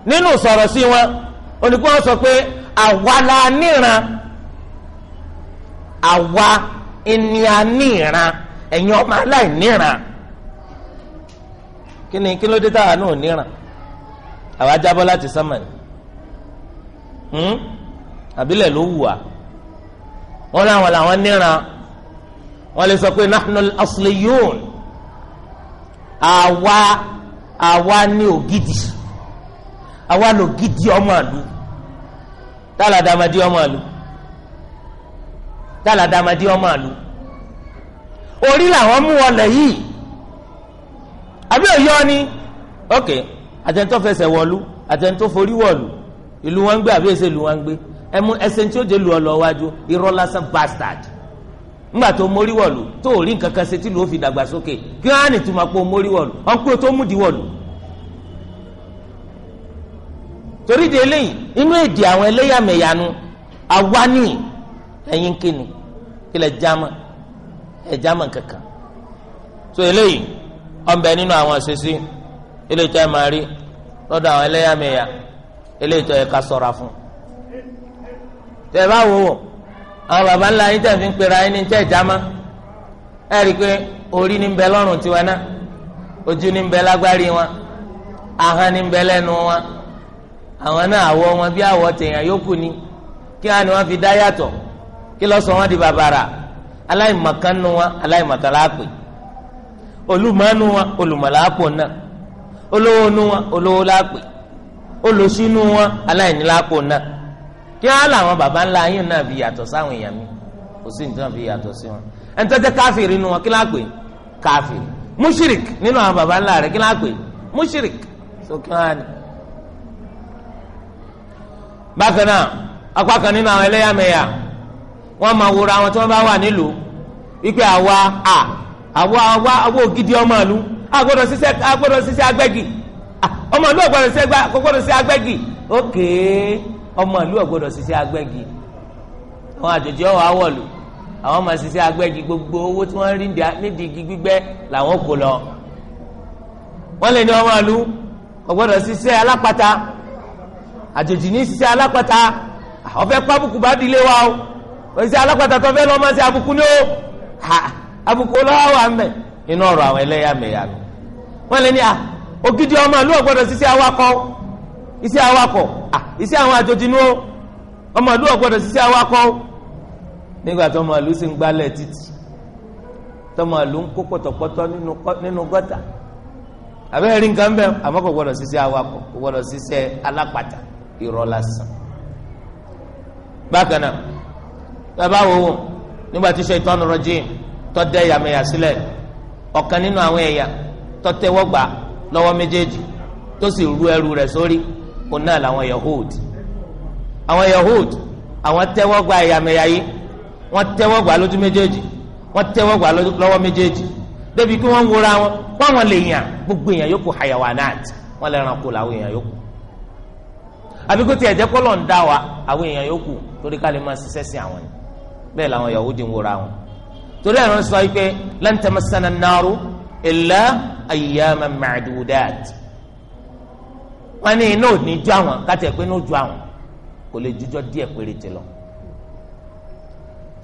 nínú sọ̀rọ̀ sí wọn oníkó wọn sọ pé àwa la níran àwa ènìyàn níran ẹ̀yin ọmọ aláìníran kí ni kí ló dé táwa náà níran àwa jábọ́ láti sánmà ni hmm? àbílẹ̀ ló wù wá wọn láwọn làwọn níran wọ́n lè sọ pé nahnu al-asliyun àwa àwa ni ògidì àwa ni ògidì ọmọ àlù tálàdàmàdì ọmọ àlù tálàdàmàdì ọmọ àlù orí làwọn mú wọlé yìí àbí òyọ ni ok àtẹnitọ́ fẹsẹ̀ wọlú àtẹnitọ́ forí wọlú ìlú wọn ń gbé àbí èsè ìlú wọn gbé ẹmu ẹsẹ̀ tí ó jẹ́ lu ọ lọ wájú irọ́ lásán bastard ńgbà tó mórí wọ̀lú tó rí nǹkan kan ṣe tí ló fi dàgbà sókè kí wọ́n á nì túmọ̀ pé ó mórí wọ̀lú ọ̀nkúrò tó mú di torí de eléyìí inú èdè àwọn ẹlẹ́yàmẹ̀yànu àwa ní kíni kílẹ̀ jámà ẹ̀ kankan. so eléyìí ọ̀nbẹ nínú àwọn àṣẹṣe eléyìí tó ẹ̀ máa rí lọ́dọ̀ àwọn ẹlẹ́yàmẹ̀yà eléyìí tó ẹ̀ ká sọ̀ra fún. tẹ̀ bá wọ̀ àwọn baba ńlá yín tẹ̀ fi ń pera yín ní tẹ̀ jámá ẹ rí i pé orí ní bẹ lọ́rùn tiwa náà ojú ní bẹ lágbárí wọn ahọ́n ní bẹ lẹ́nu wọn àwọn náà àwọ̀ wọn bí àwọ̀ tèèyàn yókù ni kí wọn ni wọn fi dá yàtọ̀ kí ló wọn di bàbàrà aláìmọ̀kan nu wọn wọn náà olówó nu wọn kí á làwọn baba ńlá yín náà fi yàtọ̀ sáwọn èèyàn mi kò sí nǹkan fi yàtọ̀ sí wọn ẹni tó jẹ́ káfíìrì nínú wọn kí láà pè káfíìrì mushrik nínú àwọn baba ńlá rẹ̀ kí láà pè mushrik sókè wọn ni. bákan náà apá kan nínú àwọn ẹlẹ́yàmẹ̀yà wọ́n máa wúra àwọn tí wọ́n bá wà nílùú wípé àwa à àwa àwa àwa ògidì ọmọ ìlú agbọ́dọ̀ ṣiṣẹ́ agbọ́dọ̀ ṣiṣẹ́ agbẹ́gi ọmọ ìlú ọgbọ́dọ̀ ṣiṣẹ́ agbẹ́gi ókèé. Okay ọmọ ìlú ọ̀gbọ́dọ̀ ṣiṣẹ́ agbẹ́gi àwọn àjòjì ọ̀wọ́ awọ̀lù àwọn máa ṣiṣẹ́ agbẹ́gi gbogbo owó tí wọ́n rí nídìí igi gbígbẹ́ làwọn kò lọ. wọ́n lè ní ọmọ ìlú ọ̀gbọ́dọ̀ ṣiṣẹ́ alápatà àjòjì ní ṣiṣẹ́ alápatà ọ̀fẹ́ pábùkù bá dilé wa o òṣìṣẹ́ alápatà tó fẹ́ lọ́ọ́ máa ṣe àbùkù ní o àbùkù lọ́wọ́ wa mẹ́ inú ọ̀rọ̀ àwọn ẹlẹ́yàmẹ̀yà wọ́n lè ní à ògidì ọmọ ìlú ọ̀gbọ́dọ̀ ṣiṣẹ́ awakọ̀ iṣẹ́ awakọ̀ Ah, iṣẹ́ àwọn àjòjì ni ó ọmọ ìlú ọ̀gbọ́dọ̀ ṣiṣẹ́ awakọ̀ nígbà tó ọmọ ìlú sì ń gbálẹ̀ títì tọmọ ìlú ń kó pọ̀tọ̀pọ̀tọ̀ nínú gọ́tà àbẹ́ rí nǹkan bẹ́ẹ̀ àmọ́ kò gbọ́dọ̀ ṣiṣẹ́ awakọ̀ kò gbọ́dọ̀ ṣiṣẹ́ alápàtà irọ́ bákan náà bàbá wo wò nígbà tí ṣaitan rajim tó dá ẹ̀yàmẹ̀yà sílẹ̀ ọ̀kan nínú àwọn òun náà làwọn yahood àwọn yahood àwọn tẹ́wọ́ gba ẹ̀yàmẹ̀yà yìí wọ́n tẹ́wọ́ gba lójú méjèèjì wọ́n tẹ́wọ́ gba lọ́wọ́ méjèèjì débi kí wọ́n wúra wọn pàwọn lè yàn gbogbo èèyàn yòókù hayawanat wọ́n lè ràn kó làwọn èèyàn yòókù àbí kó tiẹ̀ jẹ́ kọ́lọ̀ ń dá wa àwọn èèyàn yòókù torí ká lè máa ṣiṣẹ́ sí àwọn ni bẹ́ẹ̀ làwọn yahood ń wúra wọn torí àwọn sọ pé lan tamassana an-naru illa ayyaman ma'dudat wọ́n ní iná ò ní ju àwọn kátìẹ̀ pé iná ò ju àwọn kò lè jújọ́ díẹ̀ péréte lọ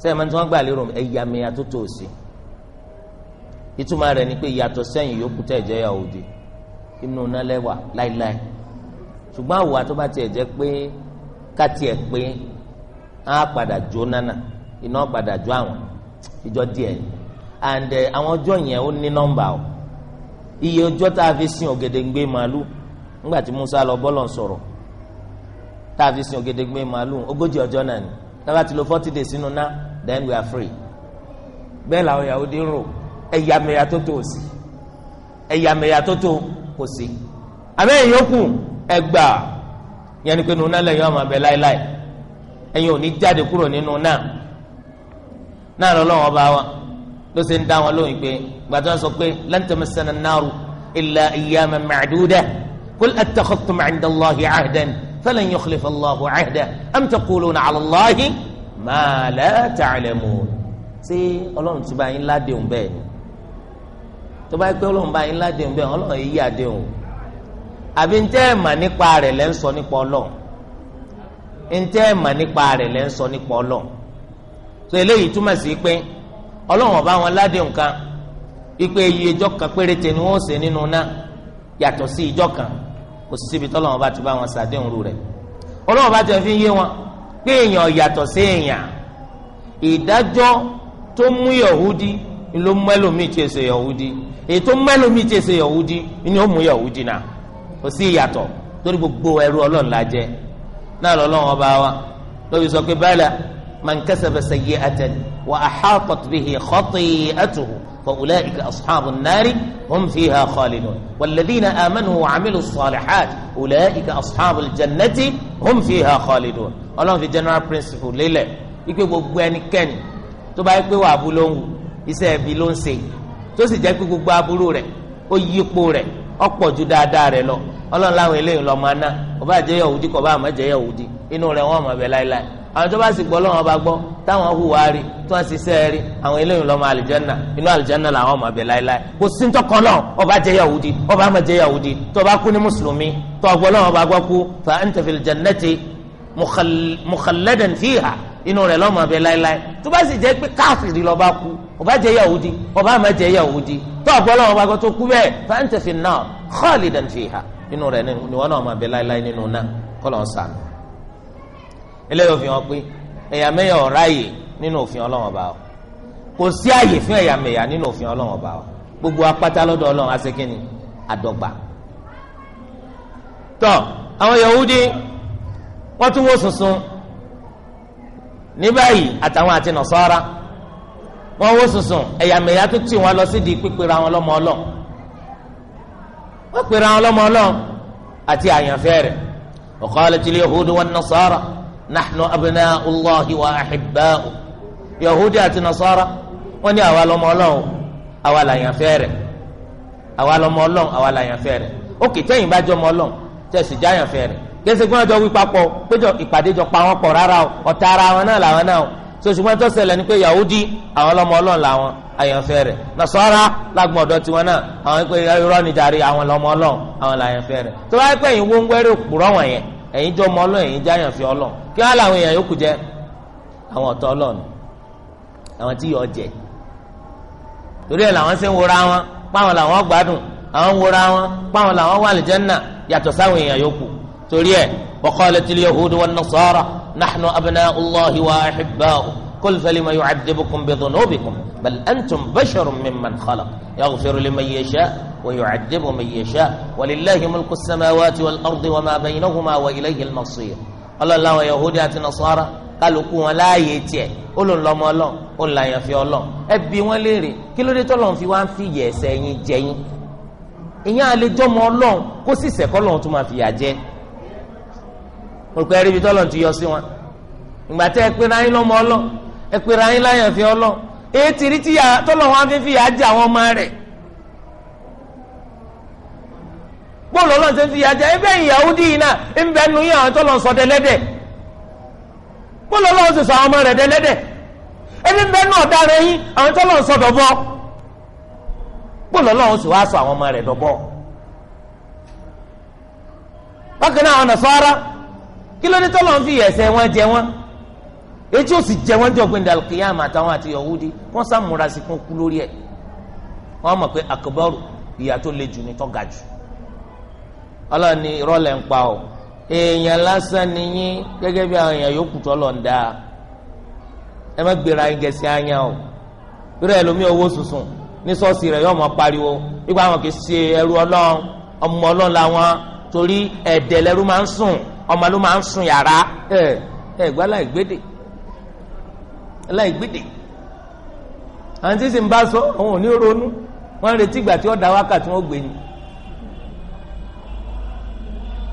sẹ́yìn máa ń tí wọ́n gbà lérò ẹ̀yàmẹ̀yà tó tó sí ìtumọ̀ rẹ̀ ni pé ìyàtọ̀ sẹ́yìn yòókù tẹ̀ jẹ́ Yahudi inú nálẹ́wà láíláí ṣùgbọ́n àwòrán tó bá tiẹ̀ jẹ́ pé kátìẹ̀ pé á padà jó nánà iná padà jó àwọn ìjọ díẹ̀ and eh, àwọn ọjọ́ yẹn ó ní nọ́mbà o iye ọjọ́ tá a fi sin ògèdèǹgbé màálù ńgbà Musa lọ bọ́lọ̀ ń sọ̀rọ̀ fi sin ògèdègbè màálù ogójì ọjọ́ náà ni tábà ti lo forty days sínú ná then we are free bẹ́ẹ̀ làwọn Yahudi ń rò ẹ̀yàmẹ̀yà tó tó sí ẹ̀yàmẹ̀yà tó tó kò sí àbẹ́yìn yòókù ẹgbà yẹn ni pé nùnà lẹ́yìn ọmọ abẹ láéláé ẹ̀yin ò jáde kúrò nínú náà náà lọ́lọ́wọ́ bá wa ló ṣe ń dá wọn lóyún pé gbàtọ́ sọ pé lan tamassana an-naru illa ayyaman ma'duda. قل أتخذتم عند الله عهدا فلن يخلف الله عهده أم تقولون على الله ما لا تعلمون ṣé ọlọ́run ti bá yín ládéhùn bẹ́ẹ̀ ni tó bá yẹ pé ọlọ́run bá yín ládéhùn bẹ́ẹ̀ ọlọ́run yìí àdéhùn àbí ń tẹ́ ẹ̀ mà nípa rẹ̀ lẹ́ ń sọ nípa ọlọ́run ń tẹ́ ẹ̀ mà nípa rẹ̀ lẹ́ ń sọ nípa ọlọ́run tó eléyìí túmọ̀ sí pé ọlọ́run ọba wọn ládéhùn kan ipe iye ìjọ kan péréte ni wọ́n ṣe nínú náà yàtọ̀ sí ìjọ kan kò sí síbi tọ́lọ́wọ́n bá ti bá wọn sàdéhùn rú rẹ̀ ọlọ́wọ́n bá ti fi yé wọn pé èèyàn yàtọ̀ sí èèyàn ìdájọ́ tó mú yahudi ló mú ẹlòmíì tí èsè yahudi èyí tó mú ẹlòmíì tí èsè yahudi ni ó mú yahudi náà kò sí ìyàtọ̀ torí gbogbo ẹrú ọlọ́run la jẹ náà lọ́lọ́wọ́n bá wa lóbi sọ pé báyìí man kasaba sayyi'atan wa ahatat bihi khati'atuhu fa ulaika ashabun nari hum fiha khalidun walladhina amanu wa amilu salihat ulaika ashabul jannati hum fiha khalidun ọlọ́run fi general principle lélẹ̀ wípé gbogbo ẹnikẹ́ni tó bá yẹ pé wàá bu ló ń wù iṣẹ́ ẹbí ló ń ṣe tó sì jẹ́ pé gbogbo aburú rẹ̀ ó yípo rẹ̀ ó pọ̀ ju dáadáa rẹ̀ lọ ọlọ́run láwọn eléyìí lọ́ọ́ máa ná kò bá jẹ́ Yahudi kò bá má jẹ́ Yahudi inú rẹ̀ wọ́n mọ̀ bẹ́ẹ̀ láéláé àwọn tó bá sì gbọ́ lọ́wọ́ bá gbọ́ táwọn hùwà rí tó ń ṣiṣẹ́ rí àwọn eléyìí lọ́mọ àlìjẹ́nà inú àlìjẹ́nà làwọn ọmọ ọbẹ̀ láéláé kò sí ntọ́kọ náà ọba jẹ́ yahudi ọba má jẹ́ yahudi tó bá kú ní mùsùlùmí tó gbọ́ lọ́wọ́ bá gbọ́ kú fa anta fil jannati mukhalladan fiha inú rẹ̀ lọ́mọ ọbẹ̀ láéláé tó bá sì jẹ́ pé káfìrí lọ́ba kú ọba jẹ́ yahudi ọba má jẹ́ yahudi tó gbọ́ lọ́wọ́ bá gbọ́ tó kú bẹ́ẹ̀ fa anta fin nar khalidan inú rẹ̀ ni wọn náà ọmọ ọbẹ̀ láéláé nínú náà kọ́ lọ́n eléyìí òfin hàn pé ẹ̀yàmẹ̀yà ọ̀ráyè nínú òfin ọlọ́wọ́n bá wa kò sí àyè fún ẹ̀yàmẹ̀yà nínú òfin ọlọ́wọ́n bá wa gbogbo apáta lọ́dọ̀ ọlọ́run asekínì àdọ́gba. tọ́ àwọn Yahudi wọ́n tún wó sunsun ní báyìí àtàwọn àti Nasara wọ́n wó sunsun ẹ̀yàmẹ̀yà tó tì wọ́n lọ sí di pípera wọn lọ́mọ ọlọ́run wọ́n pera wọn lọ́mọ ọlọ́run nahnu abna'u Allahi wa ahibba'u yahudi àti nasara wọ́n ní àwa lọ́mọ Ọlọ́run àwa làyànfẹ́ rẹ̀ àwa lọ́mọ Ọlọ́run àwa làyànfẹ́ rẹ̀ òkè tẹ̀yin bá jọmọ Ọlọ́run tẹsí jáyànfẹ́ rẹ̀ gẹ́sẹ̀ kí wọ́n jọ wí papọ̀ péjọ ìpàdé jọ pa wọ́n pọ̀ rárá o ọ̀tá ara wọn náà làwọn náà o sọ̀sùnmọ́ tó ṣẹlẹ̀ ni pé yahudi àwọn ọlọ́mọ ọlọ́run làwọn àyànfẹ́ rẹ̀ nasara lágbọ̀n ọ̀dọ́ tiwọn náà àwọn pé irọ́ ni àwọn ọlọ́mọ ọlọ́run àwọn làyànfẹ́ rẹ̀ tó bá pẹ́ yín ẹ̀yin jọ mọ ọlọ́run ẹ̀yin jáyàn fi ọlọ́run kí wọ́n làwọn èèyàn yòókù jẹ́ àwọn ọ̀tọ̀ ọlọ́run àwọn tí yọ jẹ torí ẹ̀ làwọn ṣe ń wora wọn páwọn làwọn gbádùn àwọn ń wora wọn páwọn làwọn wà lìjẹ́nà yàtọ̀ sáwọn èèyàn yòókù torí ẹ̀ wa qalatil yahudu wan nasara nahnu abna'ullahi wa ahibba'uhu قل فلما يعذبكم بذنوبكم بل أنتم بشر ممن خلق يغفر لمن يشاء ويعذب من يشاء ولله ملك السماوات والأرض وما بينهما وإليه المصير الله الله ويهود نصارى قالوا كون لا يتي قولوا الله مالون لا يفي الله أبي وليري كيلو دي تولون في وان في يسيني جيني ìyẹn àlè jọmọ Ọlọ́run kó sì sẹkọ lọrun tó máa fìyà jẹ olùkọ́ ẹrí ibi tọ́lọ̀ ti yọ sí wọn ẹ pèrè ayé láyàn fi ọlọ èyí ti rí tíyà tọ́lọ̀ wọn fi fi yà jẹ àwọn ọmọ rẹ̀ bóòlù ọlọ́run fi yà á jẹ ẹgbẹ́ Yahudi yìí náà ń bẹ nu yín àwọn tọ́lọ̀ sọ dẹlẹ́dẹ̀ bóòlù ọlọ́run ṣe sọ àwọn ọmọ rẹ̀ dẹlẹ́dẹ̀ ẹbí ń bẹ nu ọ̀daràn yín àwọn tọ́lọ̀ sọ dọ̀bọ bóòlù ọlọ́run sì sọ àwọn ọmọ rẹ̀ dọ̀bọ. bákan náà àwọn Nasara kí ló ní tọ́lọ̀ ń fi ẹ̀ṣẹ̀ wọn jẹ wọn etí ó sì jẹ wọ́n jọ gbẹ̀ndẹ̀ alkiyama àtàwọn àti yahudi wọ́n sá múra sí kún kú lórí ẹ̀ wọ́n mọ̀ pé akabaru ìyà tó le jù ní tó ga jù ọlọ́ni ìrọ̀lẹ́ ń pa ọ́ èèyàn lásán nìyí gẹ́gẹ́ bí àwọn èèyàn yòókù tó lọ ń dá ẹ má gbéra ẹ̀ gẹ̀ẹ́sì ányá o rẹ̀ lómi owó sùsùn ní sọ́ọ̀sì rẹ̀ yóò mọ̀ pariwo wípé àwọn kì í ṣe ẹrú ọlọ́run ọmọ ọlọ́run làwọn torí ẹ̀dẹ̀ lẹ́rú máa ń sùn ọmọ ló máa ń sùn yàrá ẹ̀ ẹ̀ gbọ́dọ̀ ìgbédè la àwọn sì ń bá sọ òun ní ronú wọn ń retí ìgbà tí ó da wákàtí wọn gbé ni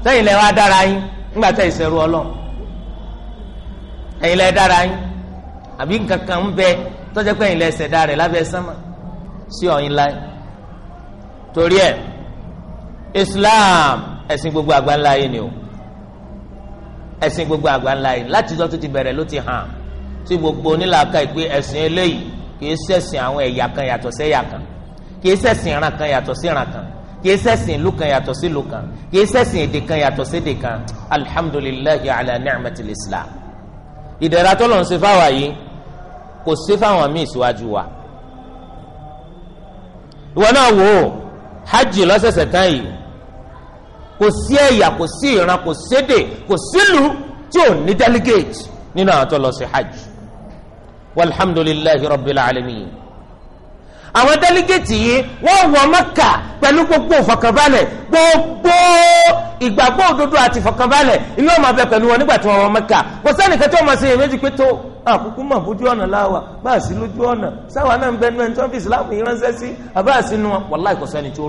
sẹ́yìn lẹ wá yín nígbà tẹ ìṣẹrù Ọlọ́run ẹ̀yin lẹ dára yín àbí nǹkan kan ń bẹ tọjá pé ẹ̀yin lẹ ṣẹ̀dá rẹ̀ lábẹ́ sánmà sí Islam ẹ̀sìn gbogbo àgbáńlá yìí ni o ẹ̀sìn gbogbo àgbáńlá yìí láti ìjọ tó ti bẹ̀rẹ̀ ló ti hàn. tí gbogbo onílàákà ìpè ẹ̀sìn eléyìí kìí ṣẹ̀sìn àwọn ẹ̀yà kan yàtọ̀ sẹ́yà kan kìí ṣẹ̀sìn ìran kan yàtọ̀ sí ìran kan kìí ṣẹ̀sìn ìlú kan yàtọ̀ sí ìlú kan kìí ṣẹ̀sìn èdè kan yàtọ̀ sí èdè kan alihamudulilayi ala ni'matil islam ìdẹ̀ra tó lọ́n ṣe fáwa yìí kò ṣe fáwọn míì síwájú wa ìwọ náà wò ó hajj lọ́sẹ̀sẹ̀ tán yìí kò sí ẹ̀yà kò sí ìran kò sédè kò sílùú tí ò ní delegate nínú àwọn tó lọ sí hajj walhamdulillahi rabbil alamin. àwọn délégéètì yìí wọ́n wọ mẹ́kà pẹ̀lú gbogbo ìfọ̀kànbalẹ̀ gbogbo ìgbàgbọ́ òdodo àti ìfọ̀kànbalẹ̀ ilé ọmọ abẹ pẹ̀lú wọn nígbà tí wọ́n wọ mẹ́kà kò sẹ́nìkan tí wọ́n máa ṣe èméjì pé tó àkókò mà bójú ọ̀nà láwa bá a sí lójú ọ̀nà sáwa náà ń bẹ náà tó ń fi ìsìláàmù yìí ránṣẹ́ sí àbá àsínú wọn wàláì kò sẹ́ni tó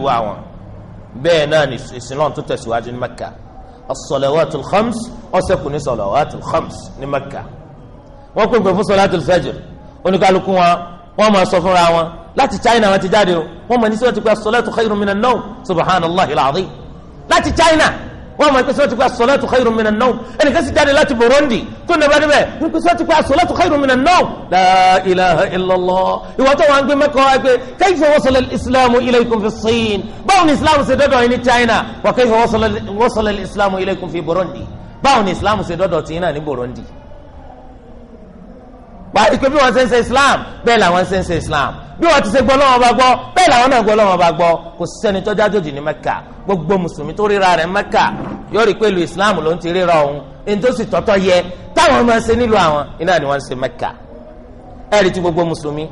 rò bẹ́ẹ̀ náà ni ìsìnlọ́n tó tẹ̀síwájú ní mẹ́kà as-salawatul khams ọ̀sẹ̀kù ní salawatul khams ní mẹ́kà wọ́n pè pé fún salatul fajr oníkálukú wọn wọ́n máa sọ fúnra wọn láti China wọn ti jáde o wọ́n máa ní sọ́dọ̀ ti pé as-salatu khayrun minan nawm láti China wọ́n máa ń pẹ́ sọ́ọ́tì pé as-salatu khayrun minan nawm ẹnìkan sì jáde láti Burundi kó nàbà níbẹ̀ ń pẹ́ sọ́ọ́tì pé as-salatu khayrun minan nawm la ilaha illallah ìwọ́n tó wọn gbé mẹ́kọ̀ọ́ wa pé kayfa wasala al-islamu ilaykum fi Sin báwo ni islam ṣe dọ́dọ̀ yín ní China wa kayfa wasala al-islamu ilaykum fi Burundi báwo ni islam ṣe dọ́dọ̀ tiyín ní Burundi wà á di pé bí wọ́n ṣe ń ṣe islam bẹ́ẹ̀ làwọn ṣe ń ṣe islam bí wọ́n ti ṣe gbọ́ lọ́wọ́ bá gbọ́ bẹ́ẹ̀ làwọn náà gbọ́ lọ́wọ́ bá gbọ́ kò sẹ́ni tọ́jú àjòjì ní mẹ́kà gbogbo mùsùlùmí tó ríra rẹ̀ mẹ́kà yóò rí pé ìlú islam ló ń ti ríra òun ẹni tó sì tọ́tọ́ yẹ táwọn máa ṣe nílùú àwọn iná ni wọ́n ṣe mẹ́kà ẹ̀rí ti gbogbo mùsùlùmí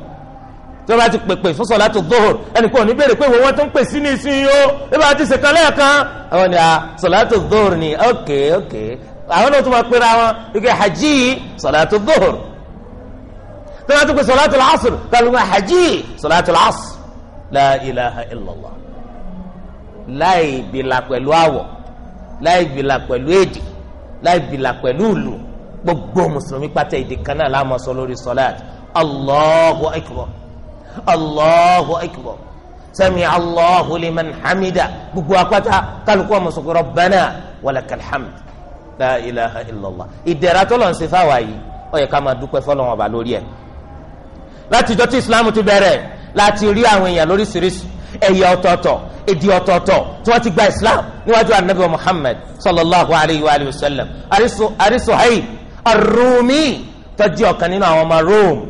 tó bá ti pèpè fún sọlá tó dóhùr ẹnì kan ò ní béèrè pé wọ́n wọ́n tó ń pè sí ní ìsìn yìí ó bí wọ́n ti ṣèkan lẹ́ẹ̀kan àwọn ni sọlá tó dóhùr ni ok ok àwọn náà tún máa pera wọn wípé hajj sọlá tó dóhùr tó bá tó pé sọlá tó lọ asùn kálù máa hajj sọlá tó lọ asùn la ilaha illallah láì bìlà pẹ̀lú àwọ̀ láì bìlà pẹ̀lú èdè láì bìlà pẹ̀lú ìlú gbogbo mùsùlùmí pátá èdè kan náà la máa sọ lórí sọlá allahu akbar allahu akbar sami allahu liman hamida gbogbo apáta kálukú ọmọ sọkò rabbana walakal hamd la ilaha illallah ìdẹ̀ra tó lọ́n ṣe fáwa yìí ó yẹ ká lórí ẹ̀ látijọ́ tí islam ti bẹ̀rẹ̀ láti rí àwọn èèyàn lóríṣiríṣi ẹ̀yà ọ̀tọ̀ọ̀tọ̀ èdè ọ̀tọ̀ọ̀tọ̀ tí wọ́n ti gba islam níwájú anabi muhammad sallallahu alayhi wa sallam arisuhaib arumi tó jẹ́ ọ̀kan nínú àwọn ọmọ rome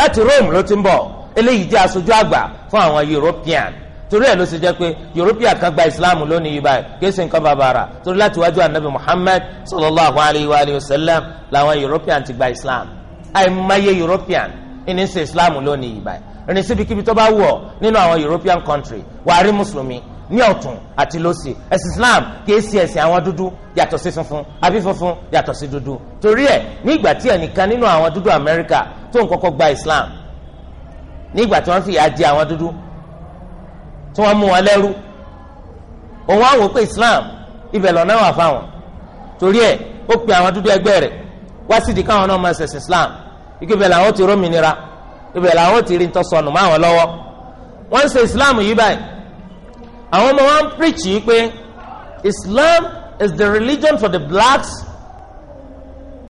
láti rome ló ti ń bọ̀ eléyìí jẹ́ aṣojú àgbà fún àwọn european torí ẹ̀ ló ṣe jẹ́ pé european kan gba islam lónìí yìí báyìí kì í ṣe nǹkan bàbàrà torí láti wájú anabi muhammad sallallahu alayhi wa sallam làwọn european ti gba islam àìmọye european ìní islam lónìí ìbá rìn síbikíbi tó bá wù ọ́ nínú àwọn european country wà á rí mùsùlùmí ní ọ̀tún àti lọ́sì ẹ̀sìn islam kì í ṣe ẹ̀sìn àwọn dúdú yàtọ̀ sí funfun àbí funfun yàtọ̀ sí dúdú torí ẹ̀ nígbà tí ẹnìkan nínú àwọn dúdú amẹ́ríkà tó ń kọ́kọ́ gba islam nígbà tí wọ́n fìyà jẹ àwọn dúdú tí wọ́n mú wọn lẹ́rú òun àwọn pé islam ibẹ̀ lọ́nà wà fáwọn torí ẹ̀ ó pe àwọn dúdú ẹgbẹ́ rẹ̀ wá sídìí káwọn náà máa ṣẹ̀sìn islam ike bẹ̀rẹ̀ làwọn ti rómìnira ibẹ̀ làwọn ti rí ntọ́sọ̀nù mọ́ àwọn lọ́wọ́ wọ́n ń ṣe islam yìí báyìí àwọn ọmọ wọn ń pírìtì pé islam is the religion for the blacks